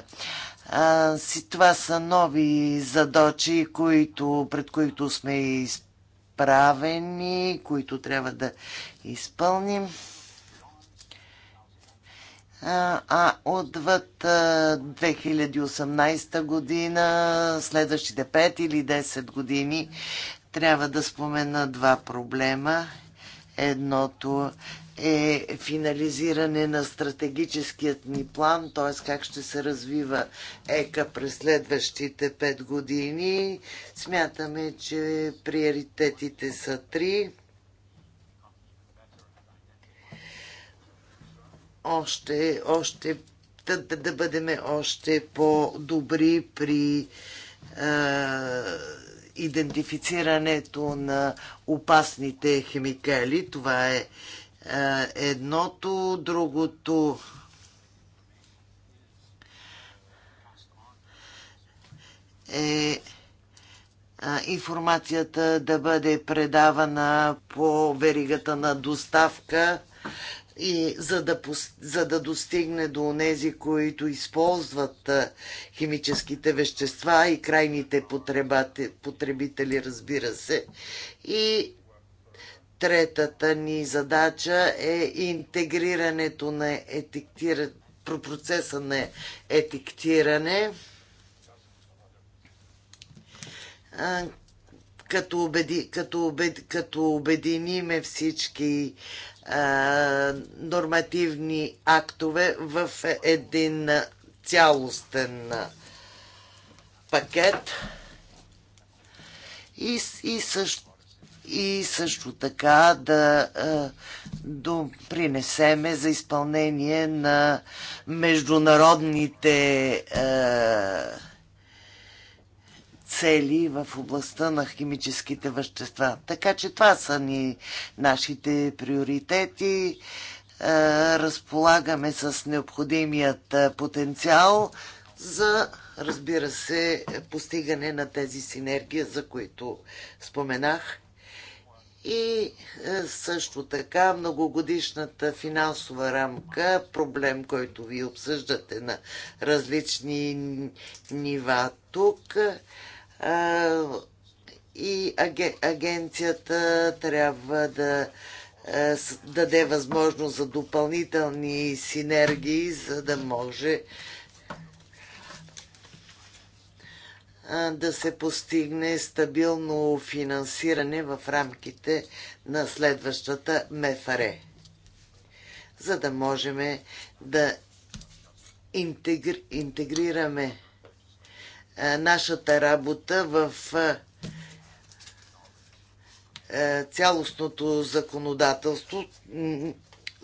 това са нови задочи, които, пред които сме изправени, които трябва да изпълним а отвъд 2018 година, следващите 5 или 10 години, трябва да спомена два проблема. Едното е финализиране на стратегическият ни план, т.е. как ще се развива ЕКА през следващите 5 години. Смятаме, че приоритетите са три. още, още да, да, да бъдеме още по-добри при е, идентифицирането на опасните химикали. Това е, е едното. Другото е информацията да бъде предавана по веригата на доставка и за да, за да достигне до нези, които използват химическите вещества и крайните потребители, разбира се. И третата ни задача е интегрирането на етиктиране, процеса на етиктиране, като, убеди, като, убед, като обединиме всички нормативни актове в един цялостен пакет и, и, също, и също така да допринесеме за изпълнение на международните цели в областта на химическите вещества. Така че това са ни нашите приоритети. Е, разполагаме с необходимият е, потенциал за, разбира се, постигане на тези синергия, за които споменах. И е, също така многогодишната финансова рамка, проблем, който ви обсъждате на различни нива тук, и агенцията трябва да даде възможност за допълнителни синергии, за да може да се постигне стабилно финансиране в рамките на следващата МЕФАРЕ, за да можем да интегрираме е, нашата работа в е, е, цялостното законодателство,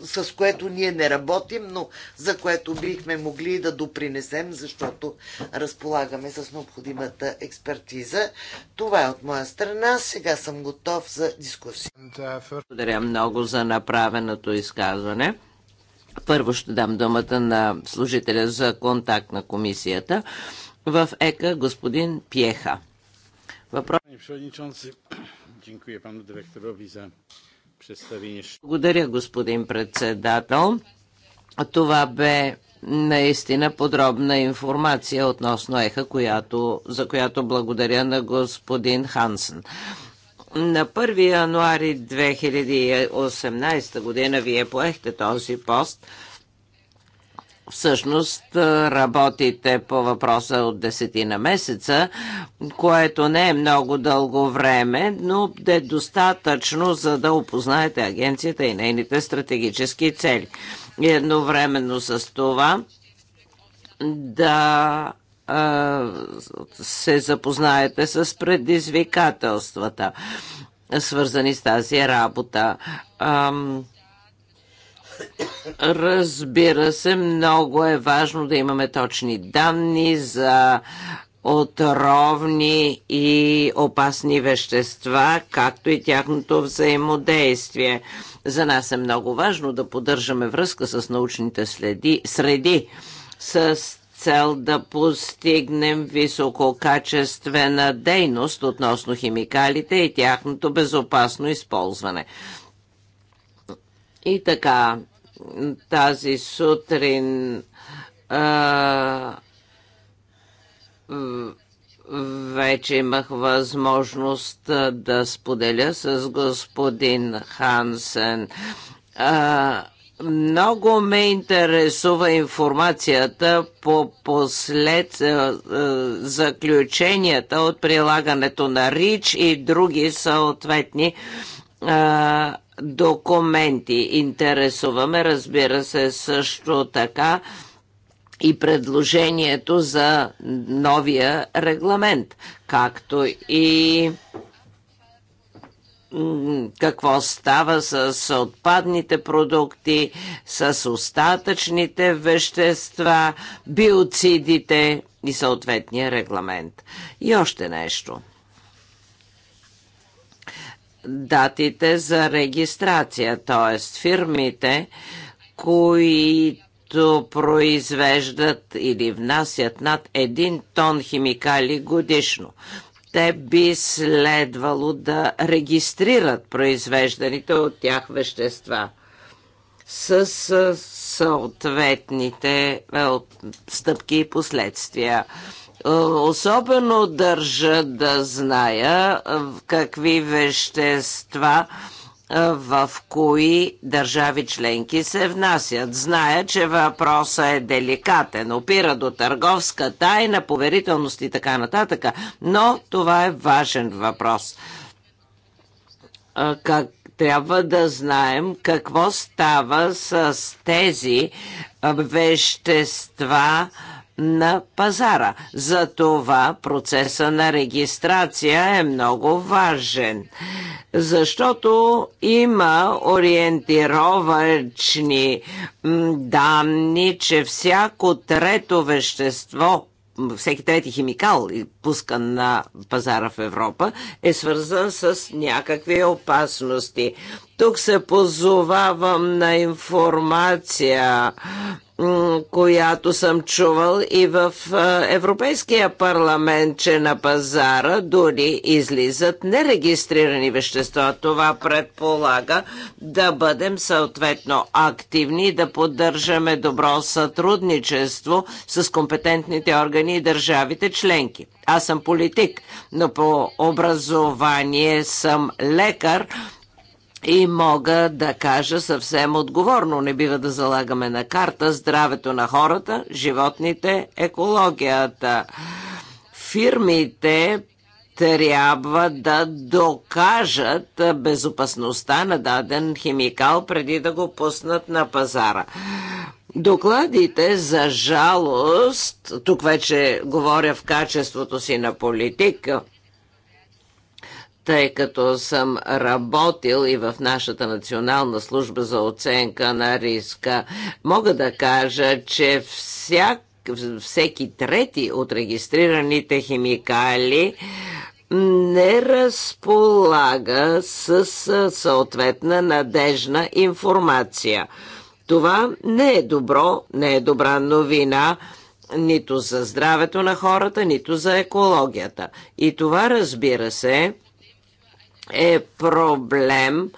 с което ние не работим, но за което бихме могли да допринесем, защото разполагаме с необходимата експертиза. Това е от моя страна. Сега съм готов за дискусия. Uh, Благодаря много за направеното изказване. Първо ще дам думата на служителя за контакт на комисията в ЕКА господин Пьеха. Въпрос... Благодаря, господин председател. Това бе наистина подробна информация относно ЕХА, която, за която благодаря на господин Хансен. На 1 януари 2018 година вие поехте този пост – всъщност работите по въпроса от десетина месеца, което не е много дълго време, но е достатъчно за да опознаете агенцията и нейните стратегически цели. И едновременно с това да се запознаете с предизвикателствата, свързани с тази работа. Разбира се, много е важно да имаме точни данни за отровни и опасни вещества, както и тяхното взаимодействие. За нас е много важно да поддържаме връзка с научните следи, среди, с цел да постигнем висококачествена дейност относно химикалите и тяхното безопасно използване. И така, тази сутрин а, вече имах възможност да споделя с господин Хансен. А, много ме интересува информацията по послед заключенията от прилагането на РИЧ и други съответни а, документи. Интересуваме, разбира се, също така и предложението за новия регламент, както и какво става с отпадните продукти, с остатъчните вещества, биоцидите и съответния регламент. И още нещо – датите за регистрация, т.е. фирмите, които произвеждат или внасят над 1 тон химикали годишно. Те би следвало да регистрират произвежданите от тях вещества с съответните е, стъпки и последствия. Е, особено държа да зная е, какви вещества е, в кои държави членки се внасят. Зная, че въпросът е деликатен, опира до търговска тайна, поверителност и така нататък, но това е важен въпрос. Как трябва да знаем какво става с тези вещества, на пазара. Затова процеса на регистрация е много важен, защото има ориентировачни данни, че всяко трето вещество, всеки трети химикал, пускан на пазара в Европа, е свързан с някакви опасности. Тук се позовавам на информация, която съм чувал и в Европейския парламент, че на пазара дори излизат нерегистрирани вещества. Това предполага да бъдем съответно активни и да поддържаме добро сътрудничество с компетентните органи и държавите членки. Аз съм политик, но по образование съм лекар и мога да кажа съвсем отговорно, не бива да залагаме на карта здравето на хората, животните, екологията. Фирмите трябва да докажат безопасността на даден химикал преди да го пуснат на пазара. Докладите за жалост, тук вече говоря в качеството си на политик, тъй като съм работил и в нашата национална служба за оценка на риска, мога да кажа, че всяк, всеки трети от регистрираните химикали не разполага с съответна надежна информация. Това не е добро, не е добра новина, нито за здравето на хората, нито за екологията. И това, разбира се, е проблем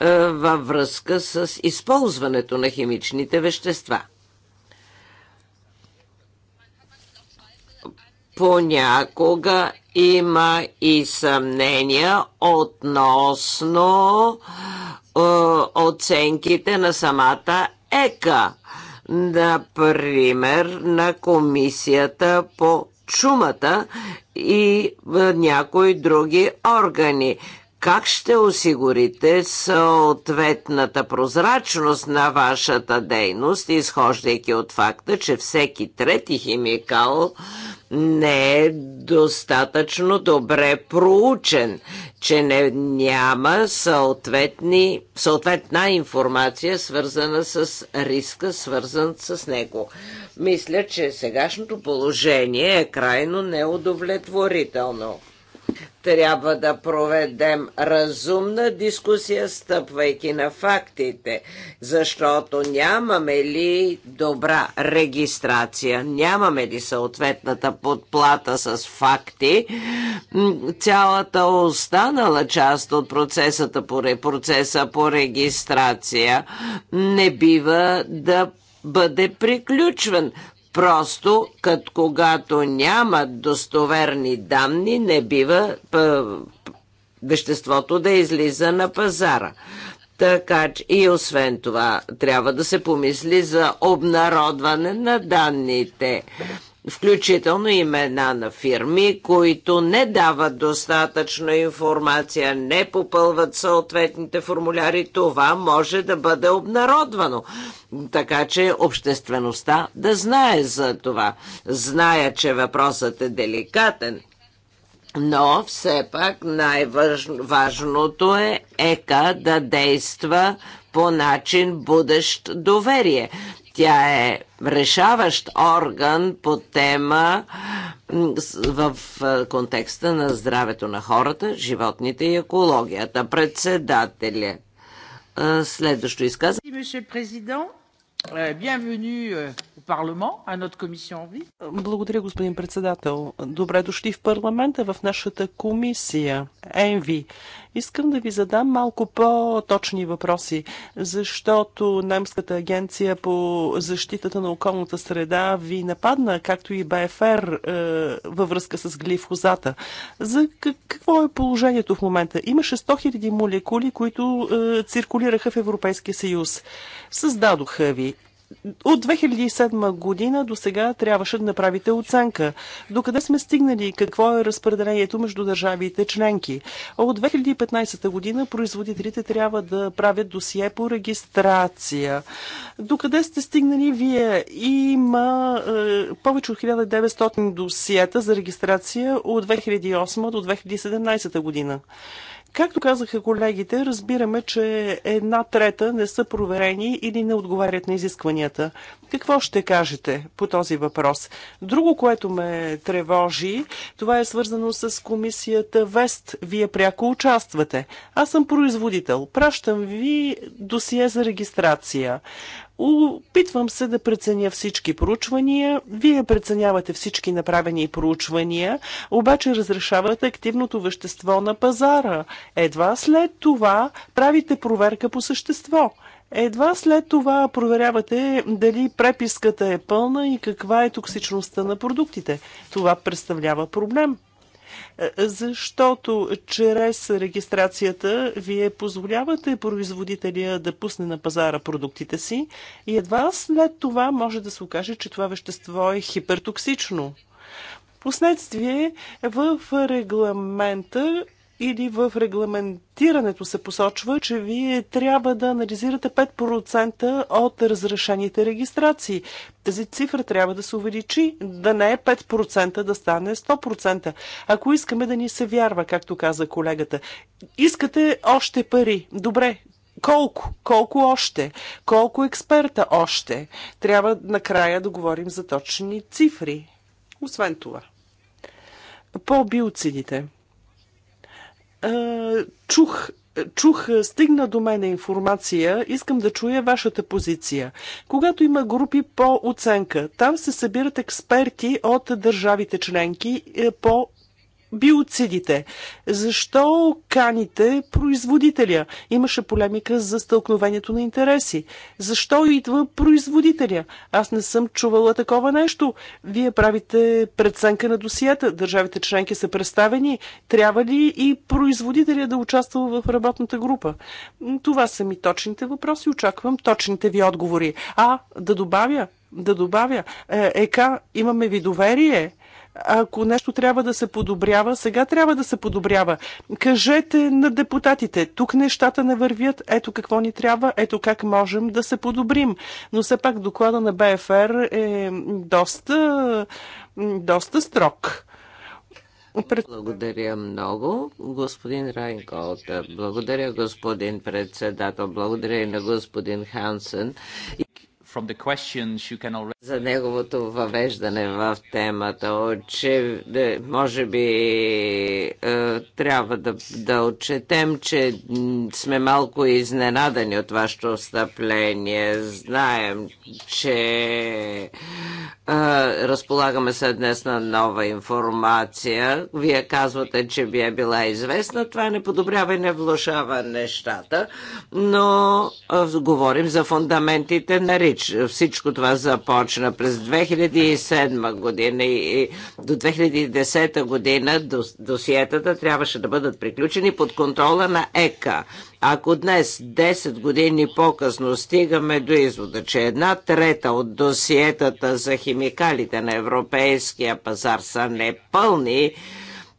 е, във връзка с използването на химичните вещества. Понякога има и съмнения относно е, оценките на самата ЕКА, например на комисията по чумата и е, някои други органи как ще осигурите съответната прозрачност на вашата дейност, изхождайки от факта, че всеки трети химикал не е достатъчно добре проучен, че не, няма съответни, съответна информация, свързана с риска, свързан с него. Мисля, че сегашното положение е крайно неудовлетворително трябва да проведем разумна дискусия, стъпвайки на фактите, защото нямаме ли добра регистрация, нямаме ли съответната подплата с факти, цялата останала част от процесата по, процеса по регистрация не бива да бъде приключван. Просто, като когато няма достоверни данни, не бива веществото да излиза на пазара. Така че и освен това трябва да се помисли за обнародване на данните включително имена на фирми, които не дават достатъчно информация, не попълват съответните формуляри. Това може да бъде обнародвано, така че обществеността да знае за това. Зная, че въпросът е деликатен, но все пак най-важното е ЕКА да действа по начин будещ доверие. Тя е решаващ орган по тема в контекста на здравето на хората, животните и екологията. Председателя. Следващо изказване парламент, à комисион Ви. Благодаря, господин председател. Добре дошли в парламента, в нашата комисия, ЕНВИ. Искам да ви задам малко по-точни въпроси, защото Немската агенция по защитата на околната среда ви нападна, както и БФР е, във връзка с глифозата. За какво е положението в момента? Имаше 100 000 молекули, които е, циркулираха в Европейския съюз. Създадоха ви от 2007 година до сега трябваше да направите оценка. Докъде сме стигнали? Какво е разпределението между държавите членки? От 2015 година производителите трябва да правят досие по регистрация. Докъде сте стигнали вие? Има е, повече от 1900 досиета за регистрация от 2008 до 2017 година. Както казаха колегите, разбираме, че една трета не са проверени или не отговарят на изискванията. Какво ще кажете по този въпрос? Друго, което ме тревожи, това е свързано с комисията Вест. Вие пряко участвате. Аз съм производител. Пращам ви досие за регистрация. Опитвам се да преценя всички проучвания. Вие преценявате всички направени проучвания, обаче разрешавате активното вещество на пазара. Едва след това правите проверка по същество. Едва след това проверявате дали преписката е пълна и каква е токсичността на продуктите. Това представлява проблем. Е, защото чрез регистрацията вие позволявате производителя да пусне на пазара продуктите си и едва след това може да се окаже, че това вещество е хипертоксично. Последствие в регламента или в регламентирането се посочва, че вие трябва да анализирате 5% от разрешените регистрации. Тази цифра трябва да се увеличи, да не е 5%, да стане 100%. Ако искаме да ни се вярва, както каза колегата, искате още пари. Добре, колко? Колко още? Колко експерта още? Трябва накрая да говорим за точни цифри. Освен това, по биоцидите чух чух, стигна до мене информация, искам да чуя вашата позиция. Когато има групи по оценка, там се събират експерти от държавите членки е, по биоцидите? Защо каните производителя? Имаше полемика за стълкновението на интереси. Защо идва производителя? Аз не съм чувала такова нещо. Вие правите преценка на досията. Държавите членки са представени. Трябва ли и производителя да участва в работната група? Това са ми точните въпроси. Очаквам точните ви отговори. А, да добавя, да добавя, ЕКА, е, имаме ви доверие ако нещо трябва да се подобрява, сега трябва да се подобрява. Кажете на депутатите, тук нещата не вървят, ето какво ни трябва, ето как можем да се подобрим. Но все пак доклада на БФР е доста, доста строг. Пред... Благодаря много, господин Райнголд. Благодаря, господин председател. Благодаря и на господин Хансен. Can... За неговото въвеждане в темата, че може би е, трябва да, да отчетем, че сме малко изненадани от вашето отстъпление. Знаем, че е, разполагаме се днес на нова информация. Вие казвате, че би е била известна. Това не подобрява и не влушава нещата, но е, говорим за фундаментите на рич Всич, всичко това започна през 2007 година и до 2010 година досиетата трябваше да бъдат приключени под контрола на ЕКА. Ако днес, 10 години по-късно, стигаме до извода, че една трета от досиетата за химикалите на европейския пазар са непълни,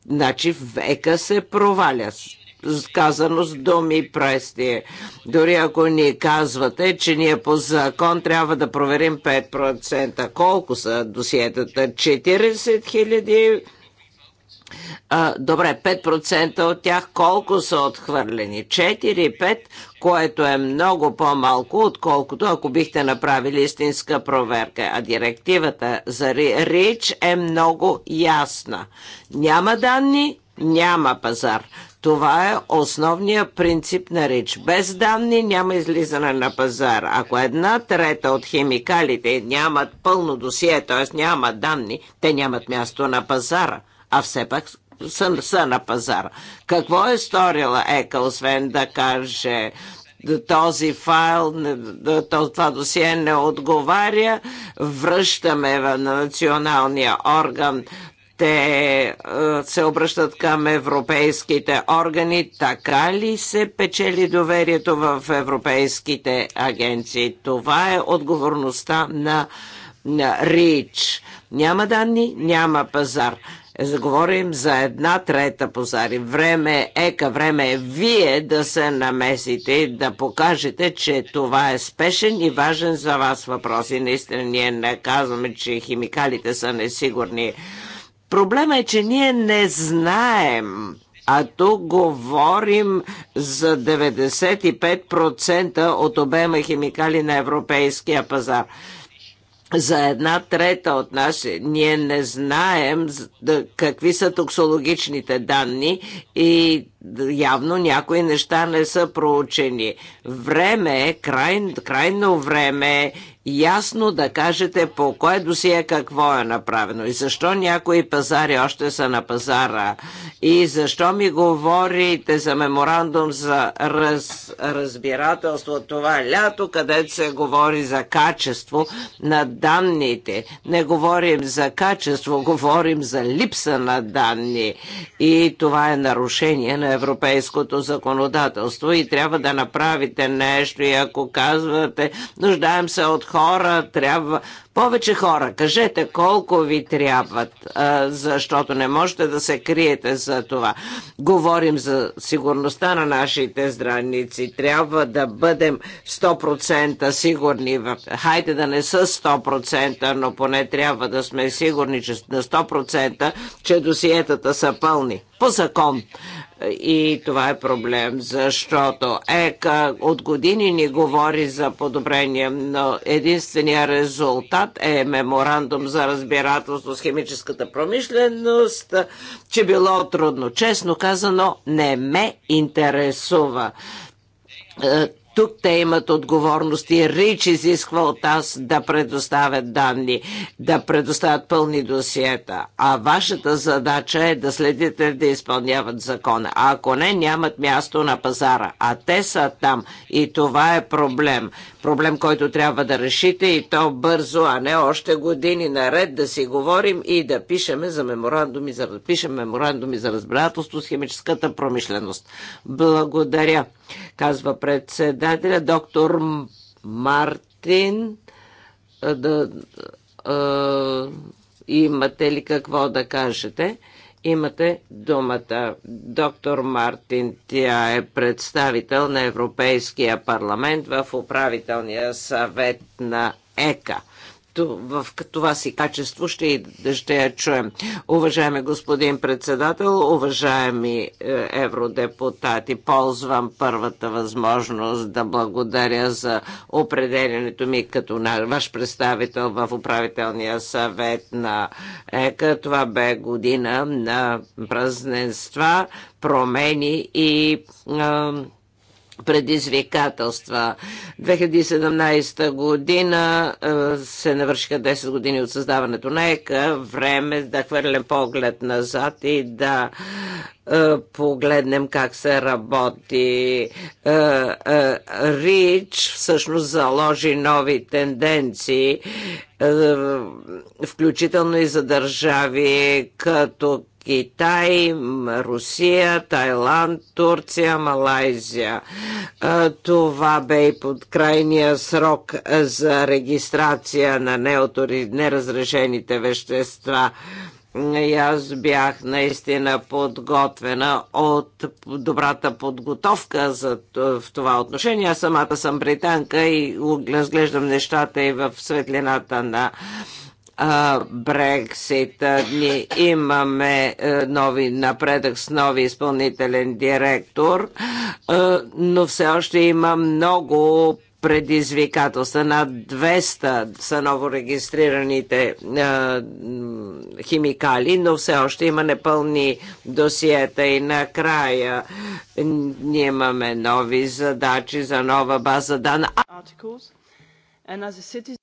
значи века се проваля казано с думи прести. Дори ако ни казвате, че ние по закон трябва да проверим 5%, колко са досиетата? 40 хиляди? Добре, 5% от тях колко са отхвърлени? 4-5, което е много по-малко, отколкото ако бихте направили истинска проверка. А директивата за РИЧ е много ясна. Няма данни, няма пазар. Това е основният принцип на реч. Без данни няма излизане на пазара. Ако една трета от химикалите нямат пълно досие, т.е. нямат данни, те нямат място на пазара. А все пак са, са на пазара. Какво е сторила ЕКА, освен да каже този файл, това досие не отговаря, връщаме на националния орган те е, се обръщат към европейските органи. Така ли се печели доверието в европейските агенции? Това е отговорността на, на РИЧ. Няма данни, няма пазар. Заговорим за една трета пазари. Време е, ека, време е вие да се намесите и да покажете, че това е спешен и важен за вас въпрос. И наистина ние не казваме, че химикалите са несигурни Проблема е, че ние не знаем а тук говорим за 95% от обема химикали на европейския пазар. За една трета от нас, ние не знаем какви са токсологичните данни и явно някои неща не са проучени. Време е, край, крайно време е ясно да кажете по кое досие какво е направено и защо някои пазари още са на пазара и защо ми говорите за меморандум за раз, разбирателство това е лято, където се говори за качество на данните. Не говорим за качество, говорим за липса на данни и това е нарушение на европейското законодателство и трябва да направите нещо и ако казвате нуждаем се от хора трябва, повече хора, кажете колко ви трябват, защото не можете да се криете за това. Говорим за сигурността на нашите здравници. Трябва да бъдем 100% сигурни. Хайде да не са 100%, но поне трябва да сме сигурни че на 100%, че досиетата са пълни. По закон. И това е проблем, защото ЕКА от години ни говори за подобрение, но единствения резултат е меморандум за разбирателство с химическата промишленост, че било трудно. Честно казано, не ме интересува е, тук те имат отговорности. Рич изисква от нас да предоставят данни, да предоставят пълни досиета. А вашата задача е да следите да изпълняват закона. А ако не, нямат място на пазара. А те са там. И това е проблем проблем, който трябва да решите и то бързо, а не още години наред да си говорим и да пишеме за меморандуми за, пишем меморандуми за разбирателство с химическата промишленост. Благодаря, казва председателя доктор Мартин. Да, е, имате ли какво да кажете? Имате думата. Доктор Мартин, тя е представител на Европейския парламент в управителния съвет на ЕКА в това си качество ще, ще я чуем. Уважаеми господин председател, уважаеми е, евродепутати, ползвам първата възможност да благодаря за определенето ми като ваш представител в управителния съвет на ЕКА. Това бе година на празненства, промени и а, предизвикателства. 2017 година е, се навършиха 10 години от създаването на ЕКА. Време е да хвърлям поглед назад и да е, погледнем как се работи. Рич всъщност заложи нови тенденции, включително и за държави като Китай, Русия, Тайланд, Турция, Малайзия. Това бе и под крайния срок за регистрация на неотори... неразрешените вещества. И аз бях наистина подготвена от добрата подготовка за, в това отношение. Аз самата съм британка и разглеждам нещата и в светлината на Брексит. Ние имаме е, нови напредък с нови изпълнителен директор, е, но все още има много предизвикателства. Над 200 са новорегистрираните е, химикали, но все още има непълни досиета и накрая ние имаме нови задачи за нова база данни.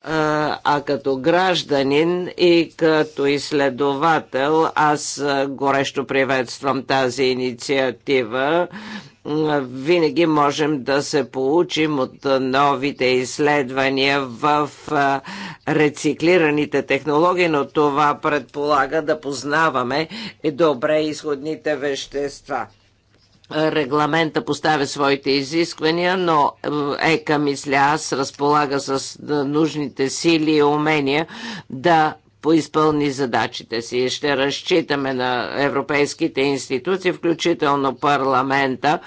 А, като гражданин и като изследовател аз горещо приветствам тази инициатива винаги можем да се получим от новите изследвания в рециклираните технологии, но това предполага да познаваме добре изходните вещества регламента поставя своите изисквания, но ЕКА, мисля аз, разполага с нужните сили и умения да изпълни задачите си. Ще разчитаме на европейските институции, включително парламента,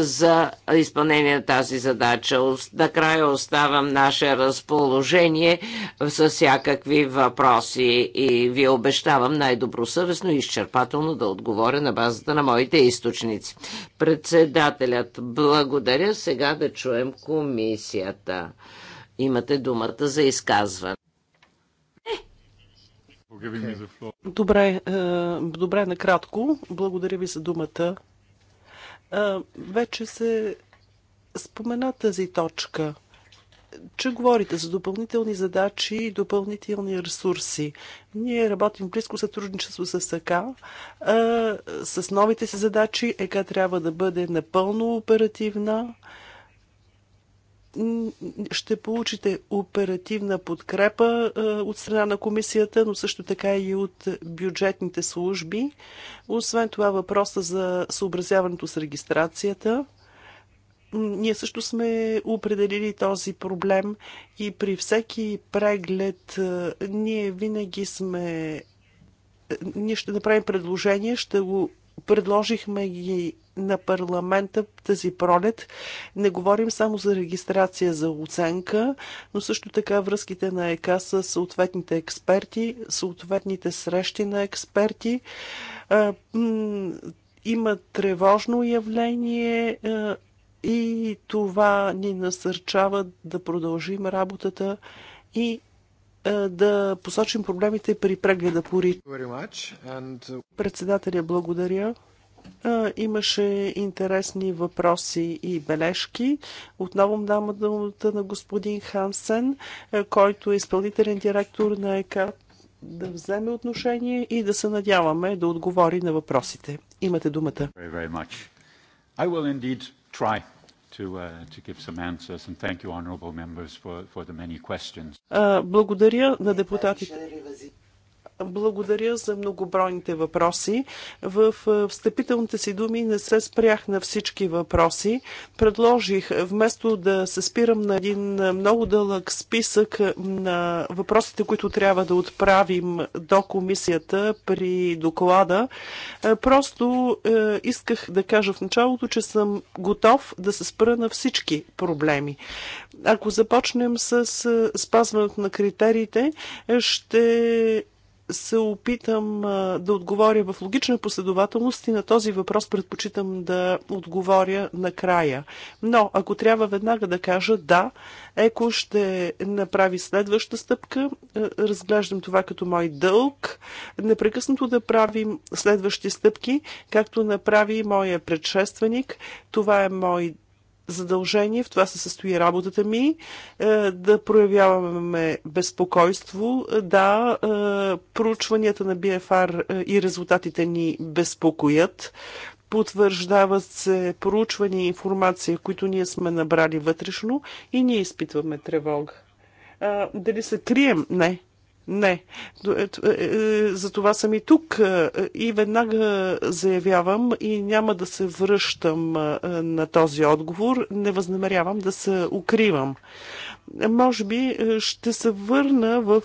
за изпълнение на тази задача. Накрая оставам наше разположение с всякакви въпроси и ви обещавам най-добросъвестно и изчерпателно да отговоря на базата на моите източници. Председателят, благодаря. Сега да чуем комисията. Имате думата за изказване. Добре, е, добре, накратко. Благодаря ви за думата. Е, вече се спомена тази точка че говорите за допълнителни задачи и допълнителни ресурси. Ние работим близко сътрудничество с АК. Е, с новите си задачи ЕК трябва да бъде напълно оперативна ще получите оперативна подкрепа е, от страна на комисията, но също така и от бюджетните служби. Освен това въпроса за съобразяването с регистрацията. Ние също сме определили този проблем и при всеки преглед е, ние винаги сме е, ние ще направим предложение, ще го предложихме ги на парламента тази пролет. Не говорим само за регистрация за оценка, но също така връзките на ЕКА с съответните експерти, съответните срещи на експерти. Има тревожно явление и това ни насърчава да продължим работата и да посочим проблемите при прегледа по РИЧ. Uh, Председателя, благодаря. Имаше интересни въпроси и бележки. Отново дам думата на господин Хансен, който е изпълнителен директор на ЕКА, да вземе отношение и да се надяваме да отговори на въпросите. Имате думата. Благодаря на депутатите. Благодаря за многобройните въпроси. В е, встъпителните си думи не се спрях на всички въпроси. Предложих, вместо да се спирам на един много дълъг списък на въпросите, които трябва да отправим до комисията при доклада, е, просто е, исках да кажа в началото, че съм готов да се спра на всички проблеми. Ако започнем с спазването на критериите, ще се опитам да отговоря в логична последователност и на този въпрос предпочитам да отговоря накрая. Но ако трябва веднага да кажа да, ЕКО ще направи следваща стъпка. Е, разглеждам това като мой дълг. Непрекъснато да правим следващи стъпки, както направи моя предшественик. Това е мой задължение, в това се състои работата ми, е, да проявяваме безпокойство. Да, е, проучванията на BFR е, и резултатите ни безпокоят. Потвърждават се проучвания и информация, които ние сме набрали вътрешно и ние изпитваме тревога. дали се крием? Не. Не. Е, е, е, за това съм и тук и веднага заявявам и няма да се връщам на този отговор. Не възнамерявам да се укривам. Може би ще се върна в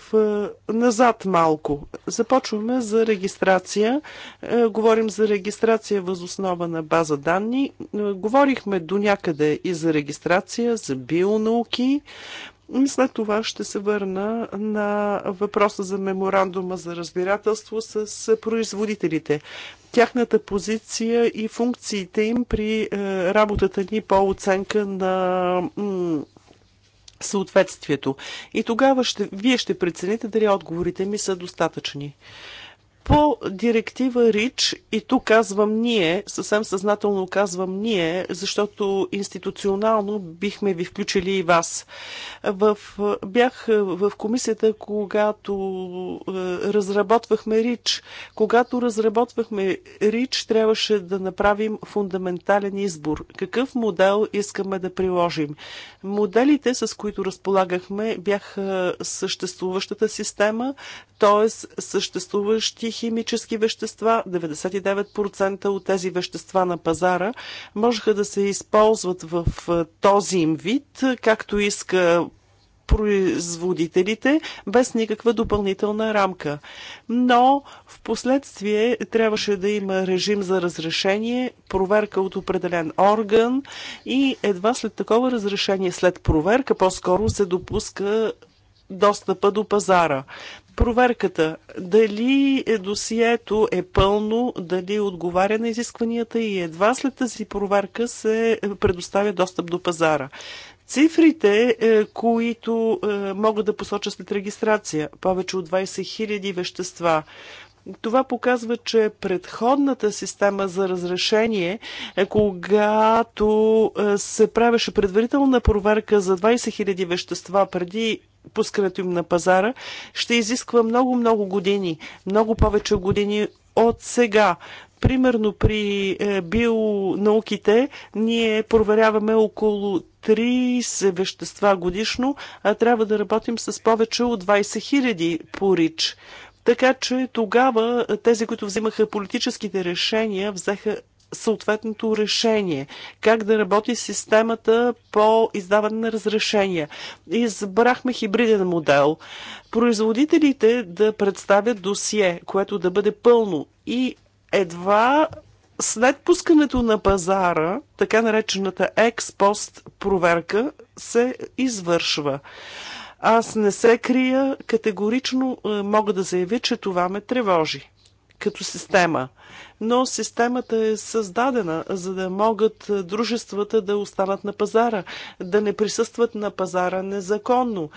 назад малко. Започваме за регистрация. Говорим за регистрация възоснова на база данни. Говорихме до някъде и за регистрация, за бионауки. След това ще се върна на въпроса за меморандума за разбирателство с производителите, тяхната позиция и функциите им при е, работата ни по оценка на съответствието. И тогава ще, вие ще прецените дали отговорите ми са достатъчни. По директива РИЧ, и тук казвам ние, съвсем съзнателно казвам ние, защото институционално бихме ви включили и вас. В, бях в комисията, когато е, разработвахме РИЧ. Когато разработвахме РИЧ, трябваше да направим фундаментален избор. Какъв модел искаме да приложим? Моделите, с които разполагахме, бяха съществуващата система, т.е. съществуващи химически вещества. 99% от тези вещества на пазара можеха да се използват в този им вид, както иска производителите без никаква допълнителна рамка. Но в последствие трябваше да има режим за разрешение, проверка от определен орган и едва след такова разрешение, след проверка, по-скоро се допуска достъпа до пазара. Проверката дали е досието е пълно, дали отговаря на изискванията и едва след тази проверка се предоставя достъп до пазара. Цифрите, е, които е, могат да посочат след регистрация, повече от 20 000 вещества, това показва, че предходната система за разрешение, когато се правеше предварителна проверка за 20 000 вещества преди пускането им на пазара, ще изисква много-много години, много повече години от сега. Примерно при е, бионауките ние проверяваме около 30 вещества годишно, а трябва да работим с повече от 20 хиляди по рич. Така че тогава е, тези, които взимаха политическите решения, взеха съответното решение, как да работи системата по издаване на разрешения. Избрахме хибриден модел. Производителите да представят досие, което да бъде пълно и едва след пускането на пазара, така наречената експост проверка се извършва. Аз не се крия, категорично е, мога да заявя, че това ме тревожи като система. Но системата е създадена, за да могат дружествата да останат на пазара, да не присъстват на пазара незаконно.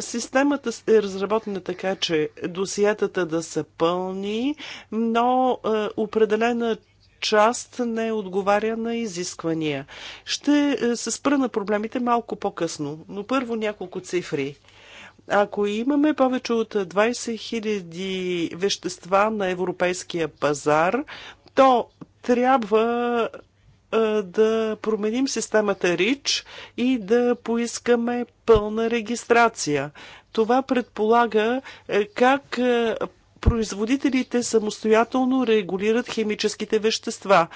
Системата е разработена така, че досиетата да са пълни, но е, определена част не отговаря на изисквания. Ще е, се спра на проблемите малко по-късно, но първо няколко цифри. Ако имаме повече от 20 000 вещества на европейския пазар, то трябва да променим системата РИЧ и да поискаме пълна регистрация. Това предполага как производителите самостоятелно регулират химическите вещества.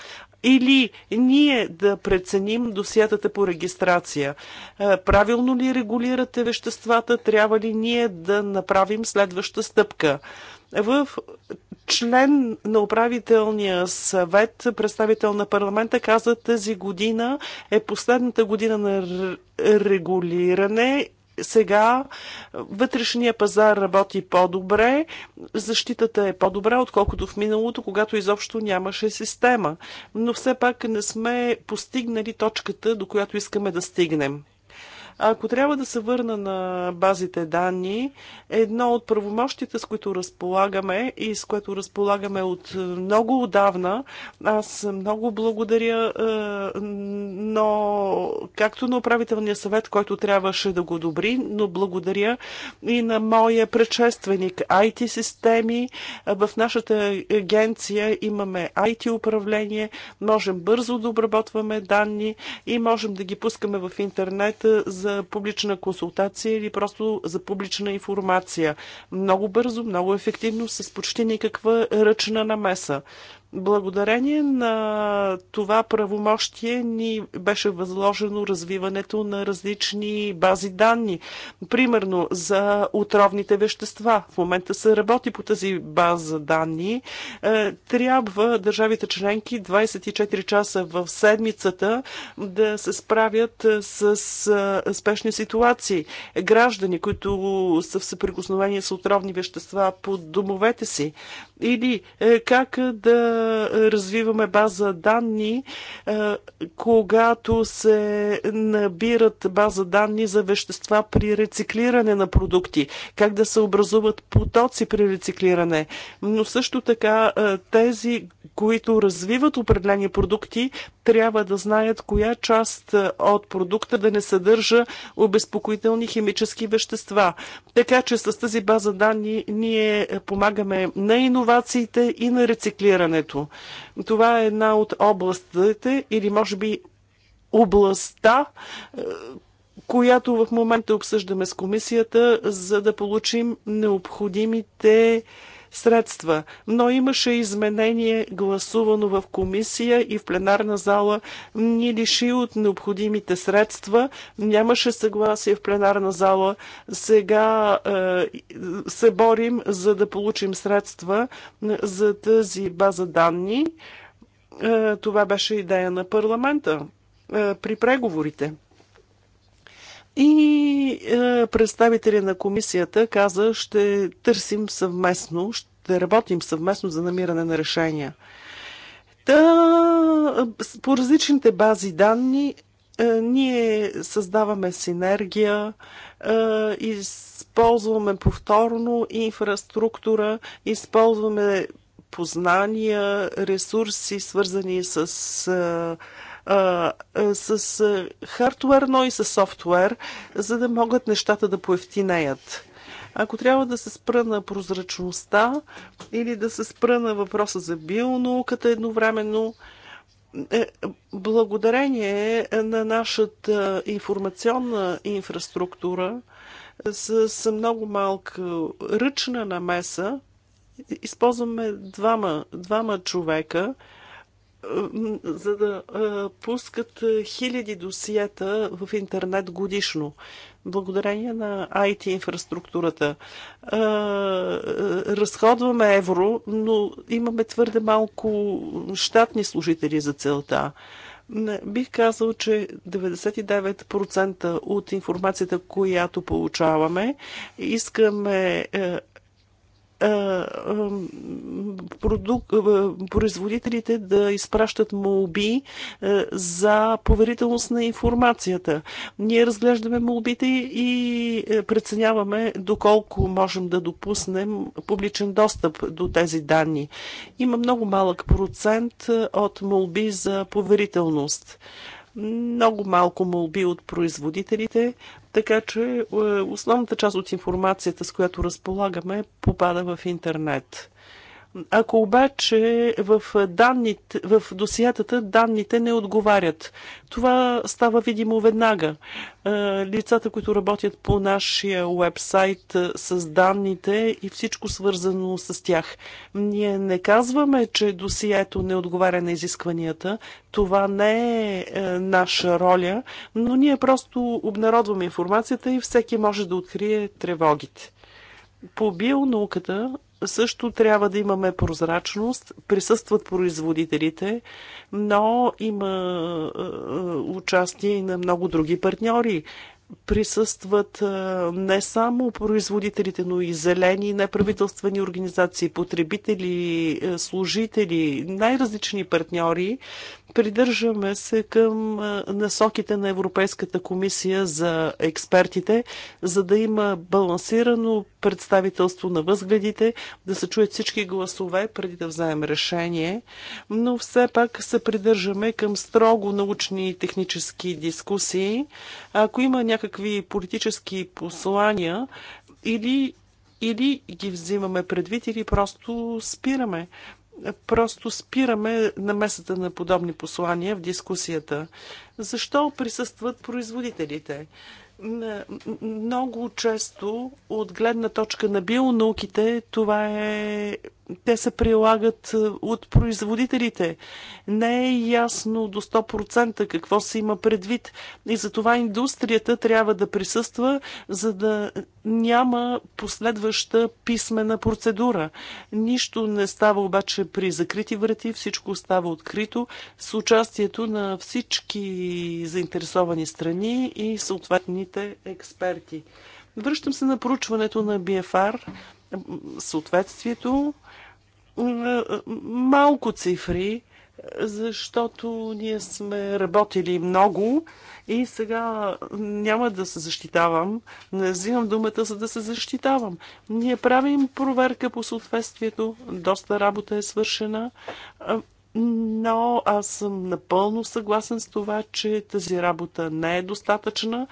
Или ние да преценим досиятата по регистрация. Е, правилно ли регулирате веществата? Трябва ли ние да направим следваща стъпка? В член на управителния съвет, представител на парламента, каза тази година е последната година на регулиране сега вътрешния пазар работи по-добре, защитата е по-добра, отколкото в миналото, когато изобщо нямаше система. Но все пак не сме постигнали точката, до която искаме да стигнем. Ако трябва да се върна на базите данни, едно от правомощите, с които разполагаме и с което разполагаме от много отдавна, аз много благодаря, е, но както на управителния съвет, който трябваше да го добри, но благодаря и на моя предшественик IT системи. В нашата агенция имаме IT управление, можем бързо да обработваме данни и можем да ги пускаме в интернет за за публична консултация или просто за публична информация. Много бързо, много ефективно, с почти никаква ръчна намеса. Благодарение на това правомощие ни беше възложено развиването на различни бази данни. Примерно за отровните вещества. В момента се работи по тази база данни. Е, трябва държавите членки 24 часа в седмицата да се справят е, с е, спешни ситуации. Граждани, които са в съприкосновение с отровни вещества под домовете си. Или как да е, развиваме база данни, е, когато се набират база данни за вещества при рециклиране на продукти, как да се образуват потоци при рециклиране. Но също така е, тези, които развиват определени продукти, трябва да знаят коя част от продукта да не съдържа обезпокоителни химически вещества. Така че с тази база данни ние помагаме на иновациите и на рециклирането развитието. Това е една от областите или може би областта, е, която в момента обсъждаме с комисията, за да получим необходимите средства, но имаше изменение гласувано в комисия и в пленарна зала ни лиши от необходимите средства. Нямаше съгласие в пленарна зала. Сега е, се борим за да получим средства е, за тази база данни. Е, това беше идея на парламента е, при преговорите. И е, представители на комисията каза, ще търсим съвместно, ще работим съвместно за намиране на решения. Та, по различните бази данни е, ние създаваме синергия, е, използваме повторно инфраструктура, използваме познания, ресурси, свързани с е, с хардвер, но и с софтуер, за да могат нещата да поевтинеят. Ако трябва да се спра на прозрачността или да се спра на въпроса за бионауката едновременно, е, благодарение на нашата информационна инфраструктура с много малка ръчна намеса, използваме двама, двама човека, за да пускат хиляди досиета в интернет годишно, благодарение на IT инфраструктурата. Разходваме евро, но имаме твърде малко щатни служители за целта. Бих казал, че 99% от информацията, която получаваме, искаме е, Продук... производителите да изпращат молби за поверителност на информацията. Ние разглеждаме молбите и преценяваме доколко можем да допуснем публичен достъп до тези данни. Има много малък процент от молби за поверителност много малко молби от производителите, така че е, основната част от информацията, с която разполагаме, попада в интернет. Ако обаче в, данните, в досиятата данните не отговарят, това става видимо веднага. Е, лицата, които работят по нашия уебсайт е, с данните и всичко свързано с тях. Ние не казваме, че досието не отговаря на изискванията. Това не е, е наша роля, но ние просто обнародваме информацията и всеки може да открие тревогите по бионауката също трябва да имаме прозрачност. Присъстват производителите, но има е, е, участие и на много други партньори присъстват не само производителите, но и зелени, неправителствени организации, потребители, служители, най-различни партньори. Придържаме се към насоките на Европейската комисия за експертите, за да има балансирано представителство на възгледите, да се чуят всички гласове преди да вземем решение, но все пак се придържаме към строго научни и технически дискусии. Ако има някакви някакви политически послания или, или ги взимаме предвид, или просто спираме. Просто спираме намесата на подобни послания в дискусията. Защо присъстват производителите? Много често от гледна точка на бионауките това е те се прилагат е, от производителите. Не е ясно до 100% какво се има предвид и затова индустрията трябва да присъства, за да няма последваща писмена процедура. Нищо не става обаче при закрити врати, всичко става открито с участието на всички заинтересовани страни и съответните експерти. Връщам се на проучването на BFR, съответствието малко цифри, защото ние сме работили много и сега няма да се защитавам. Не взимам думата, за да се защитавам. Ние правим проверка по съответствието. Доста работа е свършена. Но аз съм напълно съгласен с това, че тази работа не е достатъчна.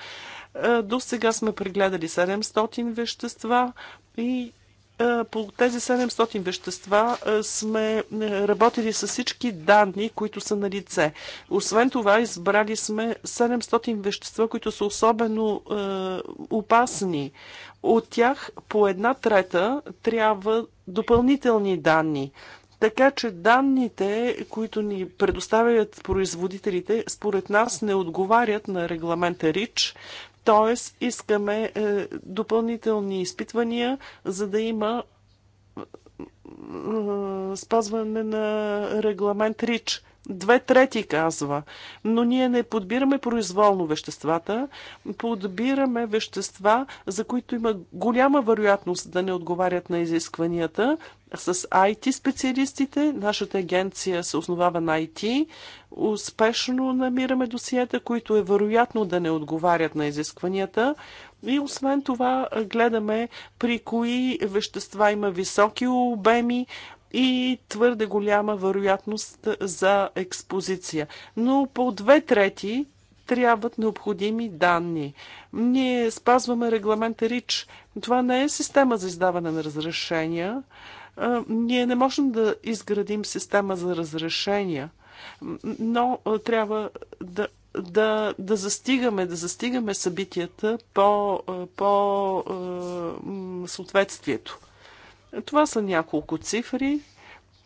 До сега сме прегледали 700 вещества и е, по тези 700 вещества е, сме е, работили с всички данни, които са на лице. Освен това, избрали сме 700 вещества, които са особено опасни. От тях по една трета трябва допълнителни данни. Така че данните, които ни предоставят производителите, според нас не отговарят на регламента РИЧ. Тоест, искаме е, допълнителни изпитвания, за да има е, спазване на регламент РИЧ. Две трети казва, но ние не подбираме произволно веществата, подбираме вещества, за които има голяма вероятност да не отговарят на изискванията. С IT специалистите, нашата агенция се основава на IT, успешно намираме досиета, които е вероятно да не отговарят на изискванията. И освен това гледаме при кои вещества има високи обеми, и твърде голяма вероятност за експозиция. Но по две трети трябват необходими данни. Ние спазваме регламента РИЧ. Това не е система за издаване на разрешения. Ние не можем да изградим система за разрешения, но трябва да, да, да застигаме, да застигаме събитията по, по съответствието. Това са няколко цифри.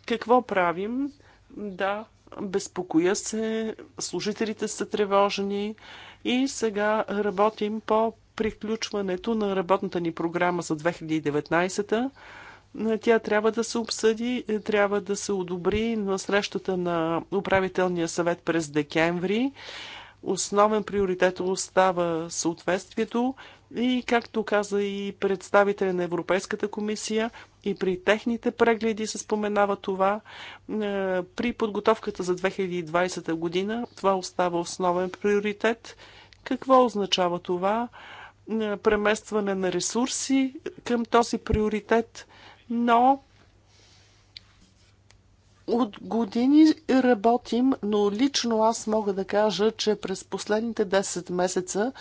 Какво правим? Да, безпокоя се, служителите са тревожени и сега работим по приключването на работната ни програма за 2019-та. Тя трябва да се обсъди, трябва да се одобри на срещата на управителния съвет през декември. Основен приоритет остава съответствието и, както каза и представителя на Европейската комисия, и при техните прегледи се споменава това. Е, при подготовката за 2020 година това остава основен приоритет. Какво означава това? Е, преместване на ресурси към този приоритет, но от години работим, но лично аз мога да кажа, че през последните 10 месеца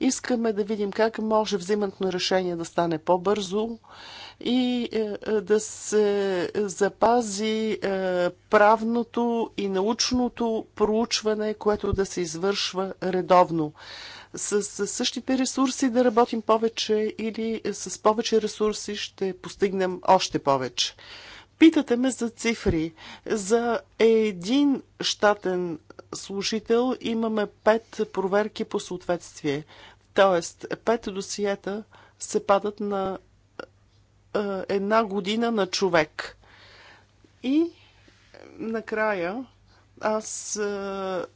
искаме да видим как може взимането на решение да стане по-бързо, и е, е, да се запази е, правното и научното проучване, което да се извършва редовно. С, с същите ресурси да работим повече или с повече ресурси ще постигнем още повече. Питате ме за цифри. За един щатен служител имаме пет проверки по съответствие. Тоест, пет досиета се падат на е, една година на човек. И накрая аз е, е,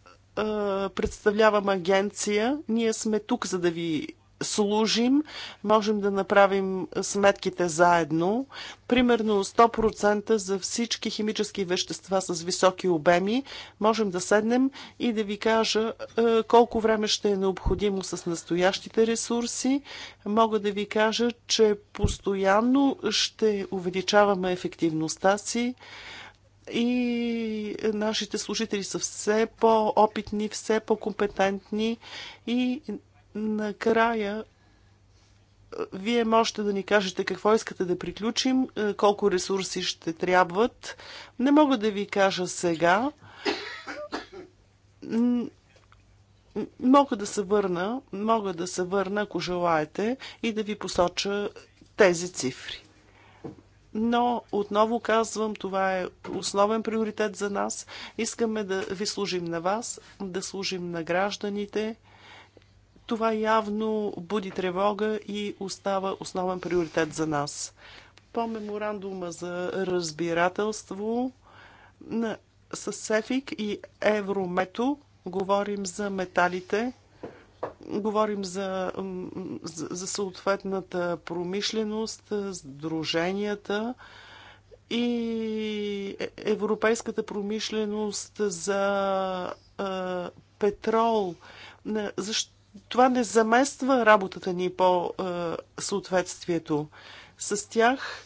представлявам агенция. Ние сме тук, за да ви служим, можем да направим сметките заедно. Примерно 100% за всички химически вещества с високи обеми можем да седнем и да ви кажа е, колко време ще е необходимо с настоящите ресурси. Мога да ви кажа, че постоянно ще увеличаваме ефективността си и нашите служители са все по-опитни, все по-компетентни и Накрая вие можете да ни кажете какво искате да приключим, е, колко ресурси ще трябват. Не мога да ви кажа сега. Мога да се върна, мога да се върна, ако желаете, и да ви посоча тези цифри. Но отново казвам, това е основен приоритет за нас. Искаме да ви служим на вас, да служим на гражданите. Това явно буди тревога и остава основен приоритет за нас. По меморандума за разбирателство на, с СЕФИК и Евромето говорим за металите, говорим за, за, за съответната промишленост, сдруженията и европейската промишленост за а, петрол. Защо? това не замества работата ни по е, съответствието. С тях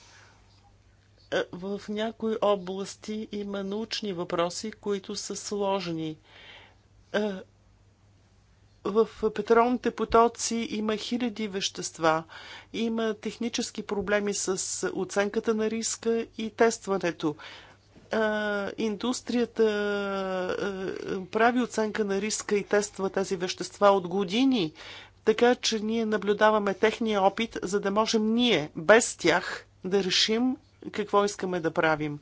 е, в някои области има научни въпроси, които са сложни. Е, в петролните потоци има хиляди вещества. Има технически проблеми с оценката на риска и тестването индустрията прави оценка на риска и тества тези вещества от години, така че ние наблюдаваме техния опит, за да можем ние, без тях, да решим какво искаме да правим.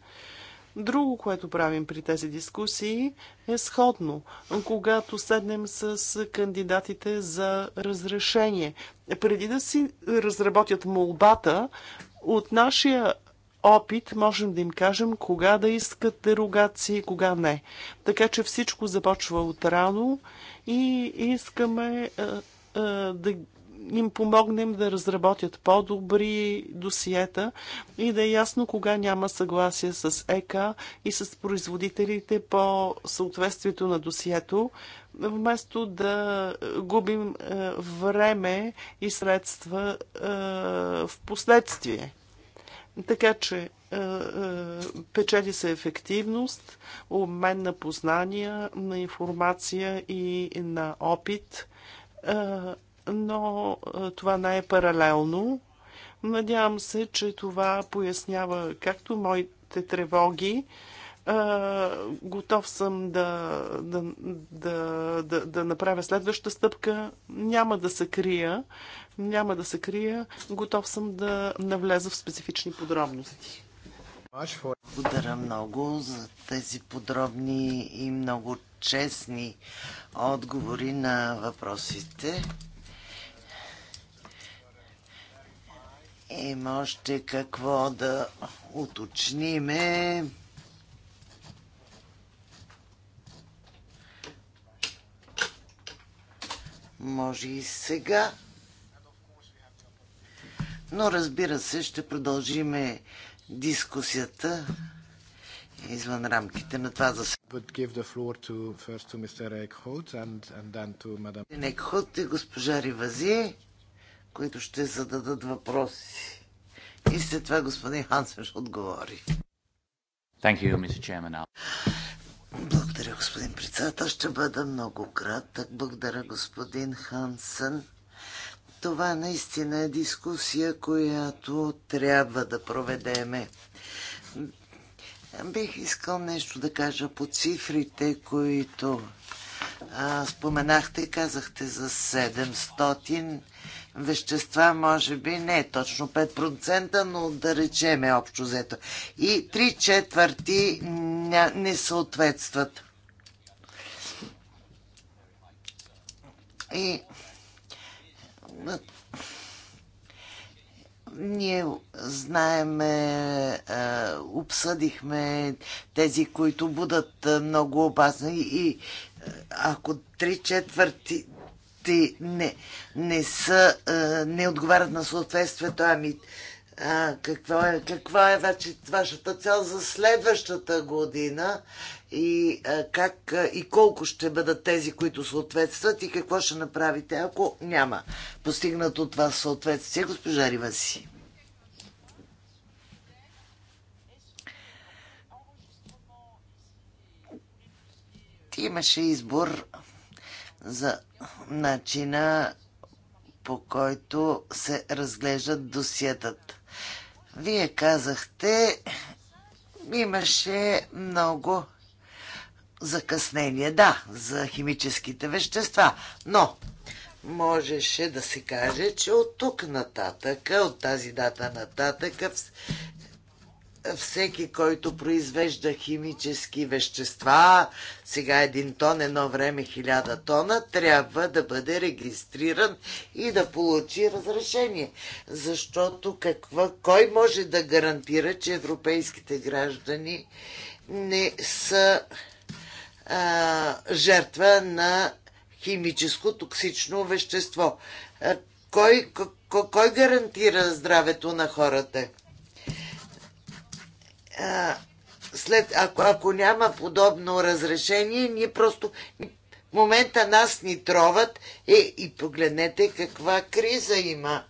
Друго, което правим при тези дискусии е сходно, когато седнем с кандидатите за разрешение. Преди да си разработят молбата, от нашия опит можем да им кажем кога да искат дерогации, кога не. Така че всичко започва от рано и искаме е, е, да им помогнем да разработят по-добри досиета и да е ясно кога няма съгласие с ЕК и с производителите по съответствието на досието, вместо да губим е, време и средства в последствие. Така че е, е, печели се ефективност, обмен на познания, на информация и на опит, е, но това не е паралелно. Надявам се, че това пояснява както моите тревоги, готов съм да, да, да, да, да направя следваща стъпка. Няма да се крия. Няма да се крия. Готов съм да навлеза в специфични подробности. Благодаря много за тези подробни и много честни отговори на въпросите. Има още какво да уточниме може и сега. Но разбира се, ще продължиме дискусията извън рамките на това за заседание. Екхот и госпожа Ривази, които ще зададат въпроси. И след това господин Хансен ще отговори. Thank you, Mr. Chairman. Благодаря, господин председател. Ще бъда много кратък. Благодаря, господин Хансен. Това наистина е дискусия, която трябва да проведеме. Бих искал нещо да кажа по цифрите, които а, споменахте и казахте за 700 вещества, може би не е точно 5%, но да речеме общо взето. И 3 четвърти не съответстват. И ние знаеме, обсъдихме тези, които будат много опасни и ако три четвърти, продукти не, не са, не отговарят на съответствието, ами а, каква, е, каква е вече вашата цел за следващата година и а, как а, и колко ще бъдат тези, които съответстват и какво ще направите, ако няма постигнато това съответствие, госпожа Риваси. Имаше избор за начина по който се разглеждат досиетът. Вие казахте, имаше много закъснение, да, за химическите вещества, но можеше да се каже, че от тук нататък, от тази дата нататък, всеки, който произвежда химически вещества, сега един тон, едно време хиляда тона, трябва да бъде регистриран и да получи разрешение. Защото каква, кой може да гарантира, че европейските граждани не са а, жертва на химическо токсично вещество? А, кой, кой, кой гарантира здравето на хората? след, ако, ако няма подобно разрешение, ние просто в момента нас ни троват е, и погледнете каква криза има.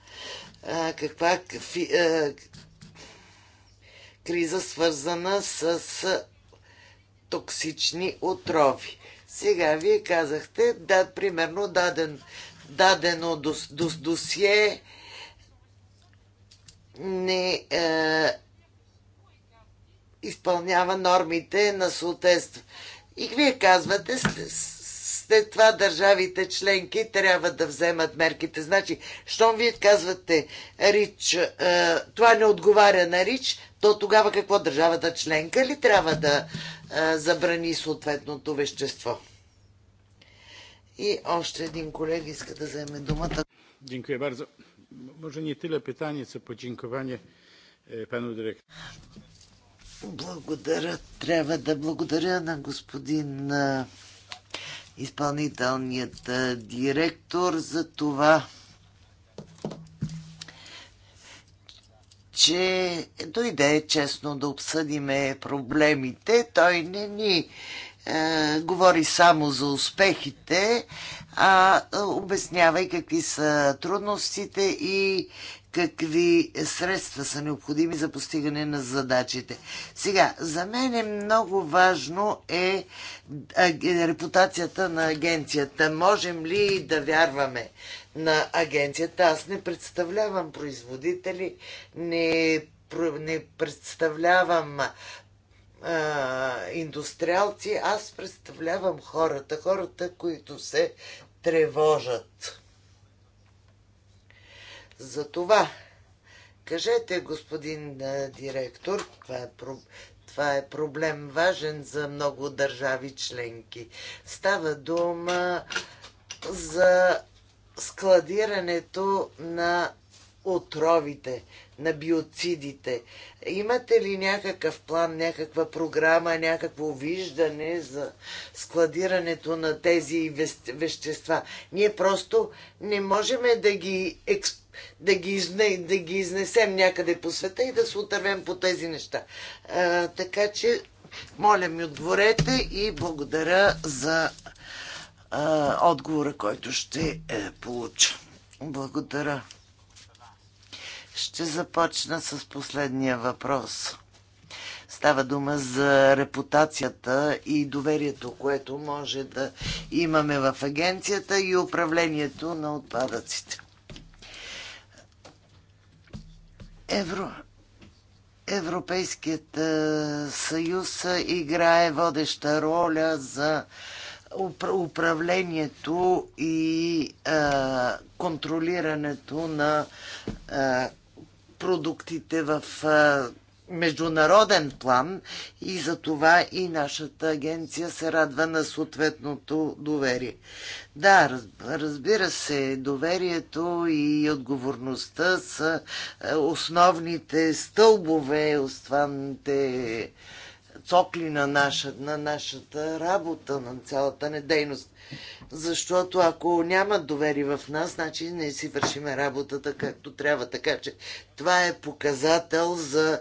А, каква фи, а, криза свързана с а, токсични отрови. Сега вие казахте, да, примерно даден, дадено дос, дос, досие не е, изпълнява нормите на съответство. И вие казвате, след това държавите членки трябва да вземат мерките. Значи, щом вие казвате Рич, е, това не отговаря на Рич, то тогава какво държавата членка ли трябва да е, забрани съответното вещество? И още един колега иска да вземе думата. Dziękuję bardzo. Może nie tyle pytanie, co podziękowanie panu dyrektorowi. Благодаря. Трябва да благодаря на господин изпълнителният директор за това, че дойде честно да обсъдиме проблемите. Той не ни е, говори само за успехите, а е, обяснява и какви са трудностите и какви средства са необходими за постигане на задачите. Сега, за мен е много важно е репутацията на агенцията. Можем ли да вярваме на агенцията? Аз не представлявам производители, не, не представлявам а, индустриалци, аз представлявам хората, хората, които се тревожат. За това, кажете, господин директор, това е, това е проблем важен за много държави членки. Става дума за складирането на отровите, на биоцидите. Имате ли някакъв план, някаква програма, някакво виждане за складирането на тези вещества? Ние просто не можем да ги експ да ги, изне, да ги изнесем някъде по света и да се отървем по тези неща. А, така че, моля ми, отворете и благодаря за а, отговора, който ще е, получа. Благодаря. Ще започна с последния въпрос. Става дума за репутацията и доверието, което може да имаме в агенцията и управлението на отпадъците. Евро, Европейският е, съюз играе водеща роля за управлението и а, е, контролирането на а, е, продуктите в а, международен план и за това и нашата агенция се радва на съответното доверие. Да, разбира се, доверието и отговорността са е, основните стълбове, основните цокли на, наша, на нашата работа, на цялата недейност. Защото ако нямат доверие в нас, значи не си вършиме работата както трябва. Така че това е показател за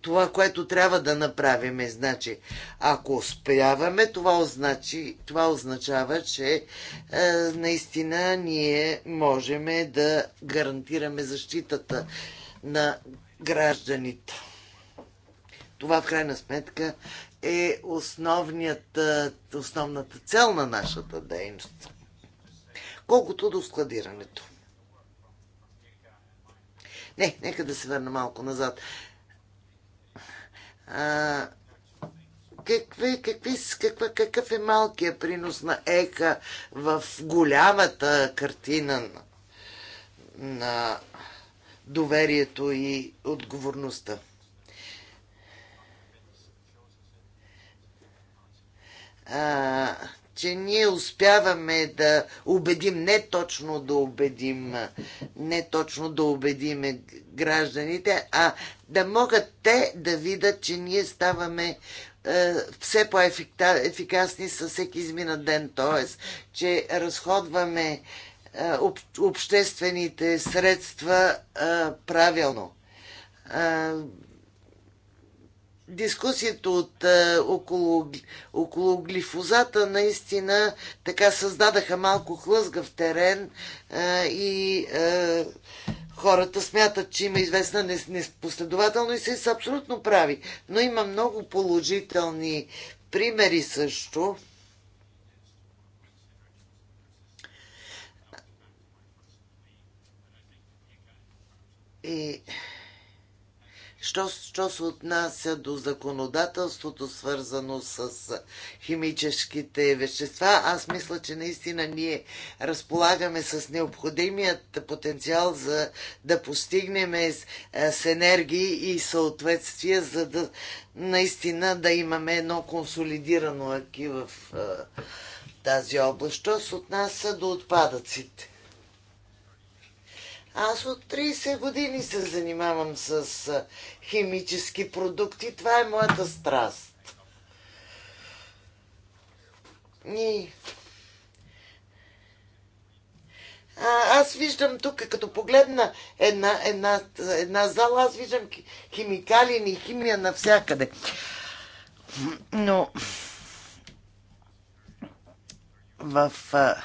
това, което трябва да направим. Е, значи, ако успяваме, това, означи, това означава, че е, наистина ние можем да гарантираме защитата на гражданите. Това в крайна сметка е, е основната цел на нашата дейност. Колкото до складирането. Не, нека да се върна малко назад какви, какви, каква, какъв е малкият принос на ЕКА в голямата картина на, на доверието и отговорността? А, че ние успяваме да убедим, не точно да убедим, не точно да убедим гражданите, а да могат те да видят, че ние ставаме е, все по-ефикасни с всеки изминат ден, т.е. че разходваме е, об, обществените средства е, правилно. дискусията от а, е, около, около глифозата наистина така създадаха малко хлъзга в терен а, е, и а, е, хората смятат, че има известна непоследователност и са абсолютно прави. Но има много положителни примери също. И... Що, що се отнася до законодателството, свързано с химическите вещества, аз мисля, че наистина ние разполагаме с необходимият потенциал за да постигнем е, с енергии и съответствие, за да наистина да имаме едно консолидирано аки в е, тази област. Що се отнася до отпадъците? Аз от 30 години се занимавам с химически продукти. Това е моята страст. И... А, аз виждам тук, като погледна една, една, една зала, аз виждам химикали и химия навсякъде. Но в а,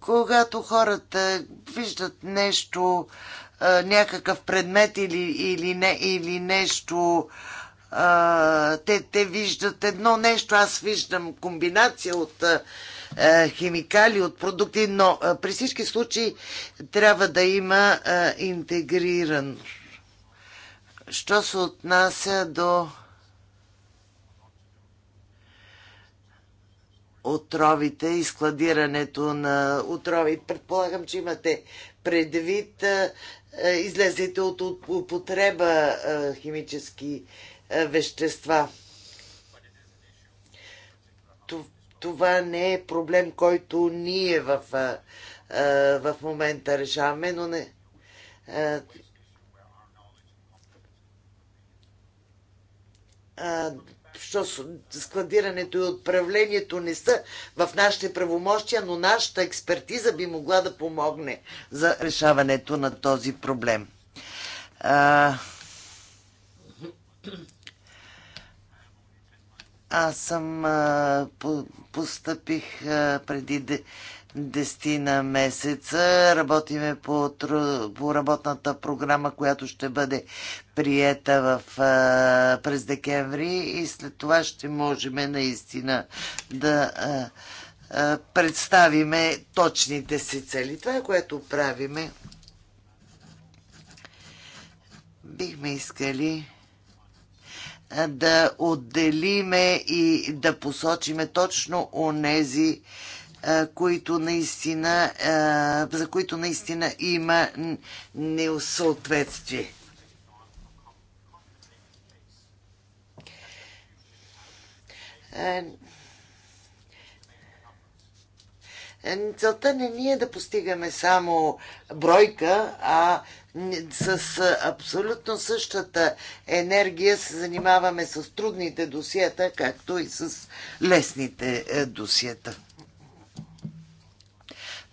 когато хората виждат нещо, някакъв предмет или, или, не, или нещо, те, те виждат едно нещо, аз виждам комбинация от химикали, от продукти, но при всички случаи трябва да има интегриран. Що се отнася до отровите и складирането на отрови. Предполагам, че имате предвид излезете от употреба химически вещества. Това не е проблем, който ние в, в момента решаваме, но не складирането и отправлението не са в нашите правомощия, но нашата експертиза би могла да помогне за решаването на този проблем. А... Аз съм а, по, постъпих а, преди десетина месеца. Работиме по, по работната програма, която ще бъде приета в, през декември и след това ще можем наистина да а, а, представиме точните си цели. Това, което правиме, бихме искали да отделиме и да посочиме точно у нези които наистина, за които наистина има неосъответствие. Е, целта не ние да постигаме само бройка, а с абсолютно същата енергия се занимаваме с трудните досиета, както и с лесните е, досиета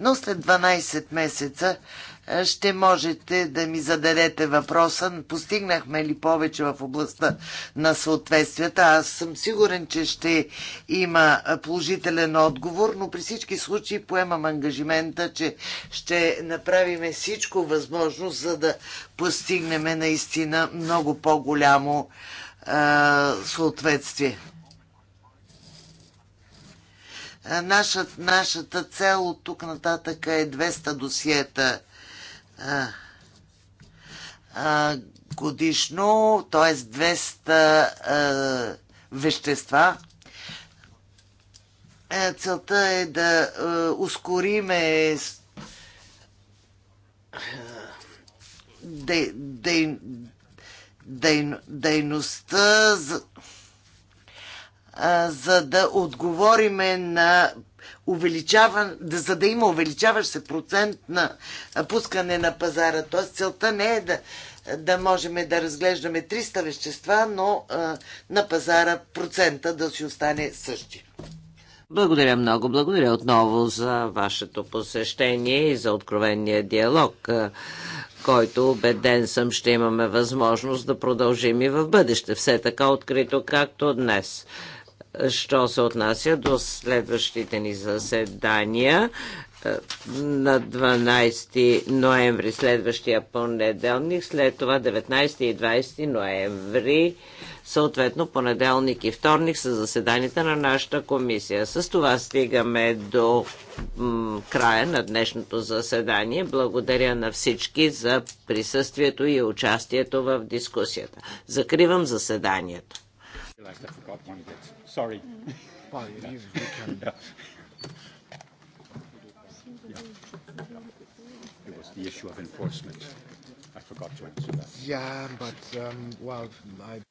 но след 12 месеца е, ще можете да ми зададете въпроса, постигнахме ли повече в областта на съответствията. Аз съм сигурен, че ще има е, положителен отговор, но при всички случаи поемам ангажимента, че ще направим всичко възможно, за да постигнем наистина много по-голямо е, съответствие. Нашата, нашата цел от тук нататък е 200 досиета а, а, годишно, т.е. 200 а, вещества. Е, целта е да а, ускориме дейността за за да отговориме на увеличаван, за да има увеличаващ се процент на пускане на пазара. Т.е. целта не е да, да можем да разглеждаме 300 вещества, но а, на пазара процента да си остане същи. Благодаря много. Благодаря отново за вашето посещение и за откровения диалог който убеден съм ще имаме възможност да продължим и в бъдеще, все така открито както днес. Що се отнася до следващите ни заседания, е, на 12 ноември, следващия понеделник, след това 19 и 20 ноември, съответно понеделник и вторник са заседанията на нашата комисия. С това стигаме до края на днешното заседание. Благодаря на всички за присъствието и участието в дискусията. Закривам заседанието sorry. Well, you, you can. Yeah. yeah. It was the issue of enforcement. I forgot to answer that. Yeah, but, um, well, I.